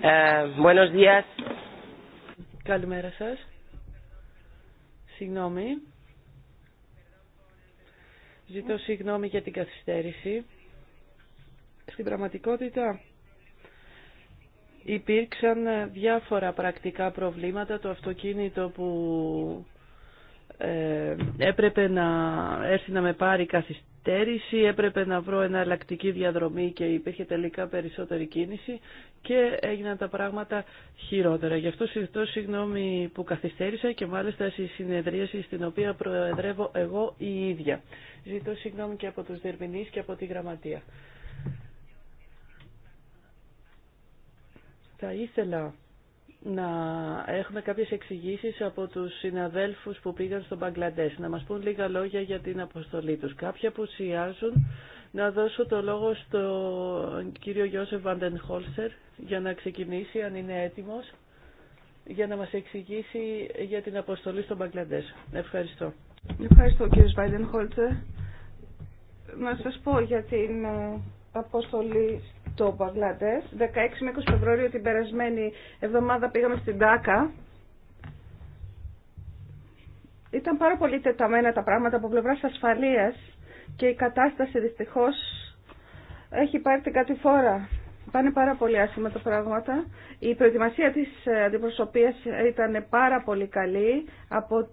Ε, Καλημέρα σα. Συγγνώμη. Ζητώ συγγνώμη για την καθυστέρηση. Στην πραγματικότητα υπήρξαν διάφορα πρακτικά προβλήματα. Το αυτοκίνητο που ε, έπρεπε να έρθει να με πάρει καθυστέρηση καθυστέρηση, έπρεπε να βρω εναλλακτική διαδρομή και υπήρχε τελικά περισσότερη κίνηση και έγιναν τα πράγματα χειρότερα. Γι' αυτό συζητώ συγγνώμη που καθυστέρησα και μάλιστα στη συνεδρίαση στην οποία προεδρεύω εγώ η ίδια. Ζητώ συγγνώμη και από τους Δερμηνείς και από τη Γραμματεία. Θα ήθελα να έχουμε κάποιες εξηγήσει από τους συναδέλφους που πήγαν στο Μπαγκλαντές, να μας πούν λίγα λόγια για την αποστολή τους. που σιάζουν, να δώσω το λόγο στον κύριο Γιώσεφ Βαντενχόλσερ για να ξεκινήσει, αν είναι έτοιμος, για να μας εξηγήσει για την αποστολή στο Μπαγκλαντές. Ευχαριστώ. Ευχαριστώ κύριε Βαντενχόλσερ. Να σας πω για την ε, αποστολή το Μπαγκλαντές. 16 με 20 Φεβρουαρίου την περασμένη εβδομάδα πήγαμε στην Τάκα. Ήταν πάρα πολύ τεταμένα τα πράγματα από πλευράς ασφαλείας και η κατάσταση δυστυχώς έχει πάρει την κατηφόρα. Πάνε πάρα πολύ άσχημα τα πράγματα. Η προετοιμασία της αντιπροσωπείας ήταν πάρα πολύ καλή. Από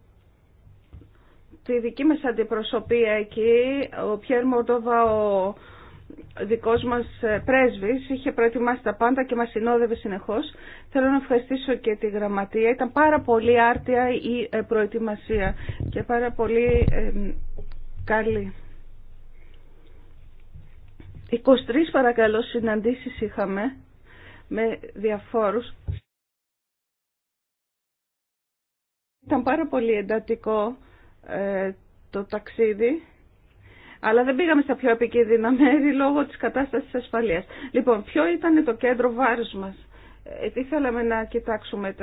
τη δική μας αντιπροσωπεία εκεί, ο Πιέρ ο δικός μας ε, πρέσβης είχε προετοιμάσει τα πάντα και μας συνόδευε συνεχώς. Θέλω να ευχαριστήσω και τη γραμματεία. Ήταν πάρα πολύ άρτια η ε, προετοιμασία και πάρα πολύ καλή. 23 παρακαλώ συναντήσεις είχαμε με διαφόρους. Ήταν πάρα πολύ εντατικό ε, το ταξίδι αλλά δεν πήγαμε στα πιο επικίνδυνα μέρη λόγω της κατάστασης της ασφαλείας. Λοιπόν, ποιο ήταν το κέντρο βάρους μας. Ε, τι θέλαμε να κοιτάξουμε.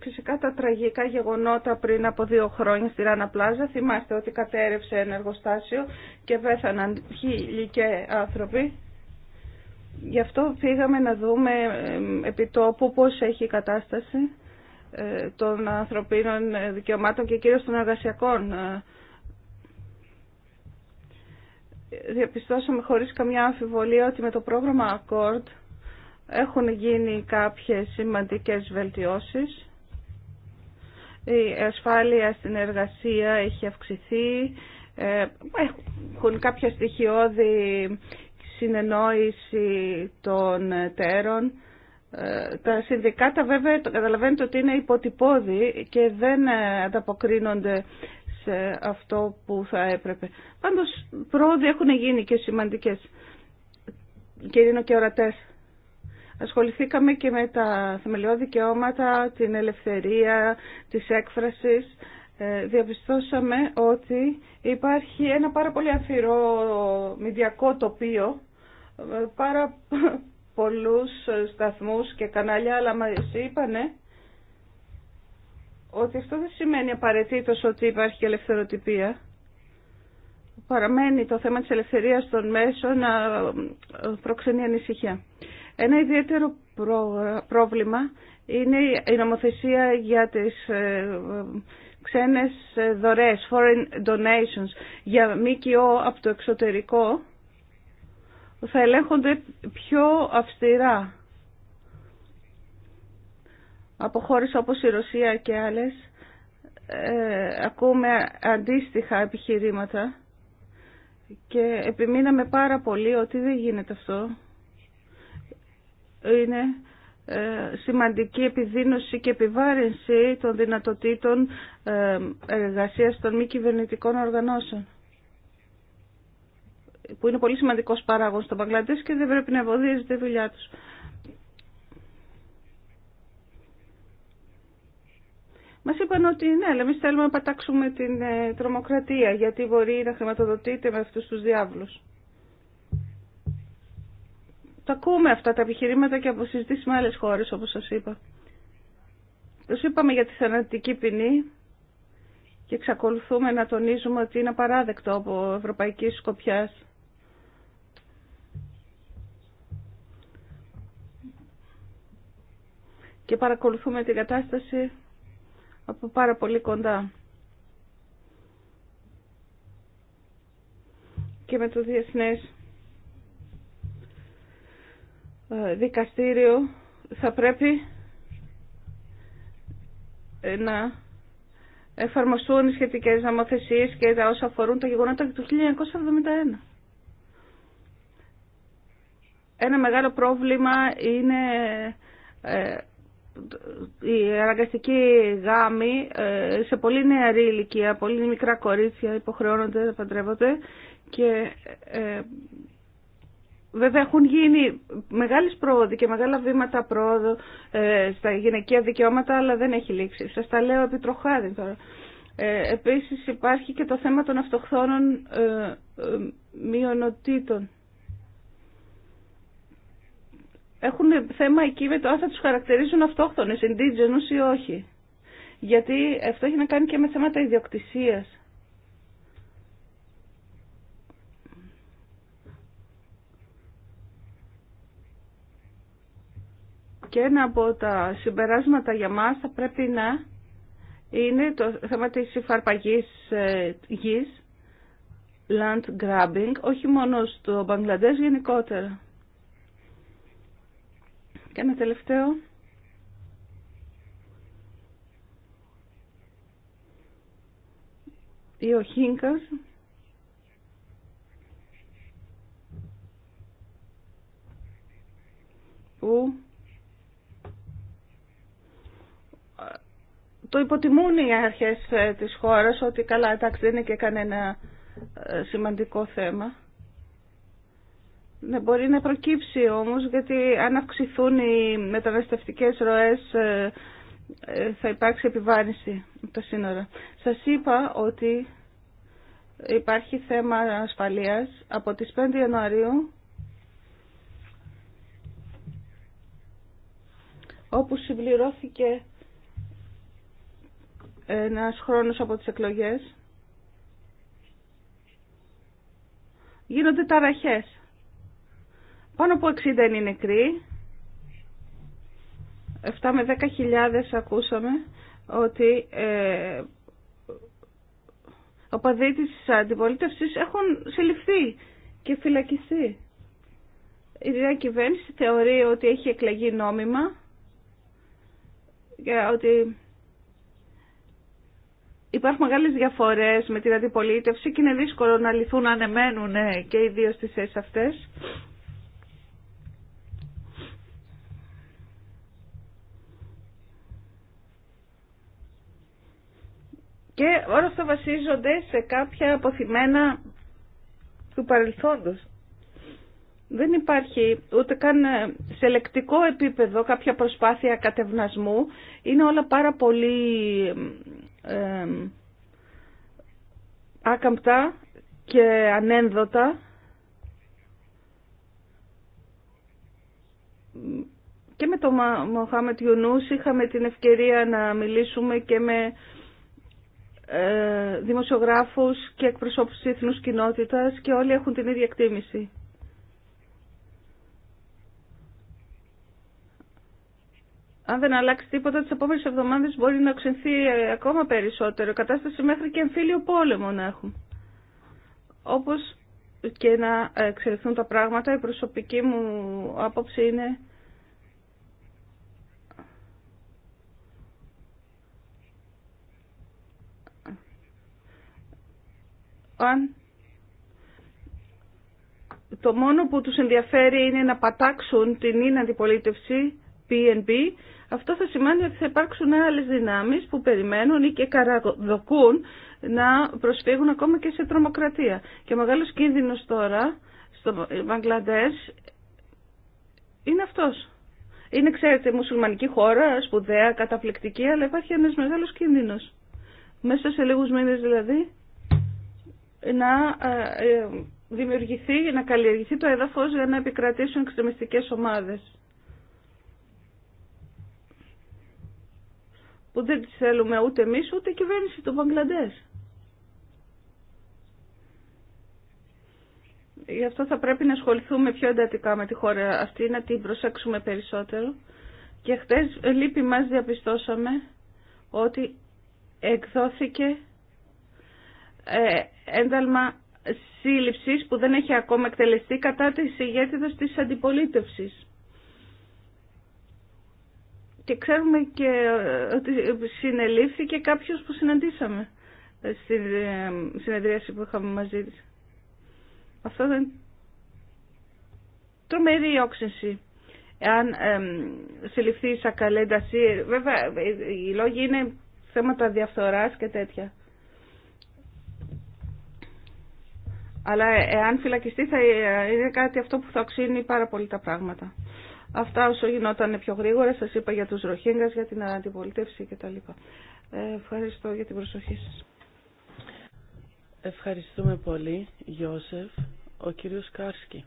Φυσικά τα τραγικά γεγονότα πριν από δύο χρόνια στη Ράνα Πλάζα. Θυμάστε ότι κατέρευσε ένα εργοστάσιο και πέθαναν χίλιοι άνθρωποι. Γι' αυτό πήγαμε να δούμε επί τόπου πώς έχει η κατάσταση ε, των ανθρωπίνων δικαιωμάτων και κυρίως των εργασιακών ε, διαπιστώσαμε χωρίς καμιά αμφιβολία ότι με το πρόγραμμα Accord έχουν γίνει κάποιες σημαντικές βελτιώσεις. Η ασφάλεια στην εργασία έχει αυξηθεί, ε, έχουν κάποια στοιχειώδη συνεννόηση των τέρων. Ε, τα συνδικάτα βέβαια καταλαβαίνετε ότι είναι υποτυπώδη και δεν ε, ανταποκρίνονται σε αυτό που θα έπρεπε. Πάντως πρόοδοι έχουν γίνει και σημαντικές και και ορατές. Ασχοληθήκαμε και με τα θεμελιώδη δικαιώματα, την ελευθερία της έκφρασης. Ε, διαπιστώσαμε ότι υπάρχει ένα πάρα πολύ αφηρό μηδιακό τοπίο, ε, πάρα πολλούς σταθμούς και κανάλια, αλλά μας είπανε ότι αυτό δεν σημαίνει απαραίτητο ότι υπάρχει ελευθεροτυπία. Παραμένει το θέμα της ελευθερίας των μέσων να προξενεί ανησυχία. Ένα ιδιαίτερο πρόβλημα είναι η νομοθεσία για τις ε, ξένες ε, δωρές, foreign donations, για ΜΚΟ από το εξωτερικό, θα ελέγχονται πιο αυστηρά από χώρες όπως η Ρωσία και άλλες ε, ακούμε αντίστοιχα επιχειρήματα και επιμείναμε πάρα πολύ ότι δεν γίνεται αυτό. Είναι ε, σημαντική επιδείνωση και επιβάρυνση των δυνατοτήτων ε, εργασίας των μη κυβερνητικών οργανώσεων που είναι πολύ σημαντικός παράγοντας στο Παγκλαντές και δεν πρέπει να εμποδίζεται η δουλειά τους. Μας είπαν ότι ναι, αλλά εμείς θέλουμε να πατάξουμε την ε, τρομοκρατία γιατί μπορεί να χρηματοδοτείται με αυτούς τους διάβλους. Τα ακούμε αυτά τα επιχειρήματα και από συζητήσεις με άλλες χώρες όπως σας είπα. Τους είπαμε για τη θανατική ποινή και εξακολουθούμε να τονίζουμε ότι είναι απαράδεκτο από ευρωπαϊκή σκοπιά. Και παρακολουθούμε την κατάσταση από πάρα πολύ κοντά. Και με το Διεθνές ε, Δικαστήριο θα πρέπει ε, να εφαρμοστούν οι σχετικές νομοθεσίες και τα όσα αφορούν τα γεγονότα του 1971. Ένα μεγάλο πρόβλημα είναι ε, η αναγκαστική γάμη ε, σε πολύ νεαρή ηλικία, πολύ μικρά κορίτσια υποχρεώνονται παντρεύονται και ε, βέβαια έχουν γίνει μεγάλες πρόοδοι και μεγάλα βήματα πρόοδου ε, στα γυναικεία δικαιώματα αλλά δεν έχει λήξει. Σας τα λέω επί τώρα. Ε, επίσης υπάρχει και το θέμα των αυτοχθόνων ε, μειονοτήτων έχουν θέμα εκεί με το αν θα του χαρακτηρίζουν αυτόχθονες, indigenous ή όχι. Γιατί αυτό έχει να κάνει και με θέματα ιδιοκτησίας. Και ένα από τα συμπεράσματα για μας θα πρέπει να είναι το θέμα της υφαρπαγής ε, γης, land grabbing, όχι μόνο στο Μπαγκλαντές γενικότερα. Και ένα τελευταίο. Ή ο Χίνκας. Που ε, το υποτιμούν οι αρχές ε, της χώρας ότι καλά εντάξει δεν είναι και κανένα ε, σημαντικό θέμα. Να μπορεί να προκύψει όμως, γιατί αν αυξηθούν οι μεταναστευτικές ροές ε, ε, θα υπάρξει επιβάρυνση τα σύνορα. Σας είπα ότι υπάρχει θέμα ασφαλείας από τις 5 Ιανουαρίου όπου συμπληρώθηκε ένας χρόνος από τις εκλογές γίνονται ταραχές πάνω από 60 είναι νεκροί. 7 με 10 χιλιάδες ακούσαμε ότι ε, οπαδοί της αντιπολίτευσης έχουν συλληφθεί και φυλακιστεί. Η ίδια κυβέρνηση θεωρεί ότι έχει εκλεγεί νόμιμα και ότι υπάρχουν μεγάλες διαφορές με την αντιπολίτευση και είναι δύσκολο να λυθούν αν εμένουν ε, και οι δύο στις θέσεις αυτές. και όλα αυτά βασίζονται σε κάποια αποθυμένα του παρελθόντος. Δεν υπάρχει ούτε καν σε λεκτικό επίπεδο κάποια προσπάθεια κατευνασμού. Είναι όλα πάρα πολύ ε, άκαμπτα και ανένδοτα. Και με τον Μοχάμετ Ιουνούς είχαμε την ευκαιρία να μιλήσουμε και με ε, δημοσιογράφους και εκπροσώπους της εθνούς κοινότητας και όλοι έχουν την ίδια εκτίμηση. Αν δεν αλλάξει τίποτα τις επόμενες εβδομάδες μπορεί να οξυνθεί ε, ακόμα περισσότερο κατάσταση μέχρι και εμφύλιο πόλεμο να έχουν. Όπως και να εξελιχθούν τα πράγματα, η προσωπική μου άποψη είναι αν το μόνο που τους ενδιαφέρει είναι να πατάξουν την ίν αντιπολίτευση PNB, αυτό θα σημαίνει ότι θα υπάρξουν άλλες δυνάμεις που περιμένουν ή και καραδοκούν να προσφύγουν ακόμα και σε τρομοκρατία. Και ο μεγάλος κίνδυνος τώρα στο Βαγκλαντές είναι αυτός. Είναι, ξέρετε, μουσουλμανική χώρα, σπουδαία, καταπληκτική, αλλά υπάρχει ένας μεγάλος κίνδυνος. Μέσα σε λίγους μήνες δηλαδή να ε, ε, δημιουργηθεί, να καλλιεργηθεί το έδαφος για να επικρατήσουν εξτρεμιστικές ομάδες. Που δεν τις θέλουμε ούτε εμείς ούτε η κυβέρνηση του Μπαγκλαντές. Γι' αυτό θα πρέπει να ασχοληθούμε πιο εντατικά με τη χώρα αυτή, να την προσέξουμε περισσότερο. Και χτες ε, λύπη μας διαπιστώσαμε ότι εκδόθηκε ε, ένταλμα σύλληψης που δεν έχει ακόμα εκτελεστεί κατά τη ηγέτηδας της αντιπολίτευσης. Και ξέρουμε και ε, ότι συνελήφθηκε κάποιος που συναντήσαμε ε, στη συνεδρίαση που είχαμε μαζί της. Αυτό δεν είναι τρομερή όξυνση. Εάν συλληφθεί η Σακαλέντα, βέβαια οι λόγοι είναι θέματα διαφθοράς και τέτοια. Αλλά ε, εάν φυλακιστεί θα ε, είναι κάτι αυτό που θα οξύνει πάρα πολύ τα πράγματα. Αυτά όσο γινόταν πιο γρήγορα, σας είπα για τους Ροχίνγκας, για την αντιπολίτευση κτλ. Ε, ευχαριστώ για την προσοχή σας. Ευχαριστούμε πολύ, Γιώσεφ. Ο κύριος Κάρσκι,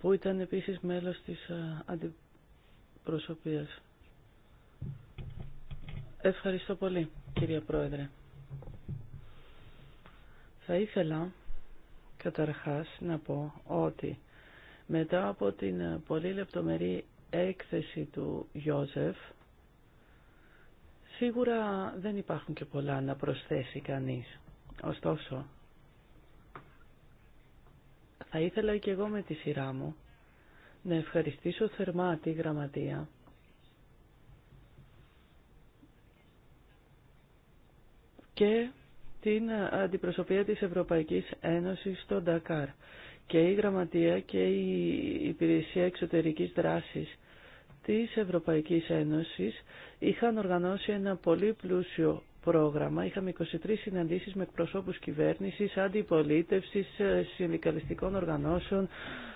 που ήταν επίσης μέλος της ε, αντιπροσωπείας. Ευχαριστώ πολύ, κυρία Πρόεδρε. Θα ήθελα καταρχάς να πω ότι μετά από την πολύ λεπτομερή έκθεση του Γιώζεφ, σίγουρα δεν υπάρχουν και πολλά να προσθέσει κανείς. Ωστόσο, θα ήθελα και εγώ με τη σειρά μου να ευχαριστήσω θερμά τη γραμματεία και την αντιπροσωπεία της Ευρωπαϊκής Ένωσης στο Ντακάρ. Και η Γραμματεία και η Υπηρεσία Εξωτερικής Δράσης της Ευρωπαϊκής Ένωσης είχαν οργανώσει ένα πολύ πλούσιο πρόγραμμα. Είχαμε 23 συναντήσεις με προσώπους κυβέρνησης, αντιπολίτευσης, ε, συνδικαλιστικών οργανώσεων,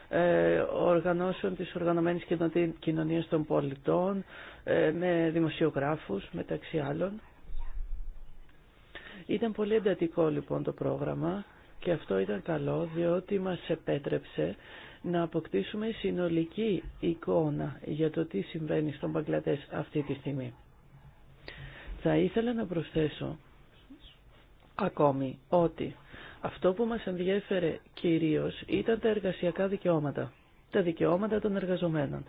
ε, οργανώσεων της οργανωμένης κοινωνίας των πολιτών, ε, με δημοσιογράφους μεταξύ άλλων. Ήταν πολύ εντατικό λοιπόν το πρόγραμμα και αυτό ήταν καλό διότι μας επέτρεψε να αποκτήσουμε συνολική εικόνα για το τι συμβαίνει στον Παγκλατές αυτή τη στιγμή. Θα ήθελα να προσθέσω ακόμη ότι αυτό που μας ενδιέφερε κυρίως ήταν τα εργασιακά δικαιώματα, τα δικαιώματα των εργαζομένων.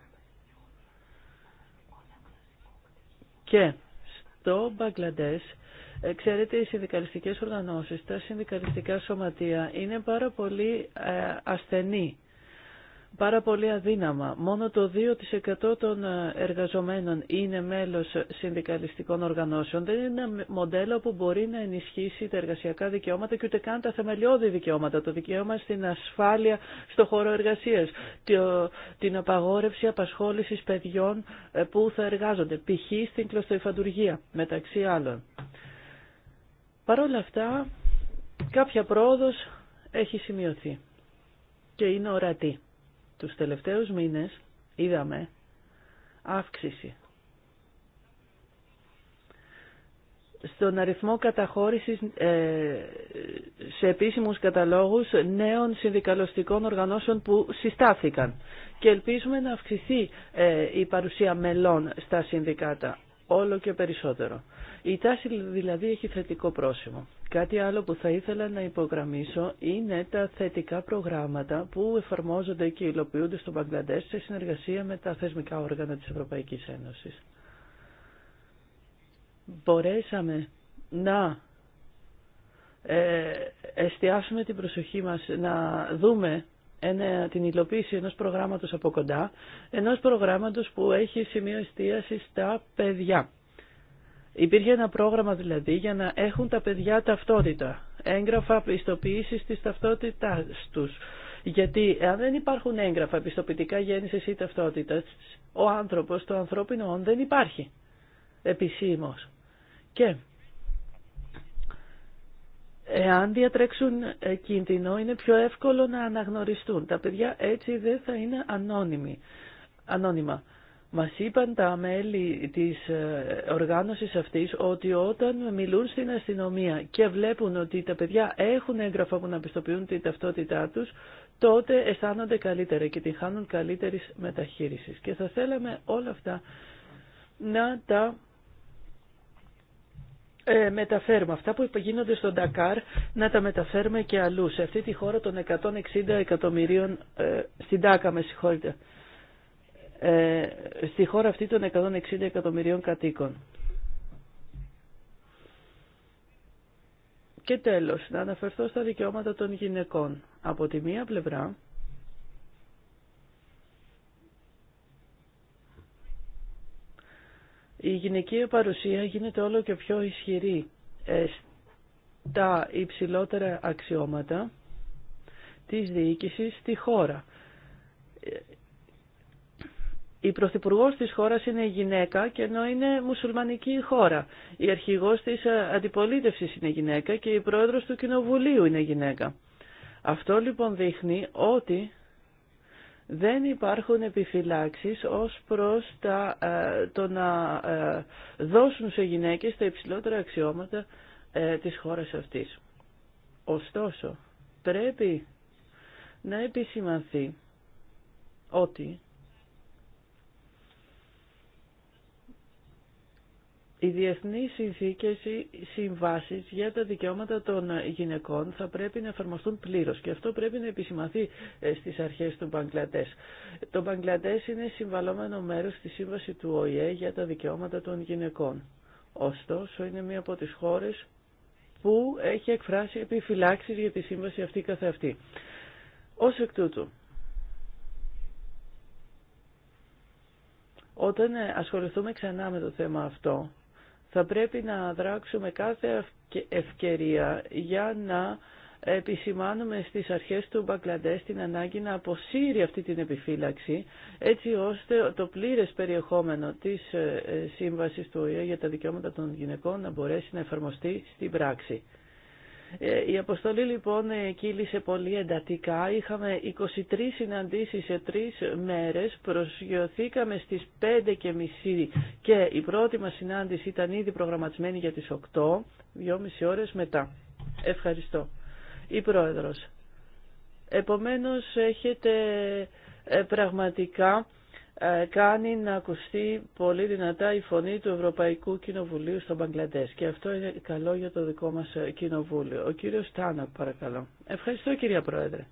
Και στο Μπαγκλαντές ε, ξέρετε, οι συνδικαλιστικές οργανώσεις, τα συνδικαλιστικά σωματεία είναι πάρα πολύ ε, ασθενή, πάρα πολύ αδύναμα. Μόνο το 2% των ε, εργαζομένων είναι μέλος συνδικαλιστικών οργανώσεων. Δεν είναι ένα μοντέλο που μπορεί να ενισχύσει τα εργασιακά δικαιώματα και ούτε καν τα θεμελιώδη δικαιώματα. Το δικαίωμα στην ασφάλεια στο χώρο εργασίας, την απαγόρευση απασχόλησης παιδιών που θα εργάζονται, π.χ. στην κλωστοϊφαντουργία, μεταξύ άλλων. Παρ' όλα αυτά, κάποια πρόοδος έχει σημειωθεί και είναι ορατή. Τους τελευταίους μήνες είδαμε αύξηση στον αριθμό καταχώρησης ε, σε επίσημους καταλόγους νέων συνδικαλωστικών οργανώσεων που συστάθηκαν. Και ελπίζουμε να αυξηθεί ε, η παρουσία μελών στα συνδικάτα όλο και περισσότερο. Η τάση δηλαδή έχει θετικό πρόσημο. Κάτι άλλο που θα ήθελα να υπογραμμίσω είναι τα θετικά προγράμματα που εφαρμόζονται και υλοποιούνται στο Μπαγκλαντές σε συνεργασία με τα θεσμικά όργανα της Ευρωπαϊκής Ένωσης. Μπορέσαμε να ε, εστιάσουμε την προσοχή μας, να δούμε ένα, την υλοποίηση ενός προγράμματος από κοντά, ενός προγράμματος που έχει σημείο εστίαση στα παιδιά. Υπήρχε ένα πρόγραμμα δηλαδή για να έχουν τα παιδιά ταυτότητα, έγγραφα πιστοποίηση της ταυτότητάς τους. Γιατί αν δεν υπάρχουν έγγραφα πιστοποιητικά γέννηση ή ταυτότητας, ο άνθρωπος, το ανθρώπινο όν δεν υπάρχει επισήμως. Και Εάν διατρέξουν ε, κίνδυνο, είναι πιο εύκολο να αναγνωριστούν. Τα παιδιά έτσι δεν θα είναι ανώνυμοι. ανώνυμα. Μας είπαν τα μέλη της ε, οργάνωσης αυτής ότι όταν μιλούν στην αστυνομία και βλέπουν ότι τα παιδιά έχουν έγγραφα που να πιστοποιούν την ταυτότητά τους, τότε αισθάνονται καλύτερα και τη χάνουν καλύτερης μεταχείρισης. Και θα θέλαμε όλα αυτά να τα ε, μεταφέρουμε αυτά που γίνονται στον Ντακάρ να τα μεταφέρουμε και αλλού σε αυτή τη χώρα των 160 εκατομμυρίων ε, στην Τάκα με συγχωρείτε ε, στη χώρα αυτή των 160 εκατομμυρίων κατοίκων και τέλος να αναφερθώ στα δικαιώματα των γυναικών από τη μία πλευρά Η γυναικεία παρουσία γίνεται όλο και πιο ισχυρή ε, στα υψηλότερα αξιώματα της διοίκησης στη χώρα. Η Πρωθυπουργό τη χώρα είναι γυναίκα και ενώ είναι μουσουλμανική χώρα. Η αρχηγό τη αντιπολίτευση είναι γυναίκα και η πρόεδρο του Κοινοβουλίου είναι γυναίκα. Αυτό λοιπόν δείχνει ότι δεν υπάρχουν επιφυλάξεις ως προς τα, ε, το να ε, δώσουν σε γυναίκες τα υψηλότερα αξιώματα ε, της χώρας αυτής. Ωστόσο, πρέπει να επισημανθεί ότι Οι διεθνείς συνθήκες ή συμβάσεις για τα δικαιώματα των γυναικών θα πρέπει να εφαρμοστούν πλήρως και αυτό πρέπει να επισημαθεί ε, στις αρχές του Μπαγκλατές. Το Μπαγκλατές είναι συμβαλόμενο μέρος στη Σύμβαση του ΟΗΕ για τα δικαιώματα των γυναικών. Ωστόσο, είναι μία από τις χώρες που έχει εκφράσει επιφυλάξει για τη σύμβαση αυτή καθεαυτή. Ως εκ τούτου, όταν ε, ασχοληθούμε ξανά με το θέμα αυτό, θα πρέπει να δράξουμε κάθε ευκαιρία για να επισημάνουμε στις αρχές του Μπαγκλαντές την ανάγκη να αποσύρει αυτή την επιφύλαξη έτσι ώστε το πλήρες περιεχόμενο της ε, ε, σύμβασης του ΟΗΕ για τα δικαιώματα των γυναικών να μπορέσει να εφαρμοστεί στην πράξη. Ε, η αποστολή λοιπόν κύλησε πολύ εντατικά. Είχαμε 23 συναντήσεις σε τρεις μέρες. Προσγειωθήκαμε στις 5 και μισή και η πρώτη μας συνάντηση ήταν ήδη προγραμματισμένη για τις 8, δυόμιση ώρες μετά. Ευχαριστώ. Η Πρόεδρος. Επομένως έχετε ε, πραγματικά ε, κάνει να ακουστεί πολύ δυνατά η φωνή του Ευρωπαϊκού Κοινοβουλίου στο Μπαγκλαντές και αυτό είναι καλό για το δικό μας ε, Κοινοβούλιο. Ο κύριος Τάνο, παρακαλώ. Ευχαριστώ κυρία Πρόεδρε.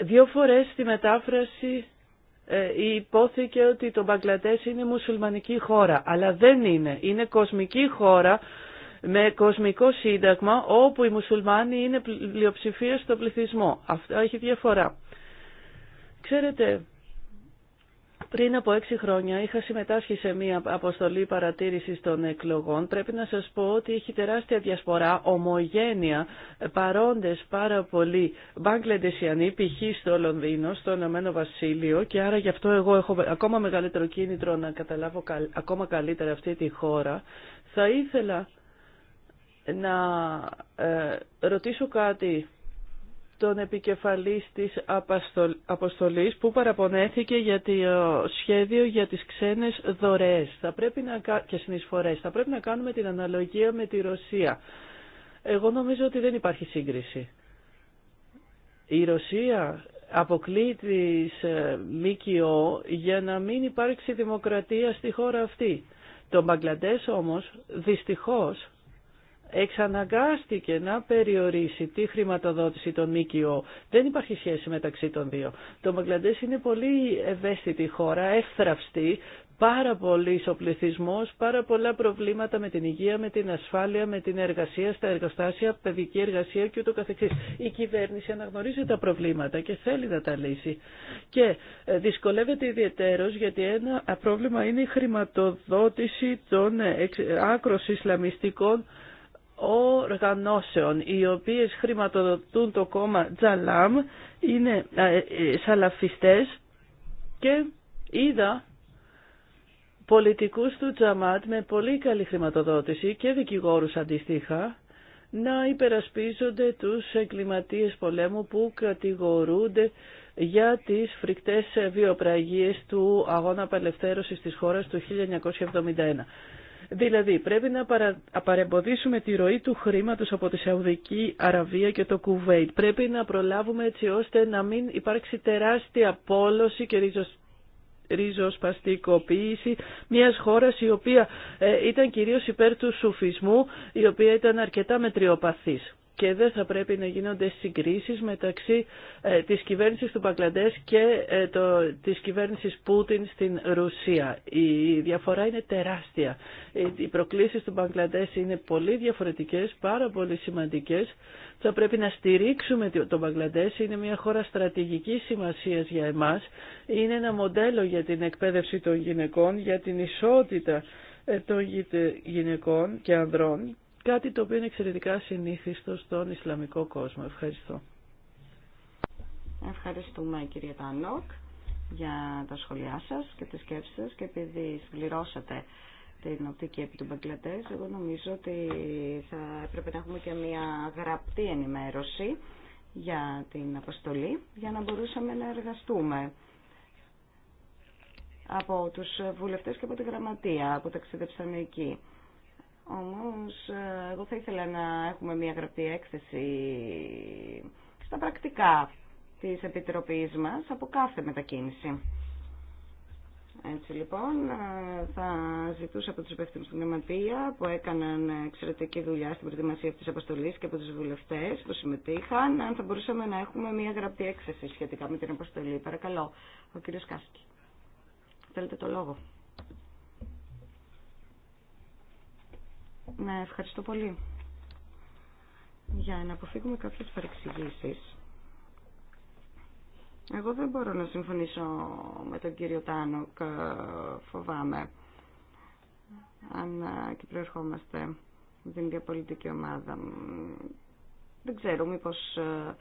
Δύο φορές στη μετάφραση ε, υπόθηκε ότι το Μπαγκλαντές είναι μουσουλμανική χώρα, αλλά δεν είναι. Είναι κοσμική χώρα με κοσμικό σύνταγμα όπου οι μουσουλμάνοι είναι πλειοψηφία στο πληθυσμό. Αυτό έχει διαφορά. Ξέρετε, πριν από έξι χρόνια είχα συμμετάσχει σε μία αποστολή παρατήρησης των εκλογών. Πρέπει να σας πω ότι έχει τεράστια διασπορά, ομογένεια, παρόντες πάρα πολλοί Μπαγκλεντεσιανοί, π.χ. στο Λονδίνο, στο Ηνωμένο Βασίλειο και άρα γι' αυτό εγώ έχω ακόμα μεγαλύτερο κίνητρο να καταλάβω ακόμα καλύτερα αυτή τη χώρα. Θα ήθελα να ε, ρωτήσω κάτι τον επικεφαλής της αποστολής που παραπονέθηκε για το ε, σχέδιο για τις ξένες δωρεές θα πρέπει να, και συνεισφορές. Θα πρέπει να κάνουμε την αναλογία με τη Ρωσία. Εγώ νομίζω ότι δεν υπάρχει σύγκριση. Η Ρωσία αποκλεί της ε, ΜΚΟ για να μην υπάρξει δημοκρατία στη χώρα αυτή. Το Μπαγκλαντές όμως δυστυχώς εξαναγκάστηκε να περιορίσει τη χρηματοδότηση των ΜΚΟ. Δεν υπάρχει σχέση μεταξύ των δύο. Το Μαγκλαντές είναι πολύ ευαίσθητη χώρα, εύθραυστη, πάρα πολύ ο πληθυσμό, πάρα πολλά προβλήματα με την υγεία, με την ασφάλεια, με την εργασία, στα εργοστάσια, παιδική εργασία και ούτω καθεξής. Η κυβέρνηση αναγνωρίζει τα προβλήματα και θέλει να τα λύσει. Και ε, δυσκολεύεται ιδιαιτέρως γιατί ένα πρόβλημα είναι η χρηματοδότηση των ε, ε, άκρο ισλαμιστικών οργανώσεων οι οποίες χρηματοδοτούν το κόμμα Τζαλάμ είναι ε, ε, σαλαφιστές και είδα πολιτικούς του Τζαμάτ με πολύ καλή χρηματοδότηση και δικηγόρους αντίστοιχα να υπερασπίζονται τους εγκληματίες πολέμου που κατηγορούνται για τις φρικτές βιοπραγίες του αγώνα απελευθέρωσης της χώρας του 1971. Δηλαδή πρέπει να παρεμποδίσουμε τη ροή του χρήματος από τη Σαουδική Αραβία και το Κουβέιτ. Πρέπει να προλάβουμε έτσι ώστε να μην υπάρξει τεράστια απόλωση και ρίζος ριζοσπαστικοποίηση μιας χώρας η οποία ε, ήταν κυρίως υπέρ του σουφισμού, η οποία ήταν αρκετά μετριοπαθής και δεν θα πρέπει να γίνονται συγκρίσεις μεταξύ ε, της κυβέρνησης του Μπαγκλαντές και ε, το, της κυβέρνησης Πούτιν στην Ρουσία. Η διαφορά είναι τεράστια. Ε, οι προκλήσεις του Μπαγκλαντές είναι πολύ διαφορετικές, πάρα πολύ σημαντικές. Θα πρέπει να στηρίξουμε τον Μπαγκλαντές. Είναι μια χώρα στρατηγικής σημασίας για εμάς. Είναι ένα μοντέλο για την εκπαίδευση των γυναικών, για την ισότητα των γυναικών και ανδρών Κάτι το οποίο είναι εξαιρετικά συνήθιστο στον Ισλαμικό κόσμο. Ευχαριστώ. Ευχαριστούμε κύριε Τάνοκ για τα σχόλιά σας και τις σκέψεις σας και επειδή συμπληρώσατε την οπτική επί του Μπαγκλατές, εγώ νομίζω ότι θα έπρεπε να έχουμε και μια γραπτή ενημέρωση για την αποστολή για να μπορούσαμε να εργαστούμε από τους βουλευτές και από τη γραμματεία που ταξίδεψαν εκεί. Όμως, ε, εγώ θα ήθελα να έχουμε μια γραπτή έκθεση στα πρακτικά της Επιτροπής μας από κάθε μετακίνηση. Έτσι λοιπόν, ε, θα ζητούσα από τους υπεύθυνους του Γραμματεία που έκαναν εξαιρετική δουλειά στην προετοιμασία της αποστολής και από τους βουλευτές που συμμετείχαν, αν θα μπορούσαμε να έχουμε μια γραπτή έκθεση σχετικά με την αποστολή. Παρακαλώ, ο κύριος Κάσκη. Θέλετε το λόγο. Ναι, ευχαριστώ πολύ. Για να αποφύγουμε κάποιες παρεξηγήσεις, εγώ δεν μπορώ να συμφωνήσω με τον κύριο Τάνοκ, ε, φοβάμαι, αν ε, και προερχόμαστε την διαπολιτική ομάδα. Δεν ξέρω, μήπως ε,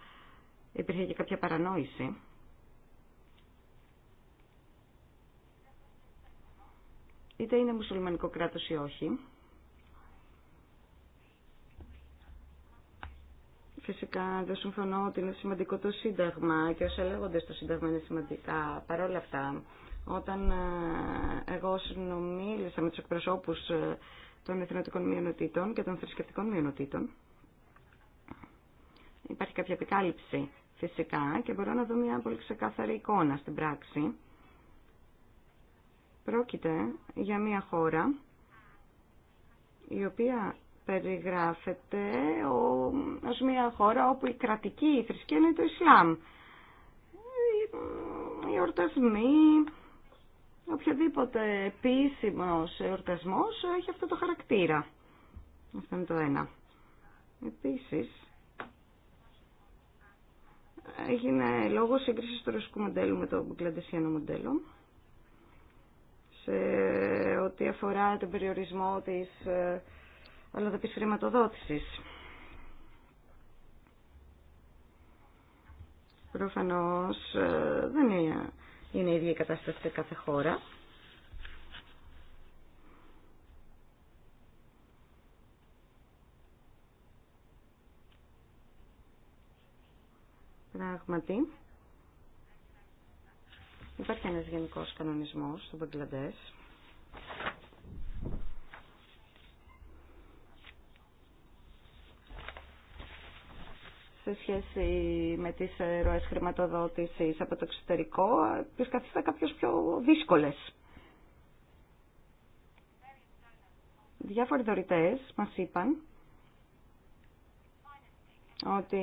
υπήρχε και κάποια παρανόηση. Είτε είναι μουσουλμανικό κράτος ή όχι, Φυσικά δεν συμφωνώ ότι είναι σημαντικό το Σύνταγμα και όσα λέγονται στο Σύνταγμα είναι σημαντικά. Παρ' όλα αυτά, όταν ε, εγώ συνομίλησα με τους εκπροσώπους ε, των εθνοτικών μειονοτήτων και των θρησκευτικών μειονοτήτων, υπάρχει κάποια επικάλυψη φυσικά και μπορώ να δω μια πολύ ξεκάθαρη εικόνα στην πράξη. Πρόκειται για μια χώρα η οποία περιγράφεται ως μια χώρα όπου η κρατική θρησκεία είναι το Ισλάμ. Οι ορτασμοί, οποιοδήποτε επίσημος εορτασμός έχει αυτό το χαρακτήρα. Αυτό είναι το ένα. Επίσης, έγινε λόγο σύγκριση του ρωσικού μοντέλου με το κλαντεσιανό μοντέλο σε ό,τι αφορά τον περιορισμό της ε, της χρηματοδότησης. Προφανώς ε, δεν είναι η ίδια η κατάσταση σε κάθε χώρα. Πράγματι, υπάρχει ένας γενικός κανονισμός στο Μπαγκλαντέ. σε σχέση με τις ροές χρηματοδότησης από το εξωτερικό τις καθίστα κάποιος πιο δύσκολες. Διάφοροι δωρητές μας είπαν ότι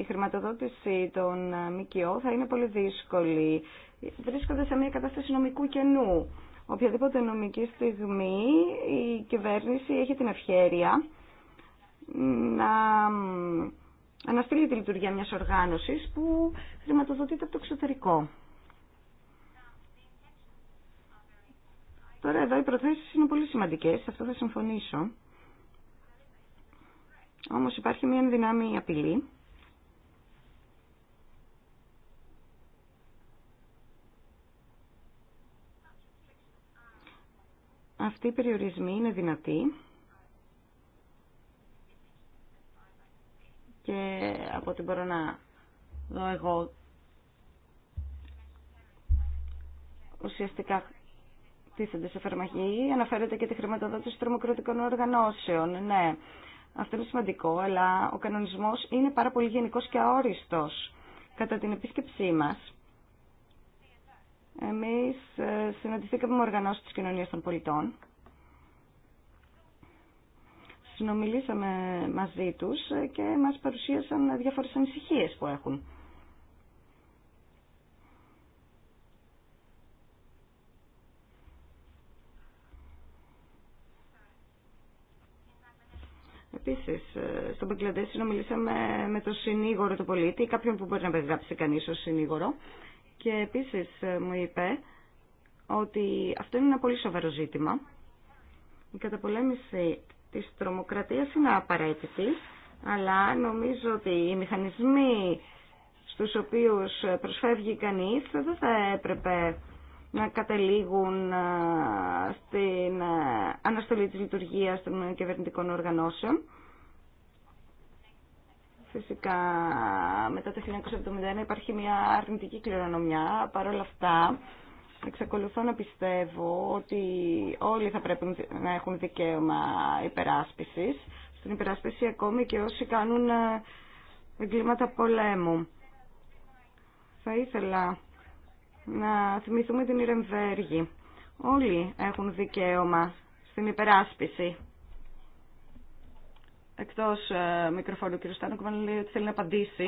η χρηματοδότηση των ΜΚΟ θα είναι πολύ δύσκολη. Βρίσκονται σε μια κατάσταση νομικού κενού. Οποιαδήποτε νομική στιγμή η κυβέρνηση έχει την ευχαίρεια να αναστείλει τη λειτουργία μιας οργάνωσης που χρηματοδοτείται από το εξωτερικό. Τώρα εδώ οι προθέσεις είναι πολύ σημαντικές, σε αυτό θα συμφωνήσω. Όμως υπάρχει μια ενδυνάμει απειλή. Αυτοί οι περιορισμοί είναι δυνατοί και από ό,τι μπορώ να δω εγώ ουσιαστικά τίθενται σε φερμαχή. αναφέρεται και τη χρηματοδότηση τρομοκρατικών οργανώσεων. Ναι, αυτό είναι σημαντικό, αλλά ο κανονισμός είναι πάρα πολύ γενικός και αόριστος. Κατά την επίσκεψή μας, εμείς ε, συναντηθήκαμε με οργανώσεις της κοινωνίας των πολιτών, συνομιλήσαμε μαζί τους και μας παρουσίασαν διάφορες ανησυχίες που έχουν. Επίση, στον Παγκλαντέ συνομιλήσαμε με τον συνήγορο του πολίτη, κάποιον που μπορεί να περιγράψει κανεί ω συνήγορο. Και επίση μου είπε ότι αυτό είναι ένα πολύ σοβαρό ζήτημα. Η καταπολέμηση της τρομοκρατίας είναι απαραίτητη, αλλά νομίζω ότι οι μηχανισμοί στους οποίους προσφεύγει κανείς δεν θα έπρεπε να καταλήγουν ε, στην ε, αναστολή της λειτουργίας των κυβερνητικών οργανώσεων. Φυσικά μετά το 1971 υπάρχει μια αρνητική κληρονομιά. Παρ' όλα αυτά Εξακολουθώ να πιστεύω ότι όλοι θα πρέπει να έχουν δικαίωμα υπεράσπισης. Στην υπεράσπιση ακόμη και όσοι κάνουν ε, εγκλήματα πολέμου. Θα ήθελα να θυμηθούμε την Ιρεμβέργη. Όλοι έχουν δικαίωμα στην υπεράσπιση. Εκτός ε, μικροφόρου, ο κ. Στάνοκ λέει ότι θέλει να απαντήσει.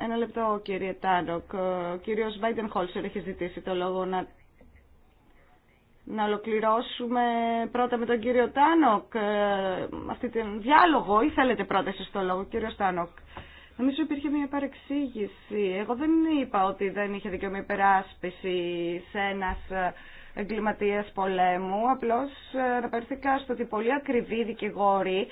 Ένα λεπτό κύριε Τάνοκ. Ο κύριος Βάιντεν Χόλσερ έχει ζητήσει το λόγο να... να ολοκληρώσουμε πρώτα με τον κύριο Τάνοκ ε, αυτή την διάλογο ή θέλετε πρώτα εσείς το λόγο κύριος Τάνοκ. Νομίζω υπήρχε μια παρεξήγηση. Εγώ δεν είπα ότι δεν είχε δικαίωμα υπεράσπιση σε ένας ε, εγκληματία πολέμου. Απλώς αναφέρθηκα ε, στο ότι πολύ ακριβοί δικηγόροι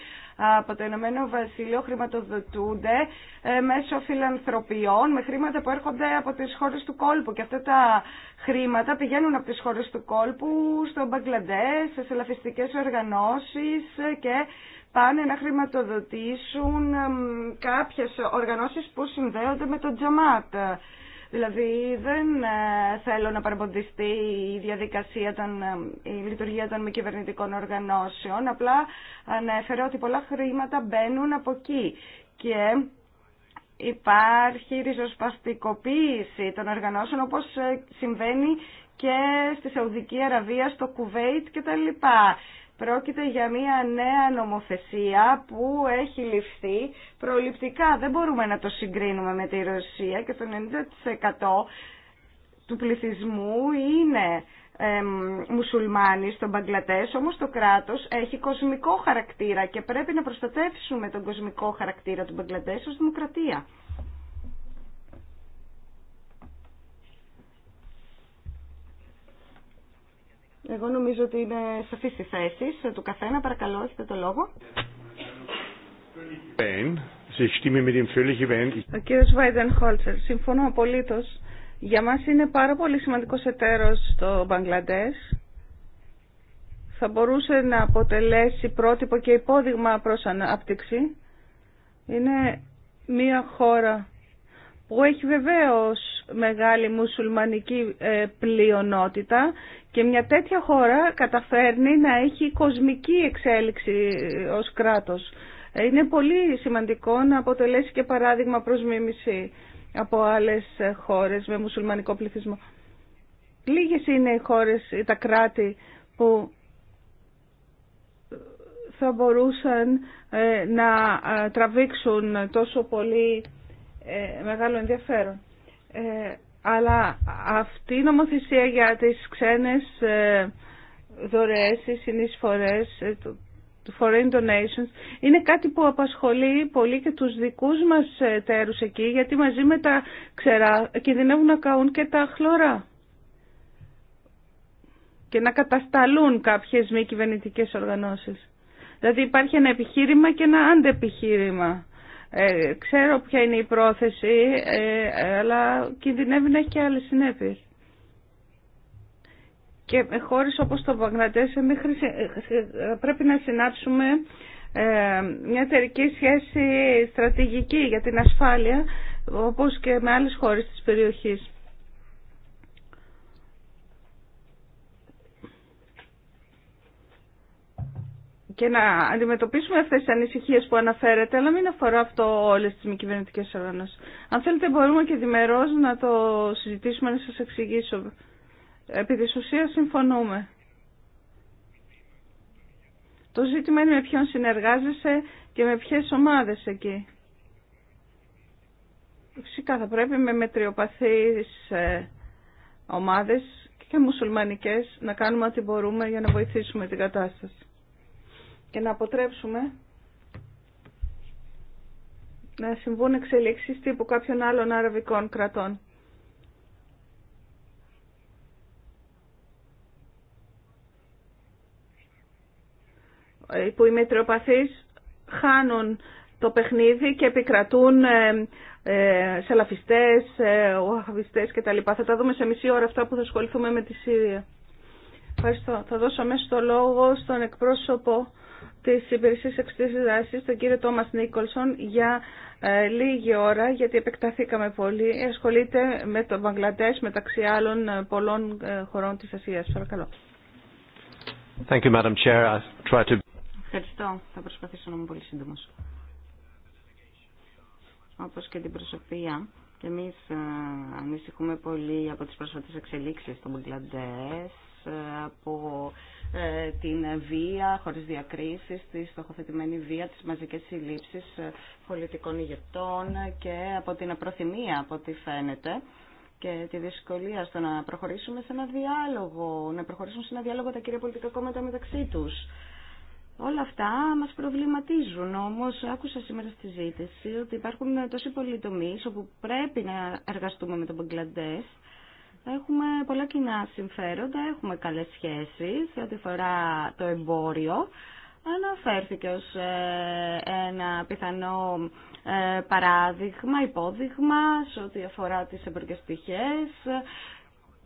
από το Ηνωμένο Βασίλειο χρηματοδοτούνται ε, μέσω φιλανθρωπιών με χρήματα που έρχονται από τι χώρε του κόλπου και αυτά τα χρήματα πηγαίνουν από τι χώρες του κόλπου στο Μπαγκλαντέ, σε λαφιστικές οργανώσει, ε, και πάνε να χρηματοδοτήσουν κάποιες οργανώσεις που συνδέονται με τον Τζαμάτ. Δηλαδή δεν ε, θέλω να παρεμποντιστεί η διαδικασία, των, ε, η λειτουργία των μη κυβερνητικών οργανώσεων, απλά ανέφερα ότι πολλά χρήματα μπαίνουν από εκεί και υπάρχει ριζοσπαστικοποίηση των οργανώσεων όπως ε, συμβαίνει και στη Σαουδική Αραβία, στο Κουβέιτ κτλ. Πρόκειται για μια νέα νομοθεσία που έχει ληφθεί προληπτικά. Δεν μπορούμε να το συγκρίνουμε με τη Ρωσία και το 90% του πληθυσμού είναι μουσουλμάνοι στον Μπαγκλατές, όμως το κράτος έχει κοσμικό χαρακτήρα και πρέπει να προστατεύσουμε τον κοσμικό χαρακτήρα του Μπαγκλατές ως δημοκρατία. Εγώ νομίζω ότι είναι σαφή η θέση του καθένα. Παρακαλώ, έχετε το λόγο. Ο κύριο Βάιντεν Χόλτσερ, συμφωνώ απολύτω. Για μας είναι πάρα πολύ σημαντικός εταίρος το Μπαγκλαντέ. Θα μπορούσε να αποτελέσει πρότυπο και υπόδειγμα προ ανάπτυξη. Είναι μια χώρα που έχει βεβαίως μεγάλη μουσουλμανική ε, πλειονότητα και μια τέτοια χώρα καταφέρνει να έχει κοσμική εξέλιξη ως κράτος. Είναι πολύ σημαντικό να αποτελέσει και παράδειγμα προς από άλλες χώρες με μουσουλμανικό πληθυσμό. Λίγες είναι οι χώρες, τα κράτη που θα μπορούσαν ε, να ε, τραβήξουν τόσο πολύ ε, μεγάλο ενδιαφέρον. Αλλά αυτή η νομοθεσία για τις ξένες ε, δωρεές ή συνεισφορές ε, του Foreign Donations είναι κάτι που απασχολεί πολύ και τους δικούς μας τέρους εκεί γιατί μαζί με τα ξερά κινδυνεύουν να καούν και τα χλωρά και να κατασταλούν κάποιες μη κυβερνητικέ οργανώσεις. Δηλαδή υπάρχει ένα επιχείρημα και ένα αντεπιχείρημα ε, ξέρω ποια είναι η πρόθεση, ε, αλλά κινδυνεύει να έχει και άλλες συνέπειες. Και με χώρες όπως το Βαγνατές ε, ε, ε, πρέπει να συνάψουμε μια εταιρική σχέση στρατηγική για την ασφάλεια, όπως και με άλλες χώρες της περιοχής. και να αντιμετωπίσουμε αυτές τις ανησυχίες που αναφέρετε, αλλά μην αφορά αυτό όλες τις μη κυβερνητικέ οργανώσεις. Αν θέλετε μπορούμε και διμερώς να το συζητήσουμε, να σας εξηγήσω. Επί της ουσίας συμφωνούμε. Το ζήτημα είναι με ποιον συνεργάζεσαι και με ποιες ομάδες εκεί. Φυσικά θα πρέπει με μετριοπαθείς ε, ομάδες και μουσουλμανικές να κάνουμε ό,τι μπορούμε για να βοηθήσουμε την κατάσταση και να αποτρέψουμε να συμβούν εξελίξεις τύπου κάποιων άλλων αραβικών κρατών. που οι μετριοπαθείς χάνουν το παιχνίδι και επικρατούν ε, ε, σελαφιστές, ε, κτλ. Θα τα δούμε σε μισή ώρα αυτά που θα ασχοληθούμε με τη Σύρια. Ευχαριστώ. Θα δώσω μέσα το λόγο στον εκπρόσωπο τη υπηρεσίε εξωτερική δράση τον κύριο Τόμας Νίκολσον, για ε, λίγη ώρα, γιατί επεκταθήκαμε πολύ. Ασχολείται με το Μπαγκλαντέ μεταξύ άλλων ε, πολλών ε, χωρών τη Ασία. Παρακαλώ. Thank Ευχαριστώ. Θα προσπαθήσω να είμαι πολύ σύντομο. Όπω και την προσωπία, και εμείς ανησυχούμε πολύ από τις πρόσφατες εξελίξεις των Μπουγκλαντές από ε, την βία χωρίς διακρίσεις, τη στοχοθετημένη βία, τις μαζικές συλλήψεις ε, πολιτικών ηγετών και από την απροθυμία από ό,τι φαίνεται και τη δυσκολία στο να προχωρήσουμε σε ένα διάλογο, να προχωρήσουν σε ένα διάλογο τα κύρια πολιτικά κόμματα μεταξύ τους. Όλα αυτά μας προβληματίζουν, όμως άκουσα σήμερα στη ζήτηση ότι υπάρχουν τόσοι πολλοί τομείς όπου πρέπει να εργαστούμε με τον Μπαγκλαντές Έχουμε πολλά κοινά συμφέροντα, έχουμε καλές σχέσεις για ό,τι φορά το εμπόριο. Αναφέρθηκε ως ε, ένα πιθανό ε, παράδειγμα, υπόδειγμα σε ό,τι αφορά τις εμπορικές πτυχές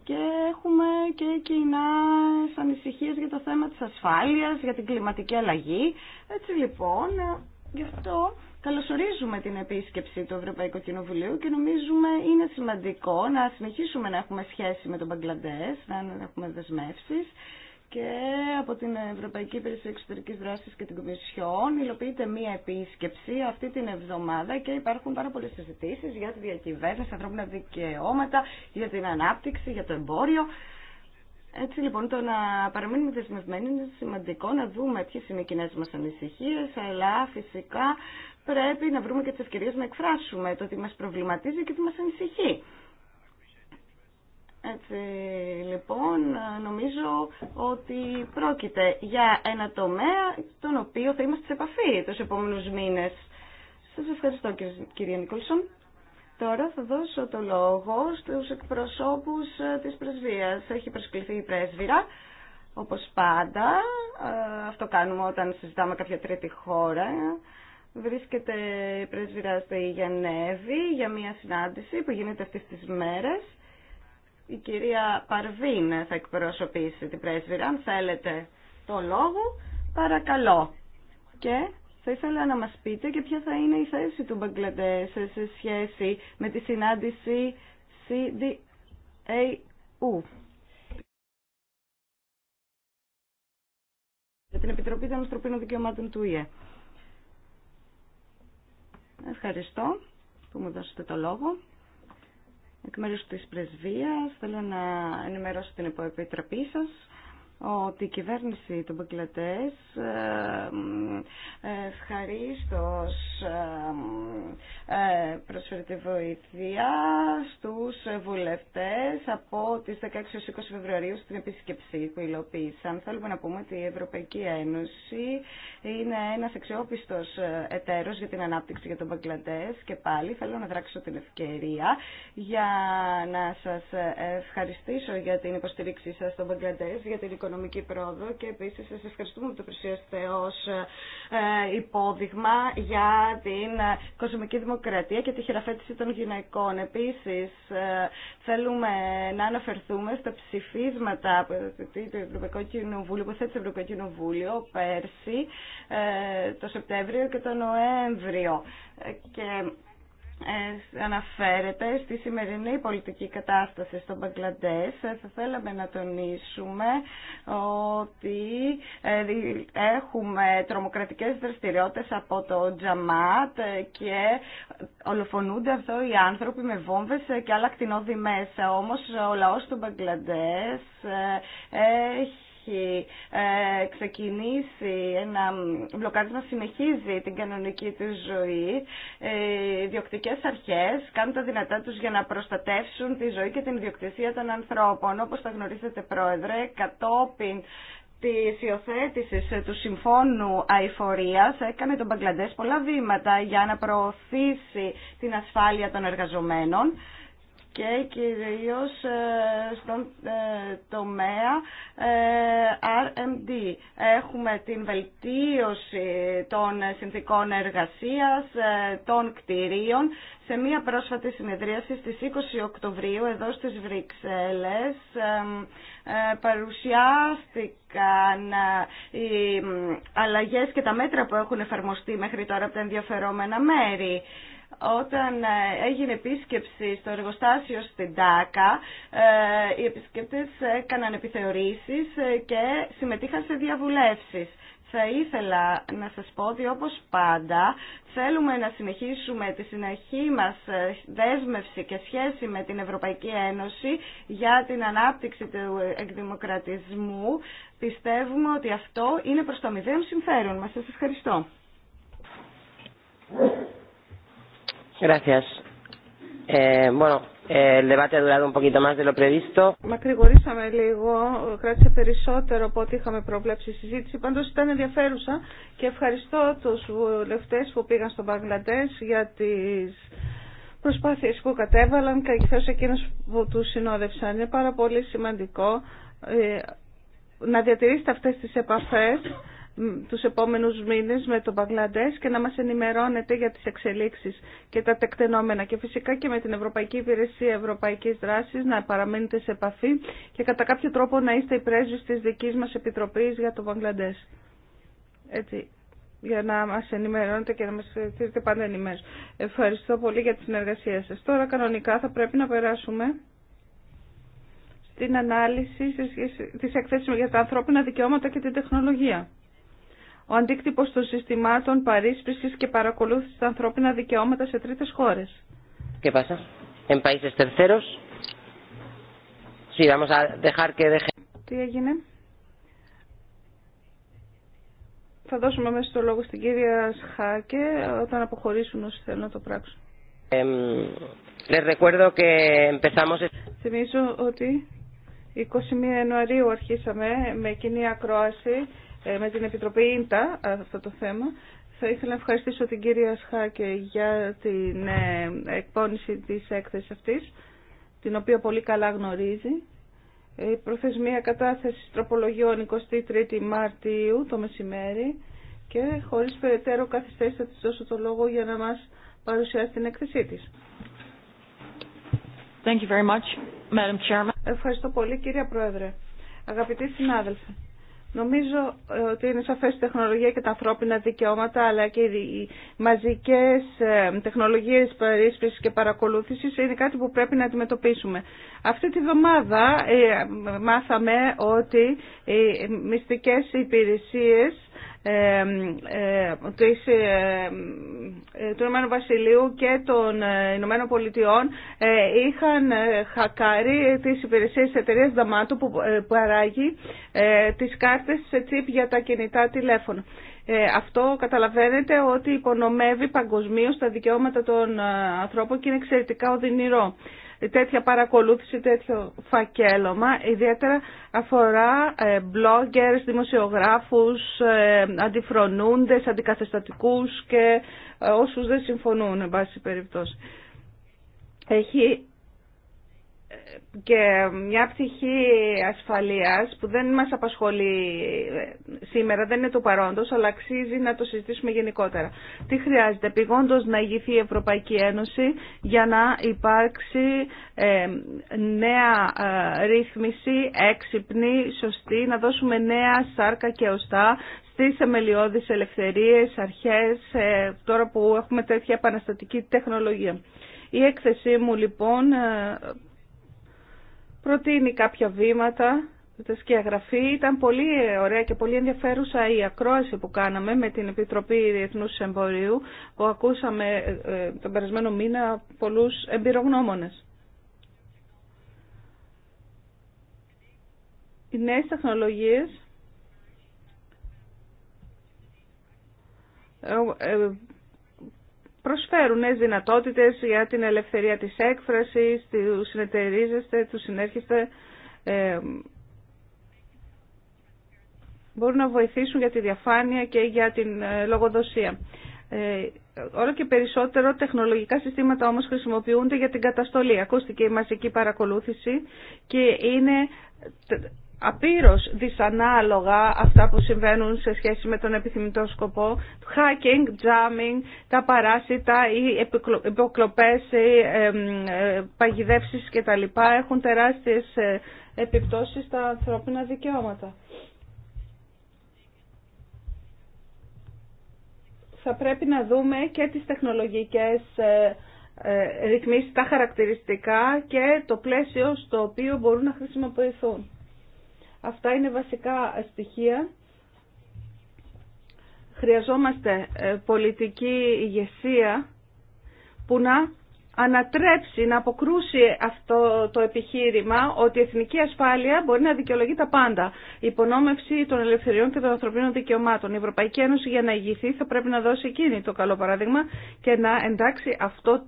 και έχουμε και κοινά ανησυχίες για το θέμα της ασφάλειας, για την κλιματική αλλαγή. Έτσι λοιπόν, γι' αυτό Καλωσορίζουμε την επίσκεψη του Ευρωπαϊκού Κοινοβουλίου και νομίζουμε είναι σημαντικό να συνεχίσουμε να έχουμε σχέση με τον Μπαγκλαντές, να έχουμε δεσμεύσει και από την Ευρωπαϊκή Υπηρεσία Εξωτερικής Δράσης και την Κομισιόν υλοποιείται μία επίσκεψη αυτή την εβδομάδα και υπάρχουν πάρα πολλές συζητήσεις για τη διακυβέρνηση, ανθρώπινα δικαιώματα, για την ανάπτυξη, για το εμπόριο. Έτσι λοιπόν το να παραμείνουμε δεσμευμένοι είναι σημαντικό να δούμε ποιες είναι οι κοινέ μα ανησυχίε, αλλά φυσικά πρέπει να βρούμε και τις ευκαιρίες να εκφράσουμε το τι μας προβληματίζει και τι μας ανησυχεί. Έτσι, λοιπόν, νομίζω ότι πρόκειται για ένα τομέα τον οποίο θα είμαστε σε επαφή τους επόμενους μήνες. Σας ευχαριστώ κύριε Νίκολσον. Τώρα θα δώσω το λόγο στους εκπροσώπους ε, της πρεσβείας. Έχει προσκληθεί η πρέσβυρα, όπως πάντα. Ε, αυτό κάνουμε όταν συζητάμε κάποια τρίτη χώρα βρίσκεται η πρεσβυρά στη Γενέβη για μια συνάντηση που γίνεται αυτές τις μέρες. Η κυρία Παρβίν θα εκπροσωπήσει την πρέσβυρα. Αν θέλετε το λόγο, παρακαλώ. Και θα ήθελα να μας πείτε και ποια θα είναι η θέση του Μπαγκλαντέ σε σχέση με τη συνάντηση CDAU. Για την Επιτροπή των Ανθρωπίνων Δικαιωμάτων του ΙΕ. Ευχαριστώ που μου δώσετε το λόγο. Εκ μέρους της Πρεσβείας θέλω να ενημερώσω την υποεπιτροπή σας ότι η κυβέρνηση των Μπαγκλατές ε, ε, ευχαρίστως ε, προσφέρει τη βοήθεια στους βουλευτές από τις 16 20 Φεβρουαρίου στην επίσκεψη που υλοποίησαν. Θέλουμε να πούμε ότι η Ευρωπαϊκή Ένωση είναι ένας αξιόπιστος εταίρος για την ανάπτυξη για τον Μπαγκλατές και πάλι θέλω να δράξω την ευκαιρία για να σας ευχαριστήσω για την υποστήριξή σας στον Μπαγκλατές, για την οικονομική οικονομική πρόοδο και επίσης σας ευχαριστούμε που το προσφέρετε ως ε, υπόδειγμα για την ε, κοσμική δημοκρατία και τη χειραφέτηση των γυναικών. Επίσης ε, θέλουμε να αναφερθούμε στα ψηφίσματα του Ευρωπαϊκό, Κοινοβούλιο, που θέτει το Ευρωπαϊκό Κοινοβούλιο πέρσι το Σεπτέμβριο και το Νοέμβριο. Και ε, αναφέρεται στη σημερινή πολιτική κατάσταση στον Μπαγκλαντές. Ε, θα θέλαμε να τονίσουμε ότι ε, έχουμε τρομοκρατικές δραστηριότητες από το Τζαμάτ και ολοφονούνται αυτό οι άνθρωποι με βόμβες και άλλα κτηνόδη μέσα. Όμως ο λαός του Μπαγκλαντές έχει έχει ε, ξεκινήσει ένα μπλοκάρισμα, συνεχίζει την κανονική του ζωή, ε, οι διοκτικές αρχές κάνουν τα δυνατά τους για να προστατεύσουν τη ζωή και την ιδιοκτησία των ανθρώπων. Όπως τα γνωρίζετε Πρόεδρε, κατόπιν τη υιοθέτηση του Συμφώνου Αηφορία έκανε τον Μπαγκλαντέ πολλά βήματα για να προωθήσει την ασφάλεια των εργαζομένων και κυρίως ε, στον ε, τομέα ε, RMD. Έχουμε την βελτίωση των συνθήκων εργασίας, των κτηρίων. Σε μία πρόσφατη συνεδρίαση στις 20 Οκτωβρίου εδώ στις Βρυξέλλες παρουσιάστηκαν οι αλλαγές και τα μέτρα που έχουν εφαρμοστεί μέχρι τώρα από τα ενδιαφερόμενα μέρη όταν ε, έγινε επίσκεψη στο εργοστάσιο στην ΤΑΚΑ, ε, οι επισκέπτες έκαναν επιθεωρήσεις ε, και συμμετείχαν σε διαβουλεύσεις. Θα ήθελα να σας πω ότι όπως πάντα θέλουμε να συνεχίσουμε τη συνεχή μας δέσμευση και σχέση με την Ευρωπαϊκή Ένωση για την ανάπτυξη του εκδημοκρατισμού. Πιστεύουμε ότι αυτό είναι προς το μηδέν συμφέρον μας. Σας ευχαριστώ. Gracias. το eh, bueno, ε, Μακρηγορήσαμε λίγο, κράτησε περισσότερο από ό,τι είχαμε προβλέψει η συζήτηση. Πάντως ήταν ενδιαφέρουσα και ευχαριστώ του βουλευτέ που πήγαν στον Μπαγκλαντές για τι προσπάθειε που κατέβαλαν και ευχαριστώ εκείνου που του συνόδευσαν. Είναι πάρα πολύ σημαντικό ε, να διατηρήσετε αυτέ τι επαφέ τους επόμενους μήνες με τον Παγκλαντές και να μας ενημερώνετε για τις εξελίξεις και τα τεκτενόμενα και φυσικά και με την Ευρωπαϊκή Υπηρεσία Ευρωπαϊκής Δράσης να παραμείνετε σε επαφή και κατά κάποιο τρόπο να είστε οι πρέσβεις της δικής μας Επιτροπής για τον Παγκλαντές. Έτσι, για να μας ενημερώνετε και να μας θέλετε πάντα ενημέρωση. Ευχαριστώ πολύ για τη συνεργασία σας. Τώρα κανονικά θα πρέπει να περάσουμε στην ανάλυση της εκθέσης για τα ανθρώπινα δικαιώματα και την τεχνολογία ο αντίκτυπο των συστημάτων παρίσπιση και παρακολούθησης τα ανθρώπινα δικαιώματα σε τρίτε χώρε. Τι έγινε? Θα δώσουμε μέσα το λόγο στην κυρία Σχάκε όταν αποχωρήσουν όσοι θέλουν να το πράξουν. les recuerdo que empezamos... Θυμίζω ότι 21 Ιανουαρίου αρχίσαμε με κοινή ακρόαση ε, με την Επιτροπή Ίντα αυτό το θέμα. Θα ήθελα να ευχαριστήσω την κυρία Σχάκε για την ε, εκπόνηση της έκθεσης αυτής, την οποία πολύ καλά γνωρίζει. Η προθεσμία κατάθεση τροπολογιών 23η Μαρτίου το μεσημέρι και χωρίς περαιτέρω καθυστέρηση θα της δώσω το λόγο για να μας παρουσιάσει την έκθεσή της. Thank you very much, Madam Ευχαριστώ πολύ κυρία Πρόεδρε. Αγαπητοί συνάδελφοι. Νομίζω ε, ότι είναι σαφές η τεχνολογία και τα ανθρώπινα δικαιώματα, αλλά και οι μαζικές ε, τεχνολογίες παρήσπιση και παρακολούθησης είναι κάτι που πρέπει να αντιμετωπίσουμε. Αυτή τη βδομάδα ε, μάθαμε ότι οι μυστικές υπηρεσίες του Ηνωμένου Βασιλείου και των ε, Ηνωμένων Πολιτειών ε, είχαν ε, χακάρει τις υπηρεσίες της εταιρείας Δαμάτου που παράγει τις κάρτες σε τσίπ για τα κινητά τηλέφωνα. Αυτό καταλαβαίνετε ότι υπονομεύει παγκοσμίως τα δικαιώματα των ανθρώπων και είναι εξαιρετικά οδυνηρό τέτοια παρακολούθηση, τέτοιο φακέλωμα, ιδιαίτερα αφορά ε, bloggers, δημοσιογράφους, ε, αντιφρονούντες, αντικαθεστατικούς και ε, όσους δεν συμφωνούν, εν πάση περιπτώσει. Έχει και μια ψυχή ασφαλείας που δεν μας απασχολεί ε, σήμερα, δεν είναι το παρόντος, αλλά αξίζει να το συζητήσουμε γενικότερα. Τι χρειάζεται πηγόντως να ηγηθεί η Ευρωπαϊκή Ένωση για να υπάρξει ε, νέα ε, ρύθμιση, έξυπνη, σωστή, να δώσουμε νέα σάρκα και οστά στις εμελιώδεις ελευθερίες, αρχές, τώρα που έχουμε τέτοια επαναστατική τεχνολογία. Η έκθεσή μου λοιπόν προτείνει κάποια βήματα, τα σκιαγραφή. Ήταν πολύ ωραία και πολύ ενδιαφέρουσα η ακρόαση που κάναμε με την Επιτροπή Διεθνούς Εμπορίου, που ακούσαμε ε, ε, τον περασμένο μήνα πολλούς εμπειρογνώμονες. Οι νέες τεχνολογίες ε, προσφέρουν νέες δυνατότητες για την ελευθερία της έκφρασης, του συνεταιρίζεστε, του συνέρχεστε, ε, μπορούν να βοηθήσουν για τη διαφάνεια και για την ε, λογοδοσία. Ε, όλο και περισσότερο τεχνολογικά συστήματα όμως χρησιμοποιούνται για την καταστολή. Ακούστηκε η μαζική παρακολούθηση και είναι απείρως δυσανάλογα αυτά που συμβαίνουν σε σχέση με τον επιθυμητό σκοπό, hacking, jamming, τα παράσιτα, οι υποκλοπές, οι ε, παγιδεύσεις κτλ. έχουν τεράστιες ε, επιπτώσεις στα ανθρώπινα δικαιώματα. Θα πρέπει να δούμε και τις τεχνολογικές ε, ρυθμίσει τα χαρακτηριστικά και το πλαίσιο στο οποίο μπορούν να χρησιμοποιηθούν. Αυτά είναι βασικά στοιχεία. Χρειαζόμαστε ε, πολιτική ηγεσία που να ανατρέψει, να αποκρούσει αυτό το επιχείρημα ότι η εθνική ασφάλεια μπορεί να δικαιολογεί τα πάντα. Η υπονόμευση των ελευθεριών και των ανθρωπίνων δικαιωμάτων. Η Ευρωπαϊκή Ένωση για να ηγηθεί θα πρέπει να δώσει εκείνη το καλό παράδειγμα και να εντάξει αυτό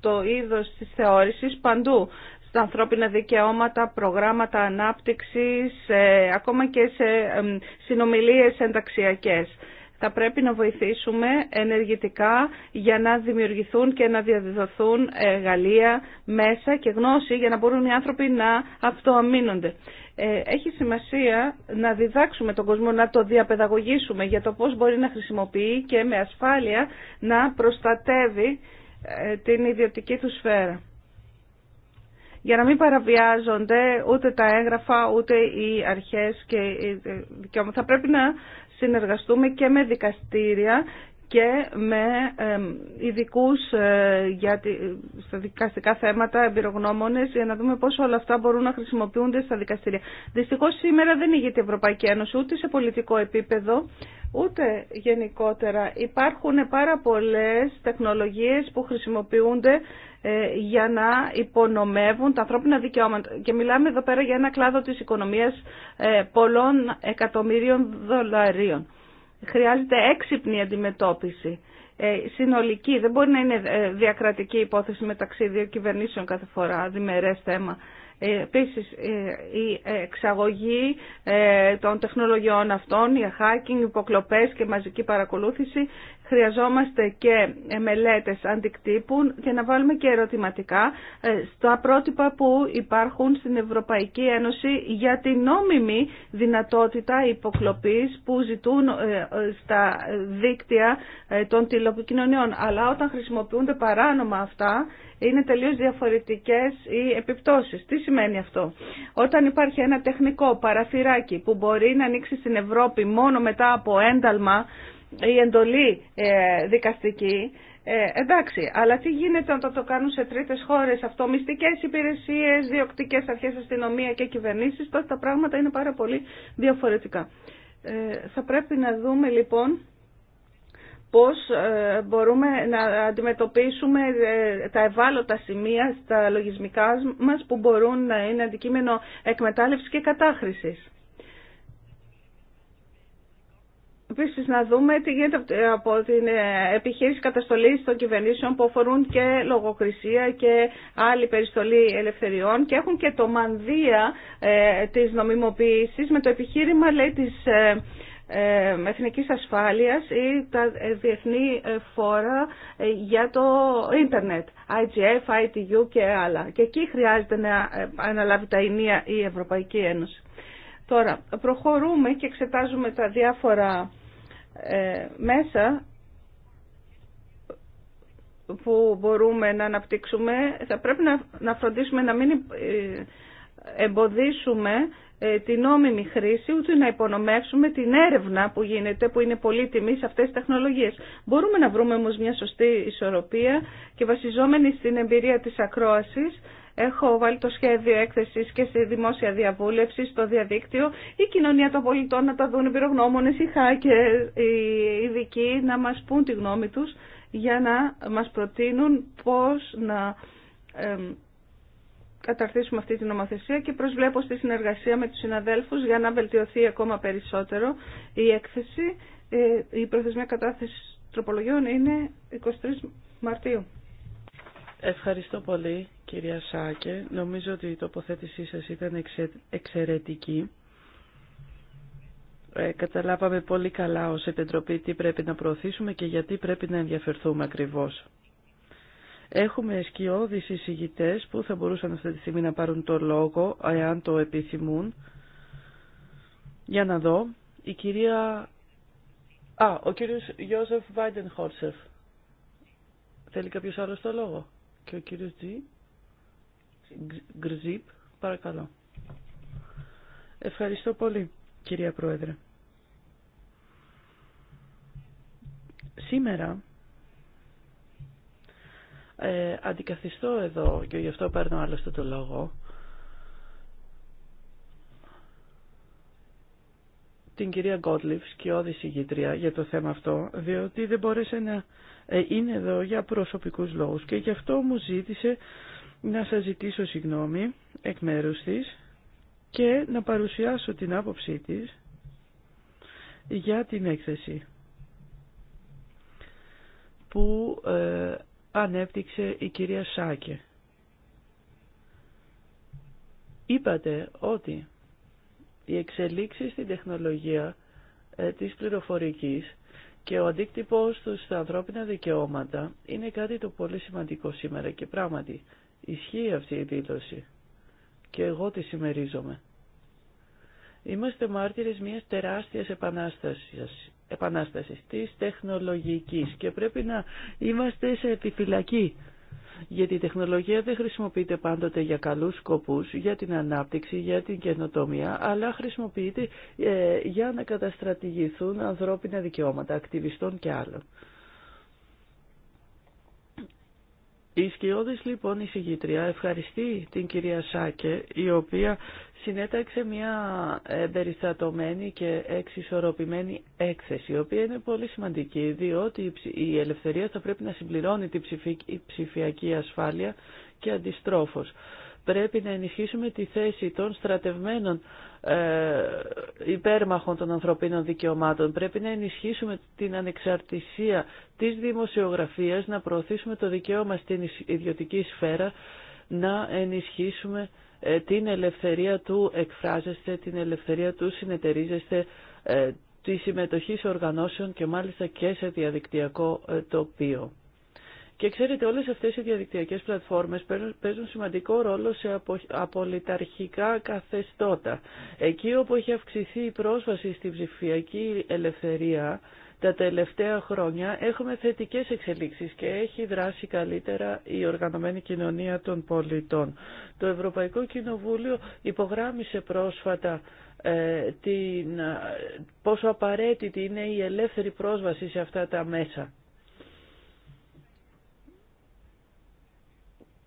το είδος της θεώρησης παντού στα ανθρώπινα δικαιώματα, προγράμματα ανάπτυξης, ε, ακόμα και σε συνομιλίες ενταξιακές. Θα πρέπει να βοηθήσουμε ενεργητικά για να δημιουργηθούν και να διαδιδοθούν ε, εργαλεία, μέσα και γνώση για να μπορούν οι άνθρωποι να αυτοαμήνονται. Ε, έχει σημασία να διδάξουμε τον κόσμο, να το διαπαιδαγωγήσουμε για το πώς μπορεί να χρησιμοποιεί και με ασφάλεια να προστατεύει την ιδιωτική του σφαίρα για να μην παραβιάζονται ούτε τα έγγραφα ούτε οι αρχές και οι δικαιώματα. Θα πρέπει να συνεργαστούμε και με δικαστήρια και με ειδικού ε, για στα δικαστικά θέματα, εμπειρογνώμονε, για να δούμε πώ όλα αυτά μπορούν να χρησιμοποιούνται στα δικαστήρια. Δυστυχώ σήμερα δεν ηγείται η Ευρωπαϊκή Ένωση ούτε σε πολιτικό επίπεδο, ούτε γενικότερα. Υπάρχουν πάρα πολλέ τεχνολογίε που χρησιμοποιούνται ε, για να υπονομεύουν τα ανθρώπινα δικαιώματα. Και μιλάμε εδώ πέρα για ένα κλάδο της ε, πολλών εκατομμύριων δολαρίων. Χρειάζεται έξυπνη αντιμετώπιση, ε, συνολική. Δεν μπορεί να είναι ε, διακρατική υπόθεση μεταξύ δύο κυβερνήσεων κάθε φορά, διμερές θέμα. Ε, επίσης, η εξαγωγή των τεχνολογιών αυτών, η hacking, υποκλοπές και μαζική παρακολούθηση χρειαζόμαστε και ε, μελέτες αντικτύπουν και να βάλουμε και ερωτηματικά ε, στα πρότυπα που υπάρχουν στην Ευρωπαϊκή Ένωση για την νόμιμη δυνατότητα υποκλοπής που ζητούν ε, στα δίκτυα των τηλεπικοινωνιών. Αλλά όταν χρησιμοποιούνται παράνομα αυτά είναι τελείως διαφορετικές οι επιπτώσεις. Τι σημαίνει αυτό. Όταν υπάρχει ένα τεχνικό παραθυράκι που μπορεί να ανοίξει στην Ευρώπη μόνο μετά από ένταλμα η εντολή ε, δικαστική, ε, εντάξει, αλλά τι γίνεται όταν το κάνουν σε τρίτες χώρες αυτό, μυστικές υπηρεσίες, διοκτικές αρχές, αστυνομία και κυβερνήσεις, τότε τα πράγματα είναι πάρα πολύ διαφορετικά. Ε, θα πρέπει να δούμε λοιπόν πώς μπορούμε να αντιμετωπίσουμε τα ευάλωτα σημεία στα λογισμικά μας που μπορούν να είναι αντικείμενο εκμετάλλευσης και κατάχρησης. Επίση, να δούμε τι γίνεται από την ε, επιχείρηση καταστολή των κυβερνήσεων που αφορούν και λογοκρισία και άλλη περιστολή ελευθεριών και έχουν και το μανδύα ε, της νομιμοποίησης με το επιχείρημα λέει, της ε, ε ασφάλειας ή τα διεθνή φόρα για το ίντερνετ, IGF, ITU και άλλα. Και εκεί χρειάζεται να αναλάβει τα ενία η Ευρωπαϊκή Ένωση. Τώρα, προχωρούμε και εξετάζουμε τα διάφορα ε, μέσα που μπορούμε να αναπτύξουμε. Θα πρέπει να, να φροντίσουμε να μην ε, εμποδίσουμε ε, την νόμιμη χρήση, ούτε να υπονομεύσουμε την έρευνα που γίνεται, που είναι πολύτιμη σε αυτές τις τεχνολογίες. Μπορούμε να βρούμε όμως μια σωστή ισορροπία και βασιζόμενη στην εμπειρία της ακρόασης Έχω βάλει το σχέδιο έκθεση και στη δημόσια διαβούλευση, στο διαδίκτυο. Η κοινωνία των πολιτών να τα δουν οι πυρογνώμονε, οι hackers, οι ειδικοί να μα πούν τη γνώμη του για να μα προτείνουν πώ να καταρτήσουμε αυτή την νομοθεσία και προσβλέπω στη συνεργασία με τους συναδέλφους για να βελτιωθεί ακόμα περισσότερο η έκθεση. Ε, η προθεσμία κατάθεση τροπολογιών είναι 23 Μαρτίου. Ευχαριστώ πολύ κυρία Σάκε. Νομίζω ότι η τοποθέτησή σας ήταν εξαιρετική. Ε, καταλάβαμε πολύ καλά ως Επιτροπή τι πρέπει να προωθήσουμε και γιατί πρέπει να ενδιαφερθούμε ακριβώς. Έχουμε σκιώδεις εισηγητές που θα μπορούσαν αυτή τη στιγμή να πάρουν το λόγο, εάν το επιθυμούν. Για να δω. Η κυρία... Α, ο κύριος Γιώσεφ Βάιντενχόρσεφ. Θέλει κάποιος άλλος το λόγο και ο κύριος Τζι. Γκρζίπ, παρακαλώ. Ευχαριστώ πολύ, κυρία Πρόεδρε. Σήμερα ε, αντικαθιστώ εδώ και γι' αυτό παίρνω άλλωστε το λόγο την κυρία Γκότλιφ, σκιώδη συγγήτρια, για το θέμα αυτό, διότι δεν μπόρεσε να ε, είναι εδώ για προσωπικούς λόγους και γι' αυτό μου ζήτησε να σας ζητήσω συγγνώμη εκ μέρους της και να παρουσιάσω την άποψή της για την έκθεση που ε, ανέπτυξε η κυρία Σάκε. Είπατε ότι οι εξελίξεις στην τεχνολογία ε, της πληροφορικής και ο αντίκτυπος του στα ανθρώπινα δικαιώματα είναι κάτι το πολύ σημαντικό σήμερα και πράγματι ισχύει αυτή η δήλωση και εγώ τη συμμερίζομαι. Είμαστε μάρτυρες μιας τεράστιας επανάστασης, επανάστασης της τεχνολογικής και πρέπει να είμαστε σε επιφυλακή γιατί η τεχνολογία δεν χρησιμοποιείται πάντοτε για καλούς σκοπούς, για την ανάπτυξη, για την καινοτομία, αλλά χρησιμοποιείται ε, για να καταστρατηγηθούν ανθρώπινα δικαιώματα, ακτιβιστών και άλλων. Η σκιώδης λοιπόν η συγγήτρια ευχαριστεί την κυρία Σάκε η οποία συνέταξε μια περιστατωμένη και εξισορροπημένη έκθεση, η οποία είναι πολύ σημαντική, διότι η ελευθερία θα πρέπει να συμπληρώνει την ψηφιακή ασφάλεια και αντιστρόφως. Πρέπει να ενισχύσουμε τη θέση των στρατευμένων ε, υπέρμαχων των ανθρωπίνων δικαιωμάτων. Πρέπει να ενισχύσουμε την ανεξαρτησία της δημοσιογραφίας, να προωθήσουμε το δικαίωμα στην ιδιωτική σφαίρα, να ενισχύσουμε ε, την ελευθερία του εκφράζεστε, την ελευθερία του συνεταιρίζεστε, ε, τη συμμετοχή σε οργανώσεων και μάλιστα και σε διαδικτυακό ε, τοπίο. Και ξέρετε, όλες αυτές οι διαδικτυακές πλατφόρμες παίζουν σημαντικό ρόλο σε απολυταρχικά καθεστώτα. Εκεί όπου έχει αυξηθεί η πρόσβαση στη ψηφιακή ελευθερία, τα τελευταία χρόνια έχουμε θετικές εξελίξεις και έχει δράσει καλύτερα η οργανωμένη κοινωνία των πολιτών. Το Ευρωπαϊκό Κοινοβούλιο υπογράμμισε πρόσφατα ε, ε, πόσο απαραίτητη είναι η ελεύθερη πρόσβαση σε αυτά τα μέσα.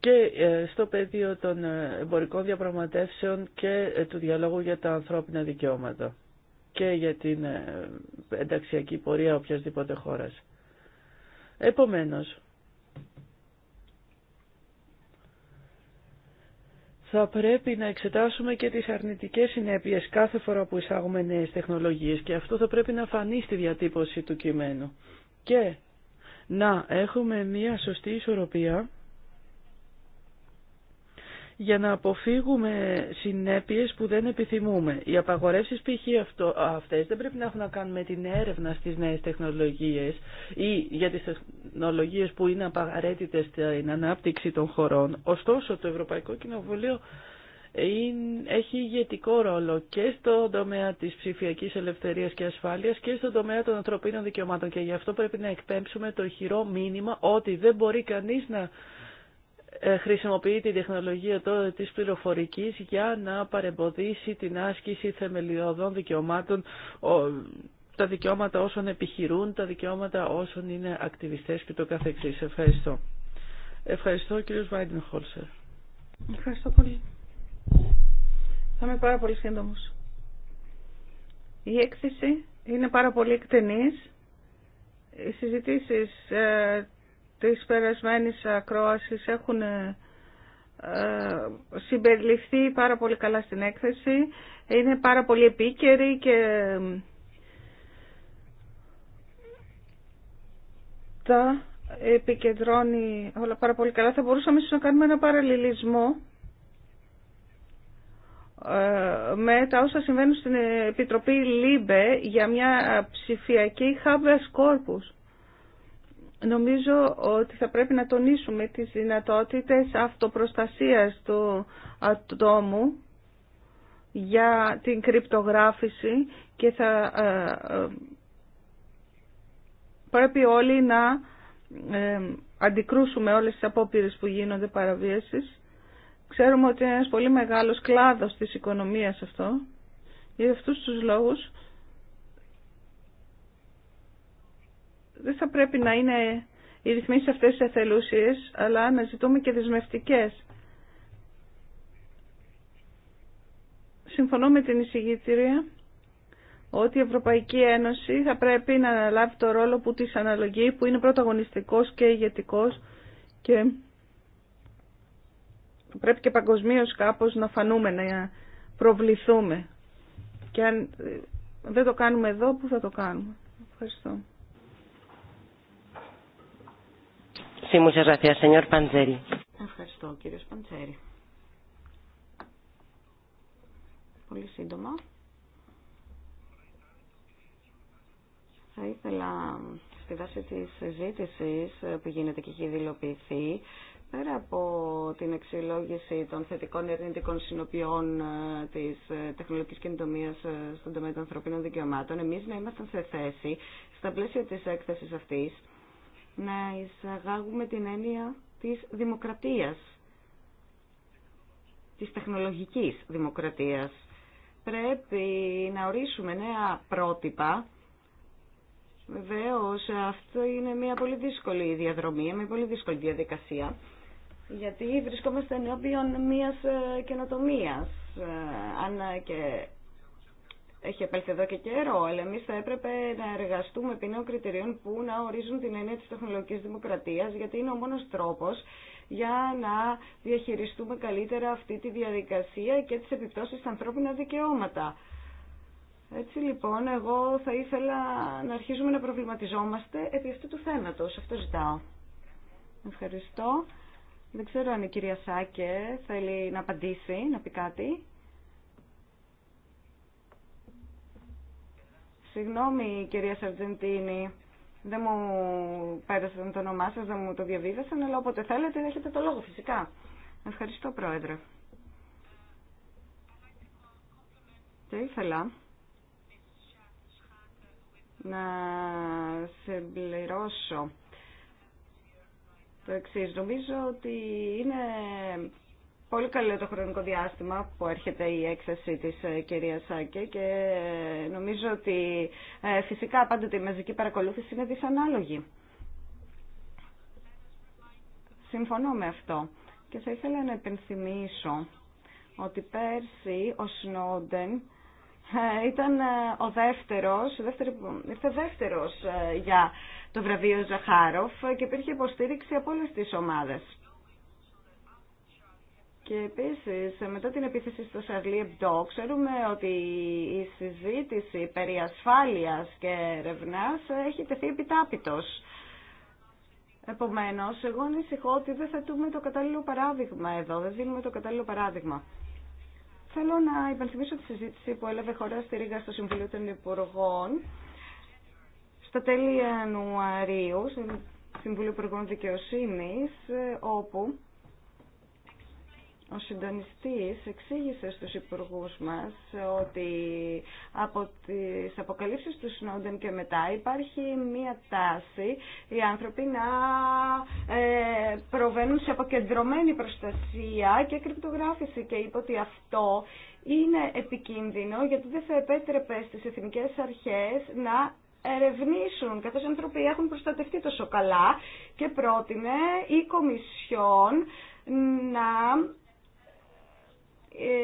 και ε, στο πεδίο των εμπορικών διαπραγματεύσεων και του διαλόγου για τα ανθρώπινα δικαιώματα και για την ε, ενταξιακή πορεία οποιασδήποτε χώρας. Επομένως, θα πρέπει να εξετάσουμε και τις αρνητικές συνέπειες κάθε φορά που εισάγουμε νέες τεχνολογίες και αυτό θα πρέπει να φανεί στη διατύπωση του κειμένου. Και να έχουμε μία σωστή ισορροπία για να αποφύγουμε συνέπειες που δεν επιθυμούμε. Οι απαγορεύσεις π.χ. αυτές δεν πρέπει να έχουν να κάνουν με την έρευνα στις νέες τεχνολογίες ή για τις τεχνολογίες που είναι απαραίτητες στην ανάπτυξη των χωρών. Ωστόσο το Ευρωπαϊκό Κοινοβουλίο έχει ηγετικό ρόλο και στον τομέα της ψηφιακής ελευθερίας και ασφάλειας και στον τομέα των ανθρωπίνων δικαιωμάτων και γι' αυτό πρέπει να εκπέμψουμε το χειρό μήνυμα ότι δεν μπορεί κανείς να ε, χρησιμοποιεί την τεχνολογία της πληροφορικής για να παρεμποδίσει την άσκηση θεμελιωδών δικαιωμάτων, τα δικαιώματα όσων επιχειρούν, τα δικαιώματα όσων είναι ακτιβιστές και το καθεξής. Ευχαριστώ. Ευχαριστώ κύριος Βάιντεν Χόλσερ. Ευχαριστώ πολύ. Θα είμαι πάρα πολύ σύντομος. Η έκθεση είναι πάρα πολύ εκτενής. Οι συζητήσεις ε, της περασμένης ακρόασης έχουν ε, συμπεριληφθεί πάρα πολύ καλά στην έκθεση. Είναι πάρα πολύ επίκαιρη και ε, τα επικεντρώνει όλα πάρα πολύ καλά. Θα μπορούσαμε να κάνουμε ένα παραλληλισμό ε, με τα όσα συμβαίνουν στην Επιτροπή ΛΥΜΠΕ για μια ψηφιακή habeas κόρπους. Νομίζω ότι θα πρέπει να τονίσουμε τις δυνατότητες αυτοπροστασίας του ατόμου για την κρυπτογράφηση και θα ε, ε, πρέπει όλοι να ε, αντικρούσουμε όλες τις απόπειρες που γίνονται παραβίασης. Ξέρουμε ότι είναι ένας πολύ μεγάλος κλάδος της οικονομίας αυτό. Για αυτούς τους λόγους δεν θα πρέπει να είναι οι ρυθμίσει αυτές εθελούσιε, αλλά να ζητούμε και δεσμευτικέ. Συμφωνώ με την εισηγήτηρια ότι η Ευρωπαϊκή Ένωση θα πρέπει να αναλάβει το ρόλο που της αναλογεί, που είναι πρωταγωνιστικός και ηγετικός και πρέπει και παγκοσμίω κάπως να φανούμε, να προβληθούμε. Και αν δεν το κάνουμε εδώ, πού θα το κάνουμε. Ευχαριστώ. Sí, muchas gracias, señor Panzeri. Ευχαριστώ, κύριος Παντζέρη. Πολύ σύντομα. Θα ήθελα στη βάση της συζήτηση που γίνεται και έχει δηλοποιηθεί, πέρα από την αξιολόγηση των θετικών ή αρνητικών συνοπιών ε, της ε, τεχνολογικής κινητομίας ε, στον τομέα των ανθρωπίνων δικαιωμάτων, εμείς να ήμασταν σε θέση, στα πλαίσια της έκθεσης αυτής, να εισαγάγουμε την έννοια της δημοκρατίας, της τεχνολογικής δημοκρατίας. Πρέπει να ορίσουμε νέα πρότυπα. Βεβαίω, αυτό είναι μια πολύ δύσκολη διαδρομή, μια πολύ δύσκολη διαδικασία, γιατί βρισκόμαστε ενώπιον μιας ε, καινοτομίας. Ε, αν και έχει επέλθει εδώ και καιρό, αλλά εμεί θα έπρεπε να εργαστούμε επί νέων κριτηρίων που να ορίζουν την έννοια τη τεχνολογική δημοκρατία, γιατί είναι ο μόνο τρόπο για να διαχειριστούμε καλύτερα αυτή τη διαδικασία και τις επιπτώσεις στα ανθρώπινα δικαιώματα. Έτσι λοιπόν, εγώ θα ήθελα να αρχίζουμε να προβληματιζόμαστε επί αυτού του θέματο. Αυτό ζητάω. Ευχαριστώ. Δεν ξέρω αν η κυρία Σάκε θέλει να απαντήσει, να πει κάτι. Συγγνώμη κυρία Σαρτζεντίνη, δεν μου πέρασαν το όνομά σας, δεν μου το διαβίβασαν, αλλά όποτε θέλετε έχετε το λόγο φυσικά. Ευχαριστώ Πρόεδρε. Και ήθελα να συμπληρώσω το εξή. Νομίζω ότι είναι Πολύ καλό το χρονικό διάστημα που έρχεται η έκθεση της ε, κυρία Σάκε και ε, νομίζω ότι ε, φυσικά πάντοτε η μαζική παρακολούθηση είναι δυσανάλογη. Συμφωνώ με αυτό και θα ήθελα να επενθυμίσω ότι πέρσι ο Σνόντεν ήταν ο δεύτερος, δεύτερο, ήρθε δεύτερος για το βραβείο Ζαχάροφ και υπήρχε υποστήριξη από όλες τις ομάδες. Και επίσης, μετά την επίθεση στο Σαρλί Εμπτό, ξέρουμε ότι η συζήτηση περί ασφάλειας και ερευνά έχει τεθεί επιτάπητο. Επομένως, εγώ ανησυχώ ότι δεν θετούμε το κατάλληλο παράδειγμα εδώ, δεν δίνουμε το κατάλληλο παράδειγμα. Θέλω να υπενθυμίσω τη συζήτηση που έλαβε χώρα στη Ρήγα στο Συμβουλίο των Υπουργών στα τέλη Ιανουαρίου, στο Συμβουλίο Υπουργών Δικαιοσύνη, όπου ο συντονιστής εξήγησε στους υπουργούς μας ότι από τις αποκαλύψεις του Σνόντεν και μετά υπάρχει μία τάση οι άνθρωποι να ε, προβαίνουν σε αποκεντρωμένη προστασία και κρυπτογράφηση και είπε ότι αυτό είναι επικίνδυνο γιατί δεν θα επέτρεπε στις εθνικές αρχές να ερευνήσουν, καθώς οι άνθρωποι έχουν προστατευτεί τόσο καλά και πρότεινε η Κομισιόν να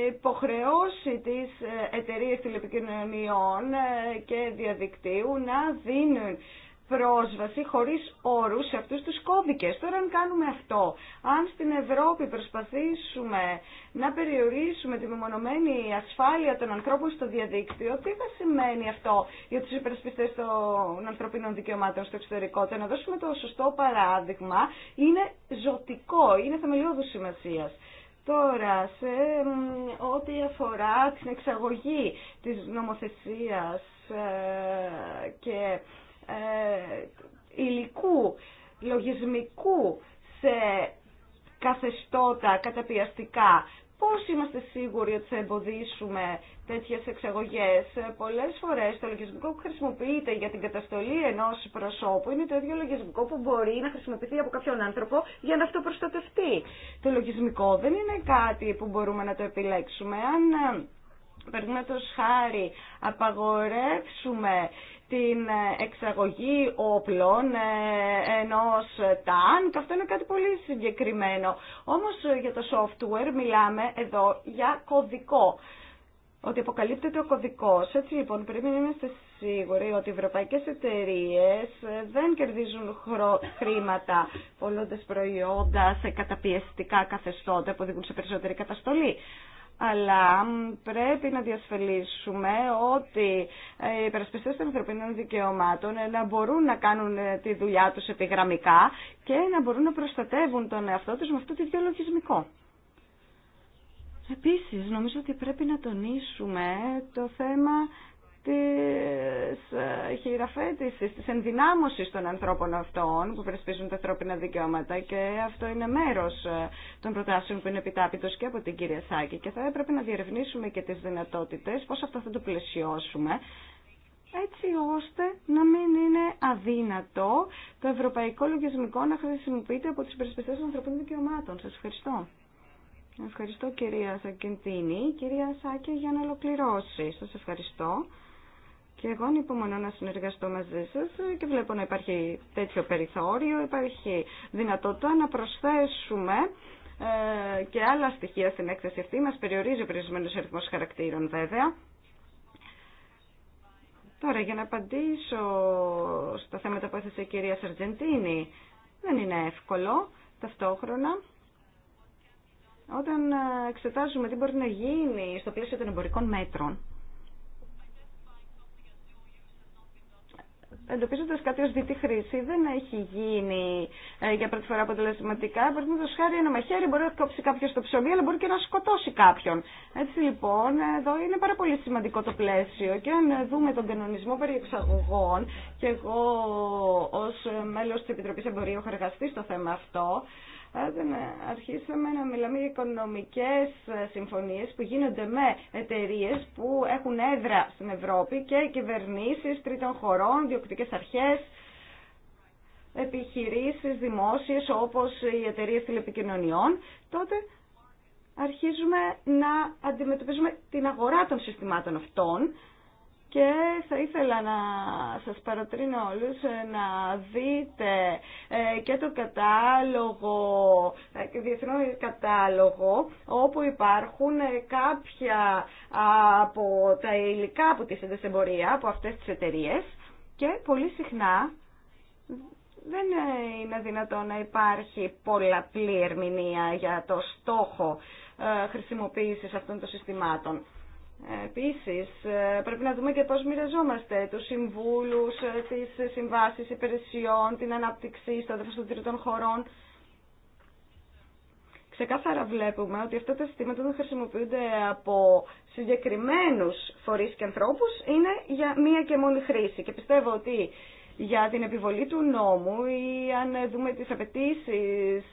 υποχρεώσει τις ε, εταιρείες τηλεπικοινωνιών ε, και διαδικτύου να δίνουν πρόσβαση χωρίς όρους σε αυτούς τους κώδικες. Τώρα αν κάνουμε αυτό, αν στην Ευρώπη προσπαθήσουμε να περιορίσουμε τη μεμονωμένη ασφάλεια των ανθρώπων στο διαδίκτυο, τι θα σημαίνει αυτό για τους υπερασπιστές των ανθρωπίνων δικαιωμάτων στο εξωτερικό. να δώσουμε το σωστό παράδειγμα είναι ζωτικό, είναι θεμελιώδου σημασίας. Τώρα, σε ό,τι αφορά την εξαγωγή της νομοθεσίας ε, και ε, υλικού, λογισμικού σε καθεστώτα καταπιαστικά Πώς είμαστε σίγουροι ότι θα εμποδίσουμε τέτοιες εξαγωγές. Πολλές φορές το λογισμικό που χρησιμοποιείται για την καταστολή ενός προσώπου είναι το ίδιο λογισμικό που μπορεί να χρησιμοποιηθεί από κάποιον άνθρωπο για να αυτοπροστατευτεί. Το λογισμικό δεν είναι κάτι που μπορούμε να το επιλέξουμε. Αν ε, παραδείγματος χάρη απαγορεύσουμε την εξαγωγή όπλων ε, ενός ΤΑΝ και αυτό είναι κάτι πολύ συγκεκριμένο. Όμως ε, για το software μιλάμε εδώ για κωδικό ότι αποκαλύπτεται ο κωδικός. Έτσι λοιπόν πρέπει να είμαστε σίγουροι ότι οι ευρωπαϊκές εταιρείες ε, δεν κερδίζουν χρήματα πολλώντας προϊόντα σε καταπιεστικά καθεστώτα που οδηγούν σε περισσότερη καταστολή αλλά πρέπει να διασφαλίσουμε ότι ε, οι υπερασπιστέ των ανθρωπίνων δικαιωμάτων ε, να μπορούν να κάνουν ε, τη δουλειά τους επιγραμμικά και να μπορούν να προστατεύουν τον εαυτό του με αυτό το λογισμικό. Επίσης, νομίζω ότι πρέπει να τονίσουμε το θέμα της ε, χειραφέτησης, της ενδυνάμωσης των ανθρώπων αυτών που περισπίζουν τα ανθρώπινα δικαιώματα και αυτό είναι μέρος ε, των προτάσεων που είναι επιτάπητος και από την κυρία Σάκη και θα έπρεπε να διερευνήσουμε και τις δυνατότητες, πώς αυτό θα το πλαισιώσουμε έτσι ώστε να μην είναι αδύνατο το ευρωπαϊκό λογισμικό να χρησιμοποιείται από τις περισπιστές των ανθρωπίνων δικαιωμάτων. Σας ευχαριστώ. Ευχαριστώ κυρία Σακεντίνη. Κυρία Σάκη για να ολοκληρώσει. Σας ευχαριστώ. Και εγώ ανυπομονώ να συνεργαστώ μαζί σα και βλέπω να υπάρχει τέτοιο περιθώριο, υπάρχει δυνατότητα να προσθέσουμε ε, και άλλα στοιχεία στην έκθεση αυτή. Μας περιορίζει ο περιορισμένος αριθμός χαρακτήρων βέβαια. Τώρα για να απαντήσω στα θέματα που έθεσε η κυρία Σαρτζεντίνη δεν είναι εύκολο ταυτόχρονα. Όταν ε, εξετάζουμε τι μπορεί να γίνει στο πλαίσιο των εμπορικών μέτρων, εντοπίζοντας κάτι ως δυτή χρήση δεν έχει γίνει ε, για πρώτη φορά αποτελεσματικά. το χάρη ένα μαχαίρι μπορεί να κόψει κάποιο το ψωμί αλλά μπορεί και να σκοτώσει κάποιον. Έτσι λοιπόν εδώ είναι πάρα πολύ σημαντικό το πλαίσιο και αν δούμε τον κανονισμό περί εξαγωγών και εγώ ως μέλος της Επιτροπής Εμπορίου έχω εργαστεί στο θέμα αυτό Άντε αρχίσαμε να μιλάμε για οικονομικές ε, συμφωνίες που γίνονται με εταιρείε που έχουν έδρα στην Ευρώπη και κυβερνήσεις τρίτων χωρών, διοκτικές αρχές, επιχειρήσεις δημόσιες όπως οι εταιρείε τηλεπικοινωνιών, τότε αρχίζουμε να αντιμετωπίζουμε την αγορά των συστημάτων αυτών και θα ήθελα να σας παροτρύνω όλους ε, να δείτε ε, και το κατάλογο, ε, διεθνό κατάλογο, όπου υπάρχουν κάποια από τα υλικά που τη σε εμπορία από αυτές τις εταιρείες και πολύ συχνά δεν είναι δυνατόν να υπάρχει πολλαπλή ερμηνεία για το στόχο χρησιμοποίησης αυτών των συστημάτων. Επίσης, ε, πρέπει να δούμε και πώς μοιραζόμαστε του συμβούλους, ε, τις συμβάσεις υπηρεσιών, την ανάπτυξη στο δεύτερο των χωρών. Ξεκάθαρα βλέπουμε ότι αυτά τα συστήματα δεν χρησιμοποιούνται από συγκεκριμένους φορείς και ανθρώπους, είναι για μία και μόνη χρήση. Και πιστεύω ότι για την επιβολή του νόμου ή αν δούμε τις απαιτήσει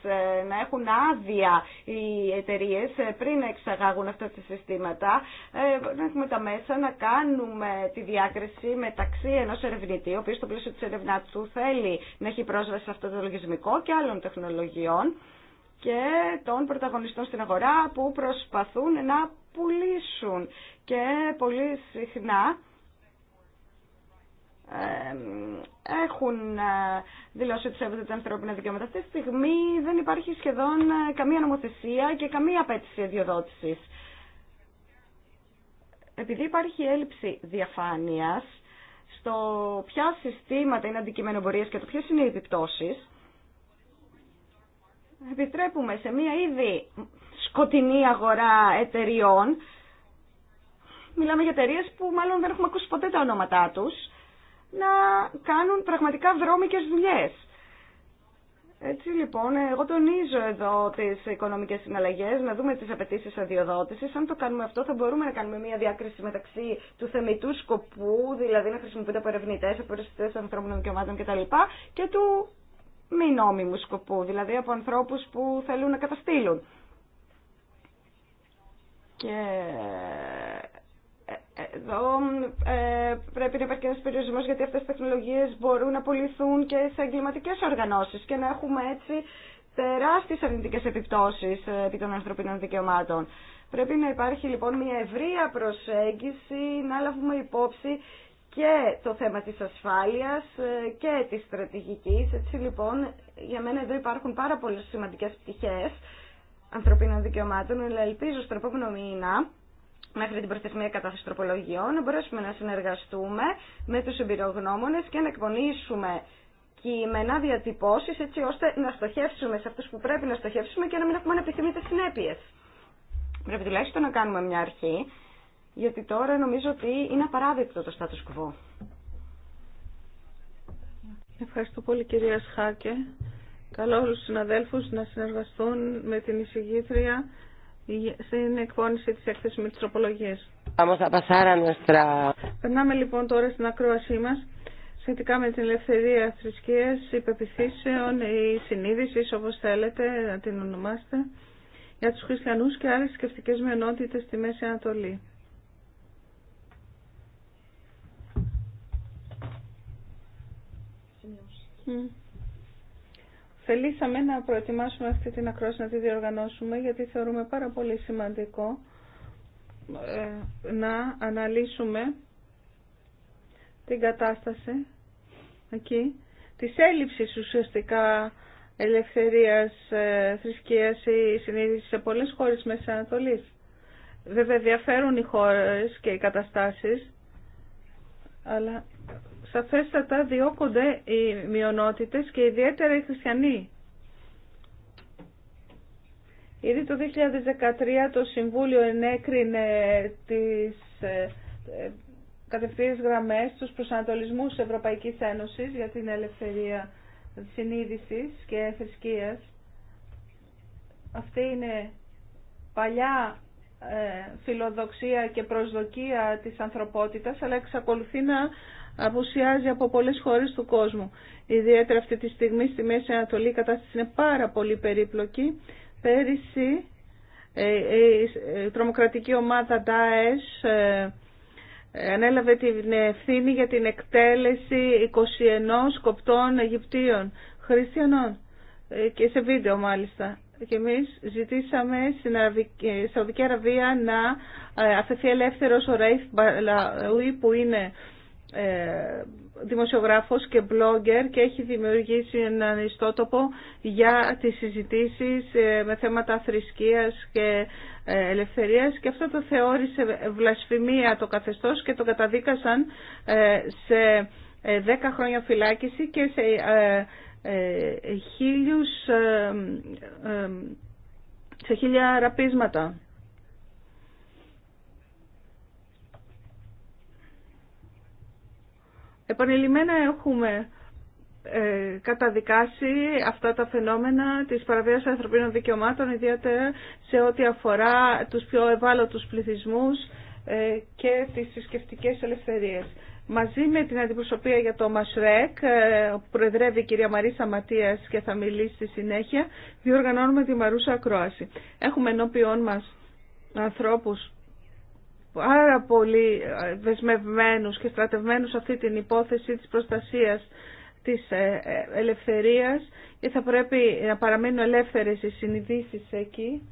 ε, να έχουν άδεια οι εταιρείε ε, πριν εξαγάγουν αυτά τα συστήματα, ε, να έχουμε τα μέσα να κάνουμε τη διάκριση μεταξύ ενός ερευνητή, ο οποίος στο πλαίσιο της ερευνά του θέλει να έχει πρόσβαση σε αυτό το λογισμικό και άλλων τεχνολογιών και των πρωταγωνιστών στην αγορά που προσπαθούν να πουλήσουν. Και πολύ συχνά έχουν ε, δηλώσει ότι σέβονται τα ανθρώπινα δικαιώματα. Αυτή τη στιγμή δεν υπάρχει σχεδόν ε, καμία νομοθεσία και καμία απέτηση αδειοδότησης. Επειδή υπάρχει έλλειψη διαφάνεια στο ποια συστήματα είναι αντικειμενοπορίες και το ποιε είναι οι επιπτώσει, επιτρέπουμε σε μία ήδη σκοτεινή αγορά εταιριών, μιλάμε για εταιρείε που μάλλον δεν έχουμε ακούσει ποτέ τα ονόματά τους, να κάνουν πραγματικά δρόμικες δουλειές. Έτσι λοιπόν, ε, εγώ τονίζω εδώ τι οικονομικέ συναλλαγές, να δούμε τι απαιτήσει αδειοδότηση. Αν το κάνουμε αυτό, θα μπορούμε να κάνουμε μια διάκριση μεταξύ του θεμητού σκοπού, δηλαδή να χρησιμοποιούνται από ερευνητέ, από ερευνητέ ανθρώπινων δικαιωμάτων κτλ. και του μη νόμιμου σκοπού, δηλαδή από ανθρώπου που θέλουν να καταστήλουν. Και εδώ ε, πρέπει να υπάρχει ένα περιορισμό γιατί αυτέ τι τεχνολογίε μπορούν να πολυθούν και σε εγκληματικέ οργανώσει και να έχουμε έτσι τεράστιε αρνητικέ επιπτώσει ε, επί των ανθρωπίνων δικαιωμάτων. Πρέπει να υπάρχει λοιπόν μια ευρεία προσέγγιση, να λάβουμε υπόψη και το θέμα της ασφάλειας ε, και της στρατηγικής. Έτσι λοιπόν, για μένα εδώ υπάρχουν πάρα πολλές σημαντικές πτυχές ανθρωπίνων δικαιωμάτων, αλλά ελπίζω στον επόμενο μήνα μέχρι την προθεσμία κατάθεση τροπολογιών, να μπορέσουμε να συνεργαστούμε με τους εμπειρογνώμονες και να εκπονήσουμε κείμενα διατυπώσεις έτσι ώστε να στοχεύσουμε σε αυτούς που πρέπει να στοχεύσουμε και να μην έχουμε ανεπιθυμητές συνέπειες. Πρέπει τουλάχιστον να κάνουμε μια αρχή, γιατί τώρα νομίζω ότι είναι απαράδεκτο το status quo. Ευχαριστώ πολύ κυρία Σχάκε. Καλό όλους τους συναδέλφους να συνεργαστούν με την εισηγήτρια στην εκπόνηση τη έκθεσης με τις τροπολογίες. Περνάμε λοιπόν τώρα στην ακρόασή μας σχετικά με την ελευθερία θρησκείας, υπεπιθύσεων ή συνείδησης όπως θέλετε να την ονομάσετε για τους χριστιανούς και άλλες σκεφτικές μειονότητες στη Μέση Ανατολή. Θελήσαμε να προετοιμάσουμε αυτή την ακρόαση, να τη διοργανώσουμε, γιατί θεωρούμε πάρα πολύ σημαντικό ε, να αναλύσουμε την κατάσταση εκεί, της έλλειψης ουσιαστικά ελευθερίας, ε, θρησκείας ή συνείδησης σε πολλές χώρες μέσα Ανατολής. Βέβαια διαφέρουν οι χώρες και οι καταστάσεις, αλλά σαφέστατα διώκονται οι μειονότητες και ιδιαίτερα οι χριστιανοί. Ήδη το 2013 το Συμβούλιο ενέκρινε τις ε, ε, κατευθείας γραμμές τους προσανατολισμούς Ευρωπαϊκής Ένωσης για την ελευθερία συνείδησης και θρησκείας. Αυτή είναι παλιά ε, φιλοδοξία και προσδοκία της ανθρωπότητας, αλλά εξακολουθεί να απουσιάζει από πολλές χώρες του κόσμου. Ιδιαίτερα αυτή τη στιγμή στη Μέση Ανατολή η κατάσταση είναι πάρα πολύ περίπλοκη. Πέρυσι ε, ε, ε, η τρομοκρατική ομάδα Ντάες ανέλαβε την ευθύνη για την εκτέλεση 21 σκοπτών Αιγυπτίων, χριστιανών και σε βίντεο μάλιστα. Και εμείς ζητήσαμε στην Σαουδική Αραβία να αφαιθεί ελεύθερος ο Ραϊφ που είναι ε, δημοσιογράφος και blogger και έχει δημιουργήσει έναν ιστότοπο για τις συζητήσεις ε, με θέματα θρησκείας και ε, ελευθερίας και αυτό το θεώρησε βλασφημία το καθεστώς και το καταδίκασαν σε 10 χρόνια φυλάκιση και σε χίλιους σε χίλια ραπίσματα. Επανειλημμένα έχουμε ε, καταδικάσει αυτά τα φαινόμενα της παραβίασης ανθρωπίνων δικαιωμάτων, ιδιαίτερα σε ό,τι αφορά τους πιο ευάλωτους πληθυσμούς ε, και τις συσκευτικέ ελευθερίες. Μαζί με την αντιπροσωπεία για το ΜΑΣΡΕΚ, ε, που προεδρεύει η κυρία Μαρίσα Ματίας και θα μιλήσει στη συνέχεια, διοργανώνουμε τη Μαρούσα Ακρόαση. Έχουμε ενώπιόν μας ανθρώπους πάρα πολύ ε, δεσμευμένους και στρατευμένους σε αυτή την υπόθεση της προστασίας της ε, ε, ελευθερίας και θα πρέπει να παραμείνουν ελεύθερες οι συνειδήσεις εκεί.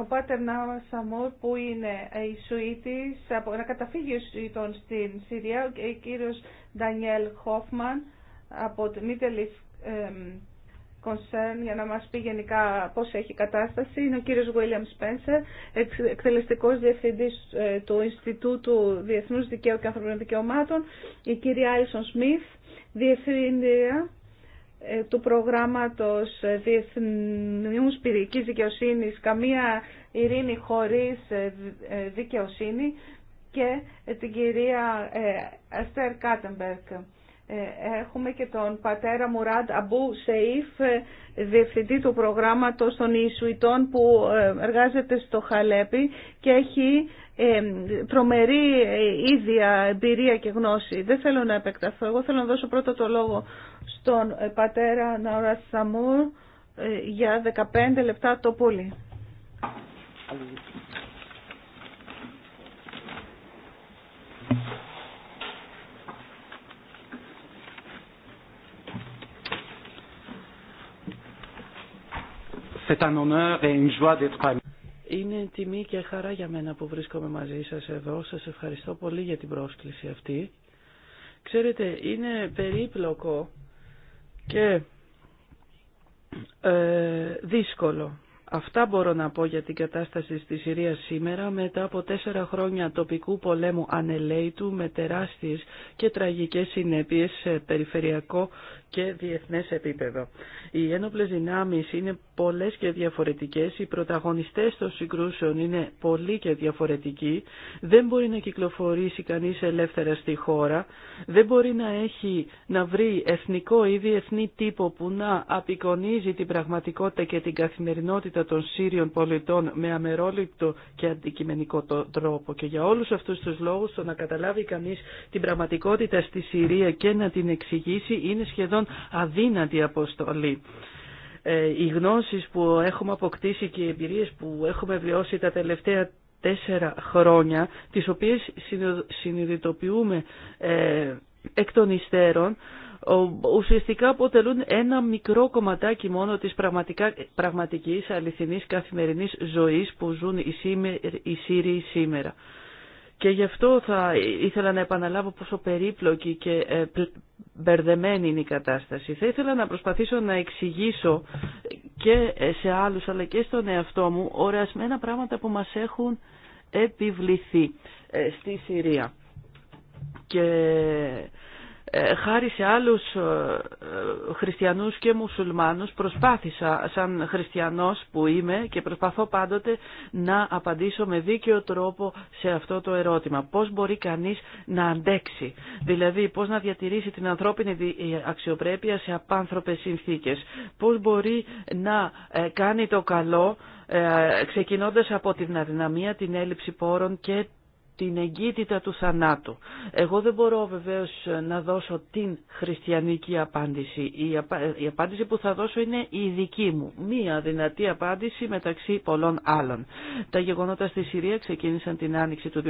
Ο Πάτερ Νάμα Σαμόρ που είναι η Σουήτης, από ένα καταφύγιο Σουητών στην Συρία, ο κύριος Ντανιέλ Χόφμαν από το Middle για να μας πει γενικά πώς έχει η κατάσταση είναι ο κύριος Βουίλιαμ Σπένσερ, εκτελεστικός διευθυντής ε, του Ινστιτούτου Διεθνούς Δικαίου και Ανθρωπίνων Δικαιωμάτων, η κυρία Άλισον Σμιθ, διευθυντήρια ε, του προγράμματος Διεθνούς Πυρικής Δικαιοσύνης «Καμία ειρήνη χωρίς ε, δικαιοσύνη» και την κυρία Αστέρ Κάτεμπερκ ε, έχουμε και τον πατέρα Μουράντ Αμπού Σεϊφ, ε, διευθυντή του προγράμματος των Ιησουητών που ε, εργάζεται στο Χαλέπι και έχει τρομερή ίδια εμπειρία και γνώση. Δεν θέλω να επεκταθώ. Εγώ θέλω να δώσω πρώτα το λόγο στον πατέρα Ναουρα Σαμούρ για 15 λεπτά το πολύ. είναι τιμή και χαρά για μένα που βρίσκομαι μαζί σας εδώ. Σας ευχαριστώ πολύ για την πρόσκληση αυτή. Ξέρετε, είναι περίπλοκο και ε, δύσκολο Αυτά μπορώ να πω για την κατάσταση στη Συρία σήμερα μετά από τέσσερα χρόνια τοπικού πολέμου ανελέητου με τεράστιες και τραγικές συνέπειες σε περιφερειακό και διεθνές επίπεδο. Οι ένοπλες δυνάμεις είναι πολλές και διαφορετικές, οι πρωταγωνιστές των συγκρούσεων είναι πολλοί και διαφορετικοί, δεν μπορεί να κυκλοφορήσει κανείς ελεύθερα στη χώρα, δεν μπορεί να, έχει, να βρει εθνικό ή διεθνή τύπο που να απεικονίζει την πραγματικότητα και την καθημερινότητα των Σύριων πολιτών με αμερόληπτο και αντικειμενικό τρόπο. Και για όλους αυτούς τους λόγους το να καταλάβει κανείς την πραγματικότητα στη Συρία και να την εξηγήσει είναι σχεδόν αδύνατη αποστολή. Ε, οι γνώσεις που έχουμε αποκτήσει και οι εμπειρίες που έχουμε βιώσει τα τελευταία τέσσερα χρόνια, τις οποίες συνειδητοποιούμε ε, εκ των υστέρων, ουσιαστικά αποτελούν ένα μικρό κομματάκι μόνο της πραγματικά, πραγματικής αληθινής καθημερινής ζωής που ζουν οι, σήμερ, οι Σύριοι σήμερα. Και γι' αυτό θα ήθελα να επαναλάβω πόσο περίπλοκη και ε, μπερδεμένη είναι η κατάσταση. Θα ήθελα να προσπαθήσω να εξηγήσω και ε, σε άλλους αλλά και στον εαυτό μου ορασμένα πράγματα που μας έχουν επιβληθεί ε, στη Συρία. Και ε, χάρη σε άλλους ε, ε, χριστιανούς και μουσουλμάνους προσπάθησα σαν χριστιανός που είμαι και προσπαθώ πάντοτε να απαντήσω με δίκαιο τρόπο σε αυτό το ερώτημα. Πώς μπορεί κανείς να αντέξει, δηλαδή πώς να διατηρήσει την ανθρώπινη αξιοπρέπεια σε απάνθρωπες συνθήκες, πώς μπορεί να κάνει το καλό ξεκινώντας από την αδυναμία, την έλλειψη πόρων και την εγκύτητα του θανάτου. Εγώ δεν μπορώ βεβαίως να δώσω την χριστιανική απάντηση. Η, απάντηση που θα δώσω είναι η δική μου. Μία δυνατή απάντηση μεταξύ πολλών άλλων. Τα γεγονότα στη Συρία ξεκίνησαν την άνοιξη του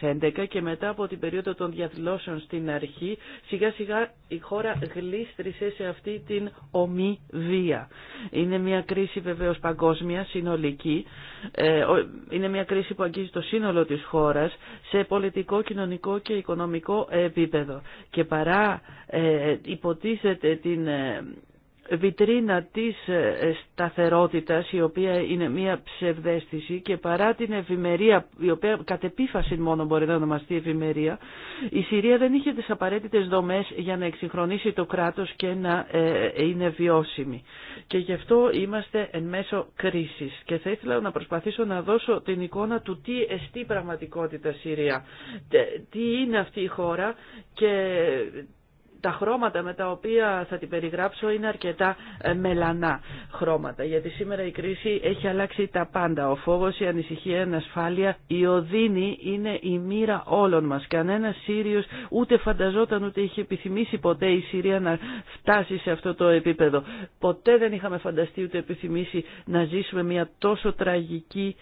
2011 και μετά από την περίοδο των διαδηλώσεων στην αρχή σιγά σιγά η χώρα γλίστρησε σε αυτή την ομή βία. Είναι μια κρίση βεβαίως παγκόσμια, συνολική. Ε, είναι μια κρίση που αγγίζει το σύνολο της χώρας σε πολιτικό, κοινωνικό και οικονομικό επίπεδο. Και παρά ε, ε, υποτίθεται την ε, βιτρίνα της ε, σταθερότητας η οποία είναι μια ψευδέστηση και παρά την ευημερία η οποία κατ' επίφαση μόνο μπορεί να ονομαστεί ευημερία η Συρία δεν είχε τις απαραίτητες δομές για να εξυγχρονίσει το κράτος και να ε, είναι βιώσιμη και γι' αυτό είμαστε εν μέσω κρίσης και θα ήθελα να προσπαθήσω να δώσω την εικόνα του τι εστί πραγματικότητα Συρία τι είναι αυτή η χώρα και τα χρώματα με τα οποία θα την περιγράψω είναι αρκετά ε, μελανά χρώματα, γιατί σήμερα η κρίση έχει αλλάξει τα πάντα. Ο φόβος, η ανησυχία, η ασφάλεια. η οδύνη είναι η μοίρα όλων μας. Κανένας Σύριος ούτε φανταζόταν ούτε είχε επιθυμήσει ποτέ η Συρία να φτάσει σε αυτό το επίπεδο. Ποτέ δεν είχαμε φανταστεί ούτε επιθυμήσει να ζήσουμε μια τόσο τραγική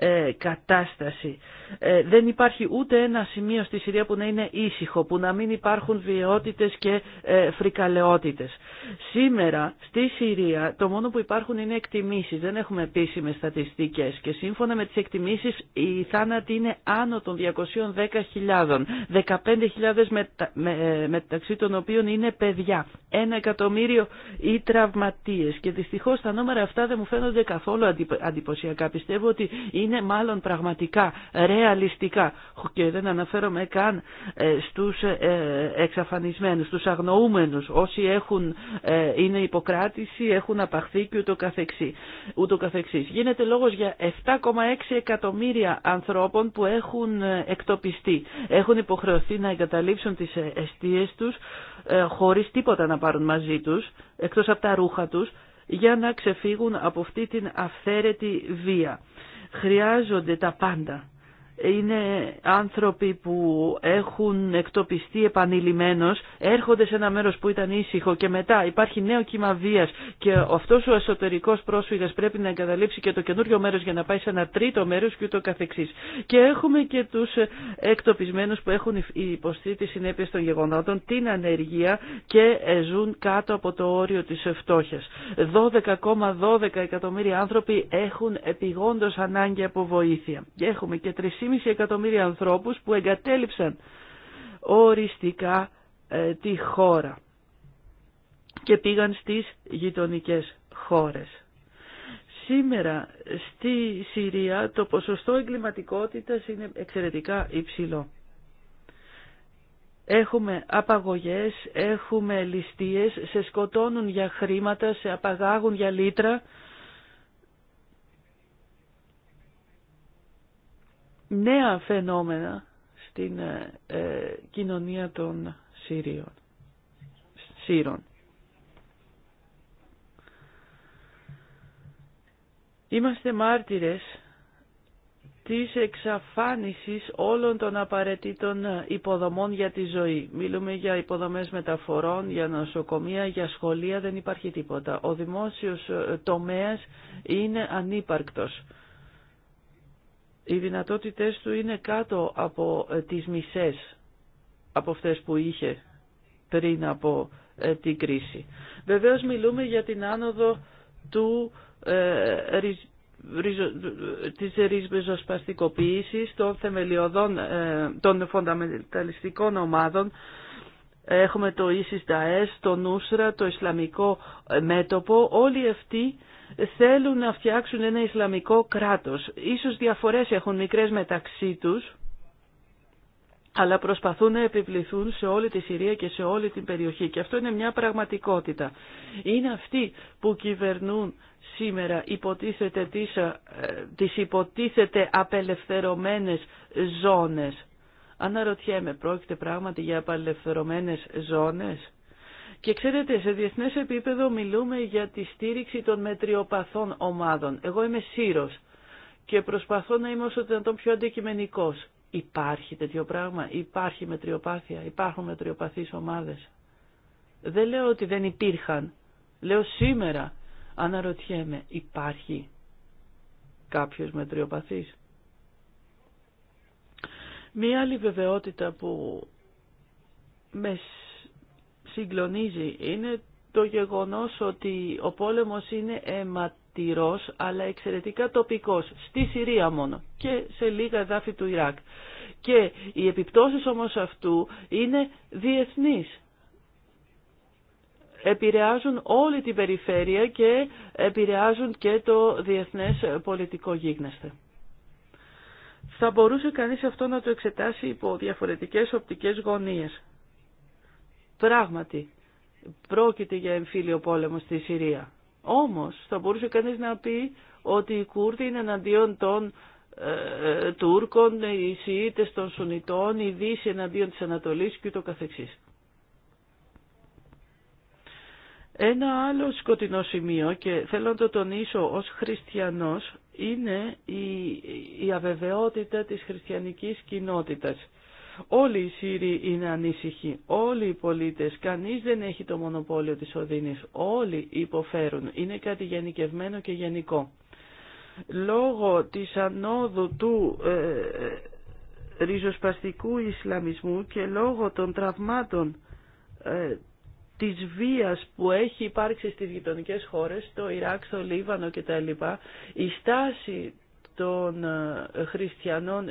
ε, κατάσταση. Ε, δεν υπάρχει ούτε ένα σημείο στη Συρία που να είναι ήσυχο, που να μην υπάρχουν βιαιότητες και ε, φρικαλαιότητες. Σήμερα στη Συρία το μόνο που υπάρχουν είναι εκτιμήσεις, δεν έχουμε επίσημες στατιστικές και σύμφωνα με τις εκτιμήσεις η θάνατοι είναι άνω των 210.000, 15.000 με... μεταξύ των οποίων είναι παιδιά, ένα εκατομμύριο ή τραυματίες και δυστυχώς τα νούμερα αυτά δεν μου φαίνονται καθόλου αντιπωσιακά. Πιστεύω ότι είναι είναι μάλλον πραγματικά, ρεαλιστικά και δεν αναφέρομαι καν ε, στους ε, ε, εξαφανισμένους, στους αγνοούμενους, όσοι έχουν, είναι υποκράτηση, έχουν απαχθεί και ούτω, καθεξή, ούτω καθεξής. Γίνεται λόγος για 7,6 εκατομμύρια ανθρώπων που έχουν εκτοπιστεί, έχουν υποχρεωθεί να εγκαταλείψουν τις αιστείες τους χωρίς τίποτα να πάρουν μαζί τους, εκτός από τα ρούχα τους, για να ξεφύγουν από αυτή την αυθαίρετη βία χρειάζονται τα πάντα είναι άνθρωποι που έχουν εκτοπιστεί επανειλημμένως, έρχονται σε ένα μέρος που ήταν ήσυχο και μετά υπάρχει νέο κύμα βίας και αυτός ο εσωτερικός πρόσφυγας πρέπει να εγκαταλείψει και το καινούριο μέρος για να πάει σε ένα τρίτο μέρος και ούτω καθεξής. Και έχουμε και τους εκτοπισμένους που έχουν υποστεί τις συνέπειες των γεγονότων, την ανεργία και ζουν κάτω από το όριο της φτώχειας. 12,12 εκατομμύρια άνθρωποι έχουν επιγόντως ανάγκη από βοήθεια. Και έχουμε και 3,5 εκατομμύρια ανθρώπους που εγκατέλειψαν οριστικά ε, τη χώρα και πήγαν στις γειτονικές χώρες. Σήμερα στη Συρία το ποσοστό εγκληματικότητας είναι εξαιρετικά υψηλό. Έχουμε απαγωγές, έχουμε λιστίες σε σκοτώνουν για χρήματα, σε απαγάγουν για λίτρα, νέα φαινόμενα στην ε, ε, κοινωνία των Σύρων. Είμαστε μάρτυρες της εξαφάνισης όλων των απαραίτητων υποδομών για τη ζωή. Μιλούμε για υποδομές μεταφορών, για νοσοκομεία, για σχολεία, δεν υπάρχει τίποτα. Ο δημόσιος τομέας είναι ανύπαρκτος οι δυνατότητές του είναι κάτω από ε, τις μισές από αυτές που είχε πριν από ε, την κρίση. Βεβαίως μιλούμε για την άνοδο του, ε, ριζ, της των θεμελιωδών, ε, των φονταμεταλιστικών ομάδων. Έχουμε το isis το Νούσρα, το Ισλαμικό μέτωπο. Όλοι αυτοί θέλουν να φτιάξουν ένα Ισλαμικό κράτος. Ίσως διαφορές έχουν μικρές μεταξύ τους, αλλά προσπαθούν να επιβληθούν σε όλη τη Συρία και σε όλη την περιοχή. Και αυτό είναι μια πραγματικότητα. Είναι αυτοί που κυβερνούν σήμερα υποτίθεται τις, ε, τις υποτίθεται απελευθερωμένες ζώνες. Αναρωτιέμαι, πρόκειται πράγματι για απελευθερωμένες ζώνες. Και ξέρετε, σε διεθνέ επίπεδο μιλούμε για τη στήριξη των μετριοπαθών ομάδων. Εγώ είμαι σύρος και προσπαθώ να είμαι όσο δυνατόν πιο αντικειμενικός. Υπάρχει τέτοιο πράγμα, υπάρχει μετριοπάθεια, υπάρχουν μετριοπαθείς ομάδες. Δεν λέω ότι δεν υπήρχαν, λέω σήμερα αναρωτιέμαι, υπάρχει κάποιο μετριοπαθή. Μία άλλη βεβαιότητα που με συγκλονίζει είναι το γεγονός ότι ο πόλεμος είναι αιματηρός αλλά εξαιρετικά τοπικός, στη Συρία μόνο και σε λίγα εδάφη του Ιράκ. Και οι επιπτώσεις όμως αυτού είναι διεθνείς. Επηρεάζουν όλη την περιφέρεια και επηρεάζουν και το διεθνές πολιτικό γίγνεσθε. Θα μπορούσε κανείς αυτό να το εξετάσει υπό διαφορετικές οπτικές γωνίες. Πράγματι, πρόκειται για εμφύλιο πόλεμο στη Συρία. Όμως, θα μπορούσε κανείς να πει ότι οι Κούρδοι είναι εναντίον των ε, ε, Τούρκων, οι Σιήτες των Σουνιτών, η Δύση εναντίον της Ανατολής και το καθεξής. Ένα άλλο σκοτεινό σημείο και θέλω να το τονίσω ως χριστιανός είναι η, η αβεβαιότητα της χριστιανικής κοινότητας. Όλοι οι Σύριοι είναι ανήσυχοι, όλοι οι πολίτες, κανείς δεν έχει το μονοπόλιο της οδύνης, όλοι υποφέρουν, είναι κάτι γενικευμένο και γενικό. Λόγω της ανόδου του ε, ριζοσπαστικού Ισλαμισμού και λόγω των τραυμάτων ε, της βίας που έχει υπάρξει στις γειτονικές χώρες, το Ιράκ, το Λίβανο κτλ, η στάση των ε, χριστιανών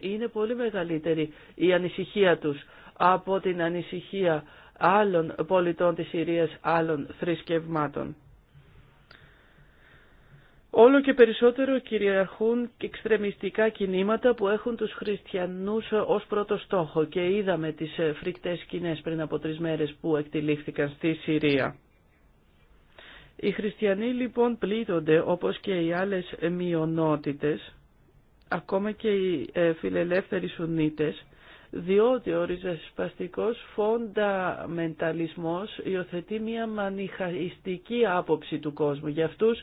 είναι πολύ μεγαλύτερη η ανησυχία τους από την ανησυχία άλλων πολιτών της Συρίας, άλλων θρησκευμάτων. Όλο και περισσότερο κυριαρχούν εξτρεμιστικά κινήματα που έχουν τους χριστιανούς ως πρώτο στόχο και είδαμε τις φρικτές σκηνές πριν από τρεις μέρες που εκτελήχθηκαν στη Συρία. Οι χριστιανοί λοιπόν πλήττονται όπως και οι άλλες μειονότητες ακόμα και οι ε, φιλελεύθεροι Σουνίτες, διότι ο ριζασπαστικός φονταμενταλισμός υιοθετεί μια μανιχαϊστική άποψη του κόσμου. Για αυτούς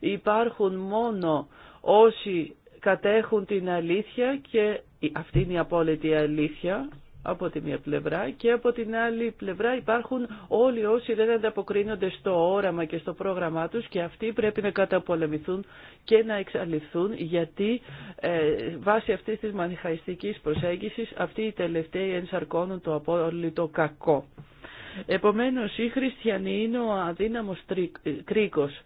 υπάρχουν μόνο όσοι κατέχουν την αλήθεια και αυτή είναι η απόλυτη αλήθεια από τη μία πλευρά και από την άλλη πλευρά υπάρχουν όλοι όσοι δεν ανταποκρίνονται στο όραμα και στο πρόγραμμά τους και αυτοί πρέπει να καταπολεμηθούν και να εξαλειφθούν γιατί ε, βάσει αυτής της μανιχαϊστικής προσέγγισης αυτοί οι τελευταίοι ενσαρκώνουν το απόλυτο κακό. Επομένως οι χριστιανοί είναι ο αδύναμος ε, κρίκος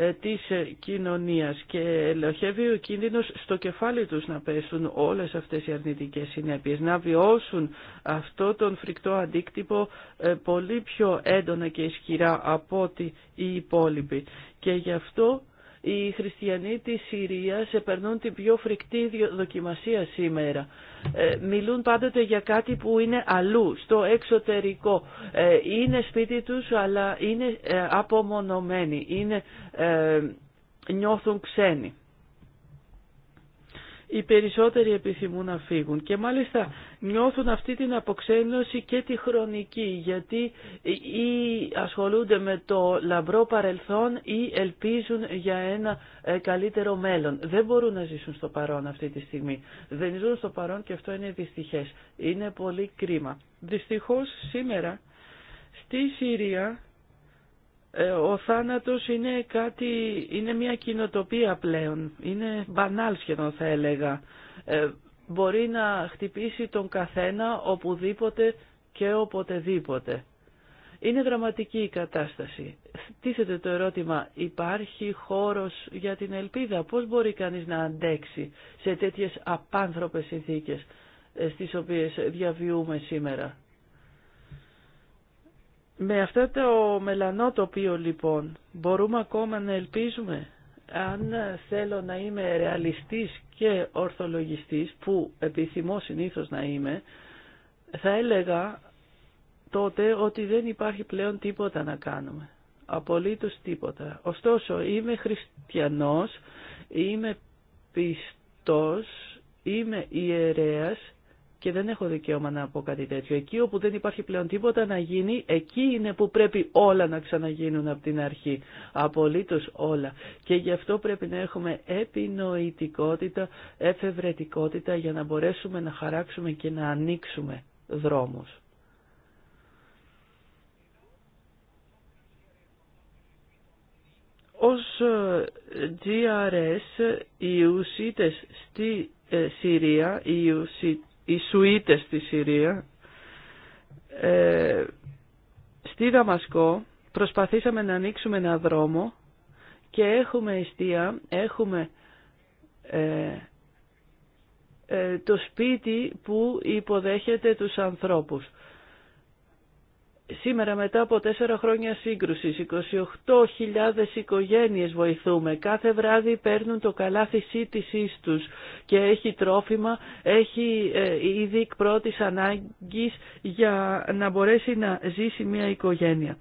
ε, της ε, κοινωνίας και ελοχεύει ο κίνδυνος στο κεφάλι τους να πέσουν όλες αυτές οι αρνητικές συνέπειες, να βιώσουν αυτό τον φρικτό αντίκτυπο ε, πολύ πιο έντονα και ισχυρά από ό,τι οι υπόλοιποι. Και γι' αυτό οι χριστιανοί της Συρίας περνούν την πιο φρικτή δοκιμασία σήμερα. Ε, μιλούν πάντοτε για κάτι που είναι αλλού, στο εξωτερικό. Ε, είναι σπίτι τους, αλλά είναι ε, απομονωμένοι, είναι, νιώθουν ξένοι οι περισσότεροι επιθυμούν να φύγουν και μάλιστα νιώθουν αυτή την αποξένωση και τη χρονική γιατί ή ασχολούνται με το λαμπρό παρελθόν ή ελπίζουν για ένα ε, καλύτερο μέλλον. Δεν μπορούν να ζήσουν στο παρόν αυτή τη στιγμή. Δεν ζουν στο παρόν και αυτό είναι δυστυχές. Είναι πολύ κρίμα. Δυστυχώς σήμερα στη Συρία ε, ο θάνατος είναι κάτι, είναι μια κοινοτοπία πλέον, είναι μπανάλ σχεδόν θα έλεγα. Ε, μπορεί να χτυπήσει τον καθένα οπουδήποτε και οποτεδήποτε. Είναι δραματική η κατάσταση. Τίθεται το ερώτημα, υπάρχει χώρος για την ελπίδα, πώς μπορεί κανείς να αντέξει σε τέτοιες απάνθρωπες συνθήκες ε, στις οποίες διαβιούμε σήμερα. Με αυτό το μελανό τοπίο λοιπόν μπορούμε ακόμα να ελπίζουμε αν θέλω να είμαι ρεαλιστής και ορθολογιστής που επιθυμώ συνήθως να είμαι θα έλεγα τότε ότι δεν υπάρχει πλέον τίποτα να κάνουμε. Απολύτως τίποτα. Ωστόσο είμαι χριστιανός, είμαι πιστός, είμαι ιερέας και δεν έχω δικαίωμα να πω κάτι τέτοιο. Εκεί όπου δεν υπάρχει πλέον τίποτα να γίνει, εκεί είναι που πρέπει όλα να ξαναγίνουν από την αρχή. Απολύτως όλα. Και γι' αυτό πρέπει να έχουμε επινοητικότητα, εφευρετικότητα για να μπορέσουμε να χαράξουμε και να ανοίξουμε δρόμους. Ως GRS ε, οι ουσίτες στη ε, Συρία, οι οι Σουίτες στη Συρία, ε, στη Δαμασκό προσπαθήσαμε να ανοίξουμε ένα δρόμο και έχουμε ιστιά έχουμε ε, ε, το σπίτι που υποδέχεται τους ανθρώπους. Σήμερα μετά από τέσσερα χρόνια σύγκρουσης, 28.000 οικογένειες βοηθούμε. Κάθε βράδυ παίρνουν το καλάθι σύντησής τους και έχει τρόφιμα, έχει ήδη ε, πρώτης ανάγκης για να μπορέσει να ζήσει μια οικογένεια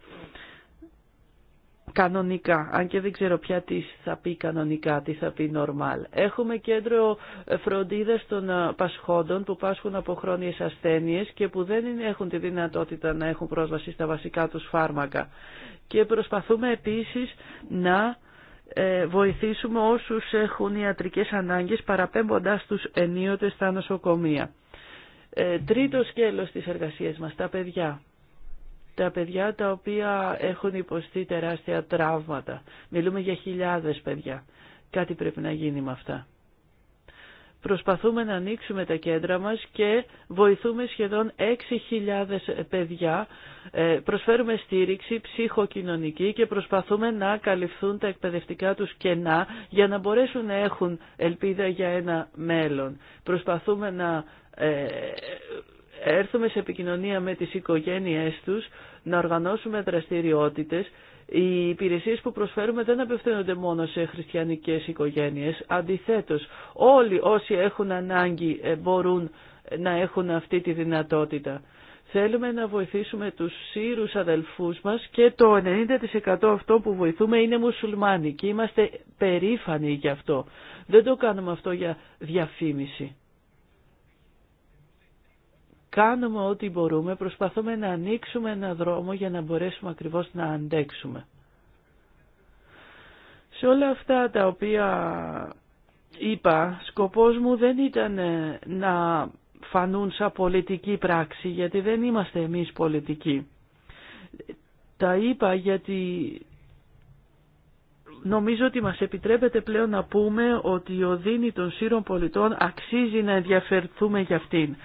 κανονικά, αν και δεν ξέρω πια τι θα πει κανονικά, τι θα πει normal. Έχουμε κέντρο φροντίδας των ε, πασχόντων που πάσχουν από χρόνιες ασθένειες και που δεν έχουν τη δυνατότητα να έχουν πρόσβαση στα βασικά τους φάρμακα. Και προσπαθούμε επίσης να ε, βοηθήσουμε όσους έχουν ιατρικές ανάγκες παραπέμποντας τους ενίοτε στα νοσοκομεία. Ε, τρίτο σκέλος της εργασίας μας, τα παιδιά τα παιδιά τα οποία έχουν υποστεί τεράστια τραύματα. Μιλούμε για χιλιάδες παιδιά. Κάτι πρέπει να γίνει με αυτά. Προσπαθούμε να ανοίξουμε τα κέντρα μας και βοηθούμε σχεδόν 6.000 παιδιά. Ε, προσφέρουμε στήριξη ψυχοκοινωνική και προσπαθούμε να καλυφθούν τα εκπαιδευτικά τους κενά για να μπορέσουν να έχουν ελπίδα για ένα μέλλον. Προσπαθούμε να ε, έρθουμε σε επικοινωνία με τις οικογένειές τους, να οργανώσουμε δραστηριότητες. Οι υπηρεσίες που προσφέρουμε δεν απευθύνονται μόνο σε χριστιανικές οικογένειες. Αντιθέτως, όλοι όσοι έχουν ανάγκη ε, μπορούν να έχουν αυτή τη δυνατότητα. Θέλουμε να βοηθήσουμε τους σύρους αδελφούς μας και το 90% αυτό που βοηθούμε είναι μουσουλμάνοι και είμαστε περήφανοι γι' αυτό. Δεν το κάνουμε αυτό για διαφήμιση κάνουμε ό,τι μπορούμε, προσπαθούμε να ανοίξουμε ένα δρόμο για να μπορέσουμε ακριβώς να αντέξουμε. Σε όλα αυτά τα οποία είπα, σκοπός μου δεν ήταν ε, να φανούν σαν πολιτική πράξη, γιατί δεν είμαστε εμείς πολιτικοί. Τα είπα γιατί νομίζω ότι μας επιτρέπεται πλέον να πούμε ότι η οδύνη των σύρων πολιτών αξίζει να ενδιαφερθούμε για αυτήν.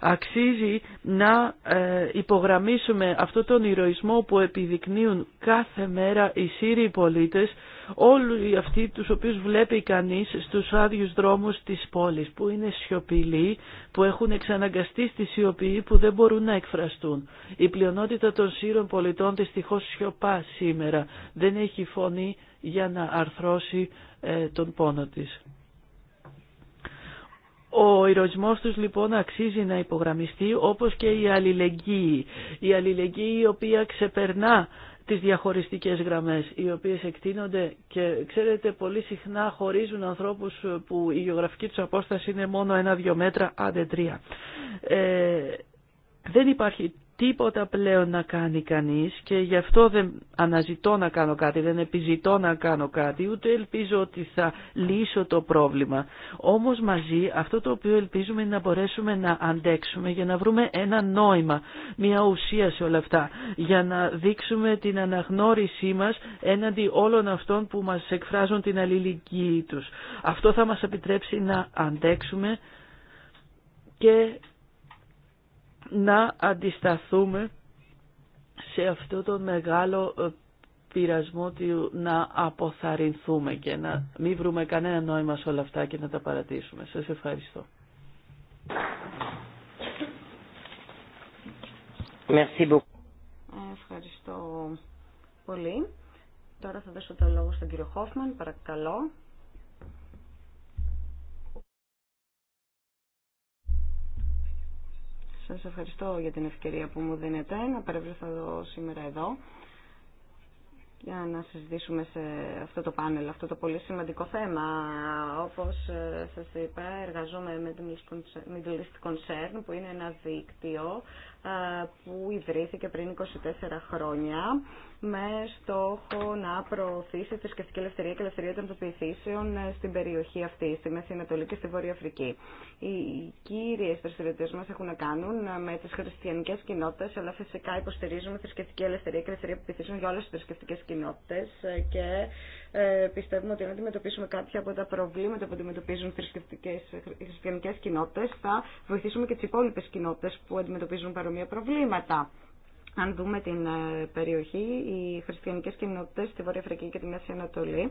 Αξίζει να ε, υπογραμμίσουμε αυτό τον ηρωισμό που επιδεικνύουν κάθε μέρα οι Σύριοι πολίτες, όλοι αυτοί τους οποίους βλέπει κανείς στους άδειους δρόμους της πόλης, που είναι σιωπηλοί, που έχουν εξαναγκαστεί στη σιωπή, που δεν μπορούν να εκφραστούν. Η πλειονότητα των Σύρων πολιτών δυστυχώ σιωπά σήμερα, δεν έχει φωνή για να αρθρώσει ε, τον πόνο της. Ο ηρωισμός τους λοιπόν αξίζει να υπογραμμιστεί όπως και η αλληλεγγύη. Η αλληλεγγύη η οποία ξεπερνά τις διαχωριστικές γραμμές οι οποίες εκτείνονται και ξέρετε πολύ συχνά χωρίζουν ανθρώπους που η γεωγραφική τους απόσταση είναι μόνο ένα-δυο μέτρα, άντε τρία. Ε, δεν υπάρχει τίποτα πλέον να κάνει κανείς και γι' αυτό δεν αναζητώ να κάνω κάτι, δεν επιζητώ να κάνω κάτι, ούτε ελπίζω ότι θα λύσω το πρόβλημα. Όμως μαζί αυτό το οποίο ελπίζουμε είναι να μπορέσουμε να αντέξουμε για να βρούμε ένα νόημα, μια ουσία σε όλα αυτά, για να δείξουμε την αναγνώρισή μας έναντι όλων αυτών που μας εκφράζουν την αλληλεγγύη τους. Αυτό θα μας επιτρέψει να αντέξουμε και να αντισταθούμε σε αυτό το μεγάλο ε, πειρασμό του να αποθαρρυνθούμε και να μην βρούμε κανένα νόημα σε όλα αυτά και να τα παρατήσουμε. Σας ευχαριστώ. Ευχαριστώ πολύ. Τώρα θα δώσω το λόγο στον κύριο Χόφμαν, παρακαλώ. Σας ευχαριστώ για την ευκαιρία που μου δίνετε να παρευρεθώ σήμερα εδώ για να συζητήσουμε σε αυτό το πάνελ, αυτό το πολύ σημαντικό θέμα. Όπως ε, σας είπα, εργαζόμαι με το Middle East Concern, που είναι ένα δίκτυο που ιδρύθηκε πριν 24 χρόνια με στόχο να προωθήσει τη θρησκευτική ελευθερία και ελευθερία των τοπιθήσεων ε, στην περιοχή αυτή, στη Μέση Ανατολή και στη Βόρεια Αφρική. Οι κύριες δραστηριότητες μας έχουν να κάνουν ε, με τις χριστιανικές κοινότητες, αλλά φυσικά υποστηρίζουμε θρησκευτική ελευθερία και ελευθερία επιθήσεων για όλες τις θρησκευτικές κοινότητες ε, και πιστεύουμε ότι αν αντιμετωπίσουμε κάποια από τα προβλήματα που αντιμετωπίζουν οι χριστιανικές κοινότητες θα βοηθήσουμε και τις υπόλοιπες κοινότητες που αντιμετωπίζουν παρομοιότητες παρόμοια προβλήματα. Αν δούμε την ε, περιοχή, οι χριστιανικές κοινότητες στη Βόρεια Αφρική και τη Μέση Ανατολή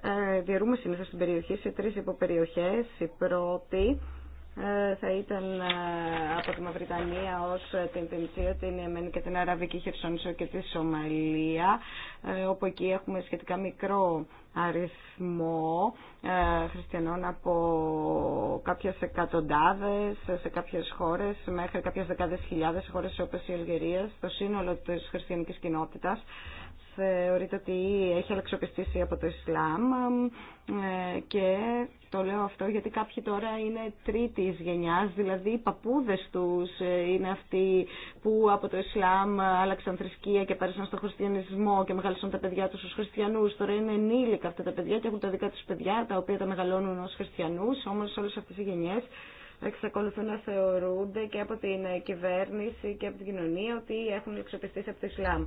ε, διαιρούμε συνήθως την περιοχή σε τρεις υποπεριοχές. Η πρώτη ε, θα ήταν ε, από τη Μαυριτανία ως την Τινσία, την Εμένη και την Αραβική Χερσόνησο και τη Σομαλία, ε, όπου εκεί έχουμε σχετικά μικρό αριθμό χριστιανών από κάποιες εκατοντάδες σε κάποιες χώρες μέχρι κάποιες δεκάδες χιλιάδες χώρες όπως η Αλγερία στο σύνολο της χριστιανικής κοινότητας θεωρείται ότι έχει αλεξοπιστήσει από το Ισλάμ ε, και το λέω αυτό γιατί κάποιοι τώρα είναι τρίτης γενιάς, δηλαδή οι παππούδες τους ε, είναι αυτοί που από το Ισλάμ άλλαξαν θρησκεία και πέρασαν στο χριστιανισμό και μεγαλώσαν τα παιδιά τους ως χριστιανούς. Τώρα είναι ενήλικα αυτά τα παιδιά και έχουν τα δικά τους παιδιά τα οποία τα μεγαλώνουν ως χριστιανούς, όμως όλες αυτές οι γενιές εξακολουθούν να θεωρούνται και από την κυβέρνηση και από την κοινωνία ότι έχουν εξοπιστήσει από το Ισλάμ.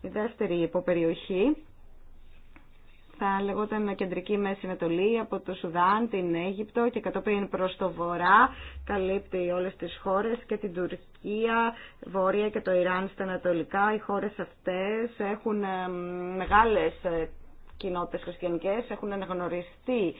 Η δεύτερη υποπεριοχή θα λεγόταν Κεντρική Μέση Ανατολή από το Σουδάν, την Αίγυπτο και κατόπιν προς το Βορρά καλύπτει όλες τις χώρες και την Τουρκία, Βόρεια και το Ιράν στα Ανατολικά. Οι χώρες αυτές έχουν μεγάλες ε, κοινότητες χριστιανικές, έχουν αναγνωριστεί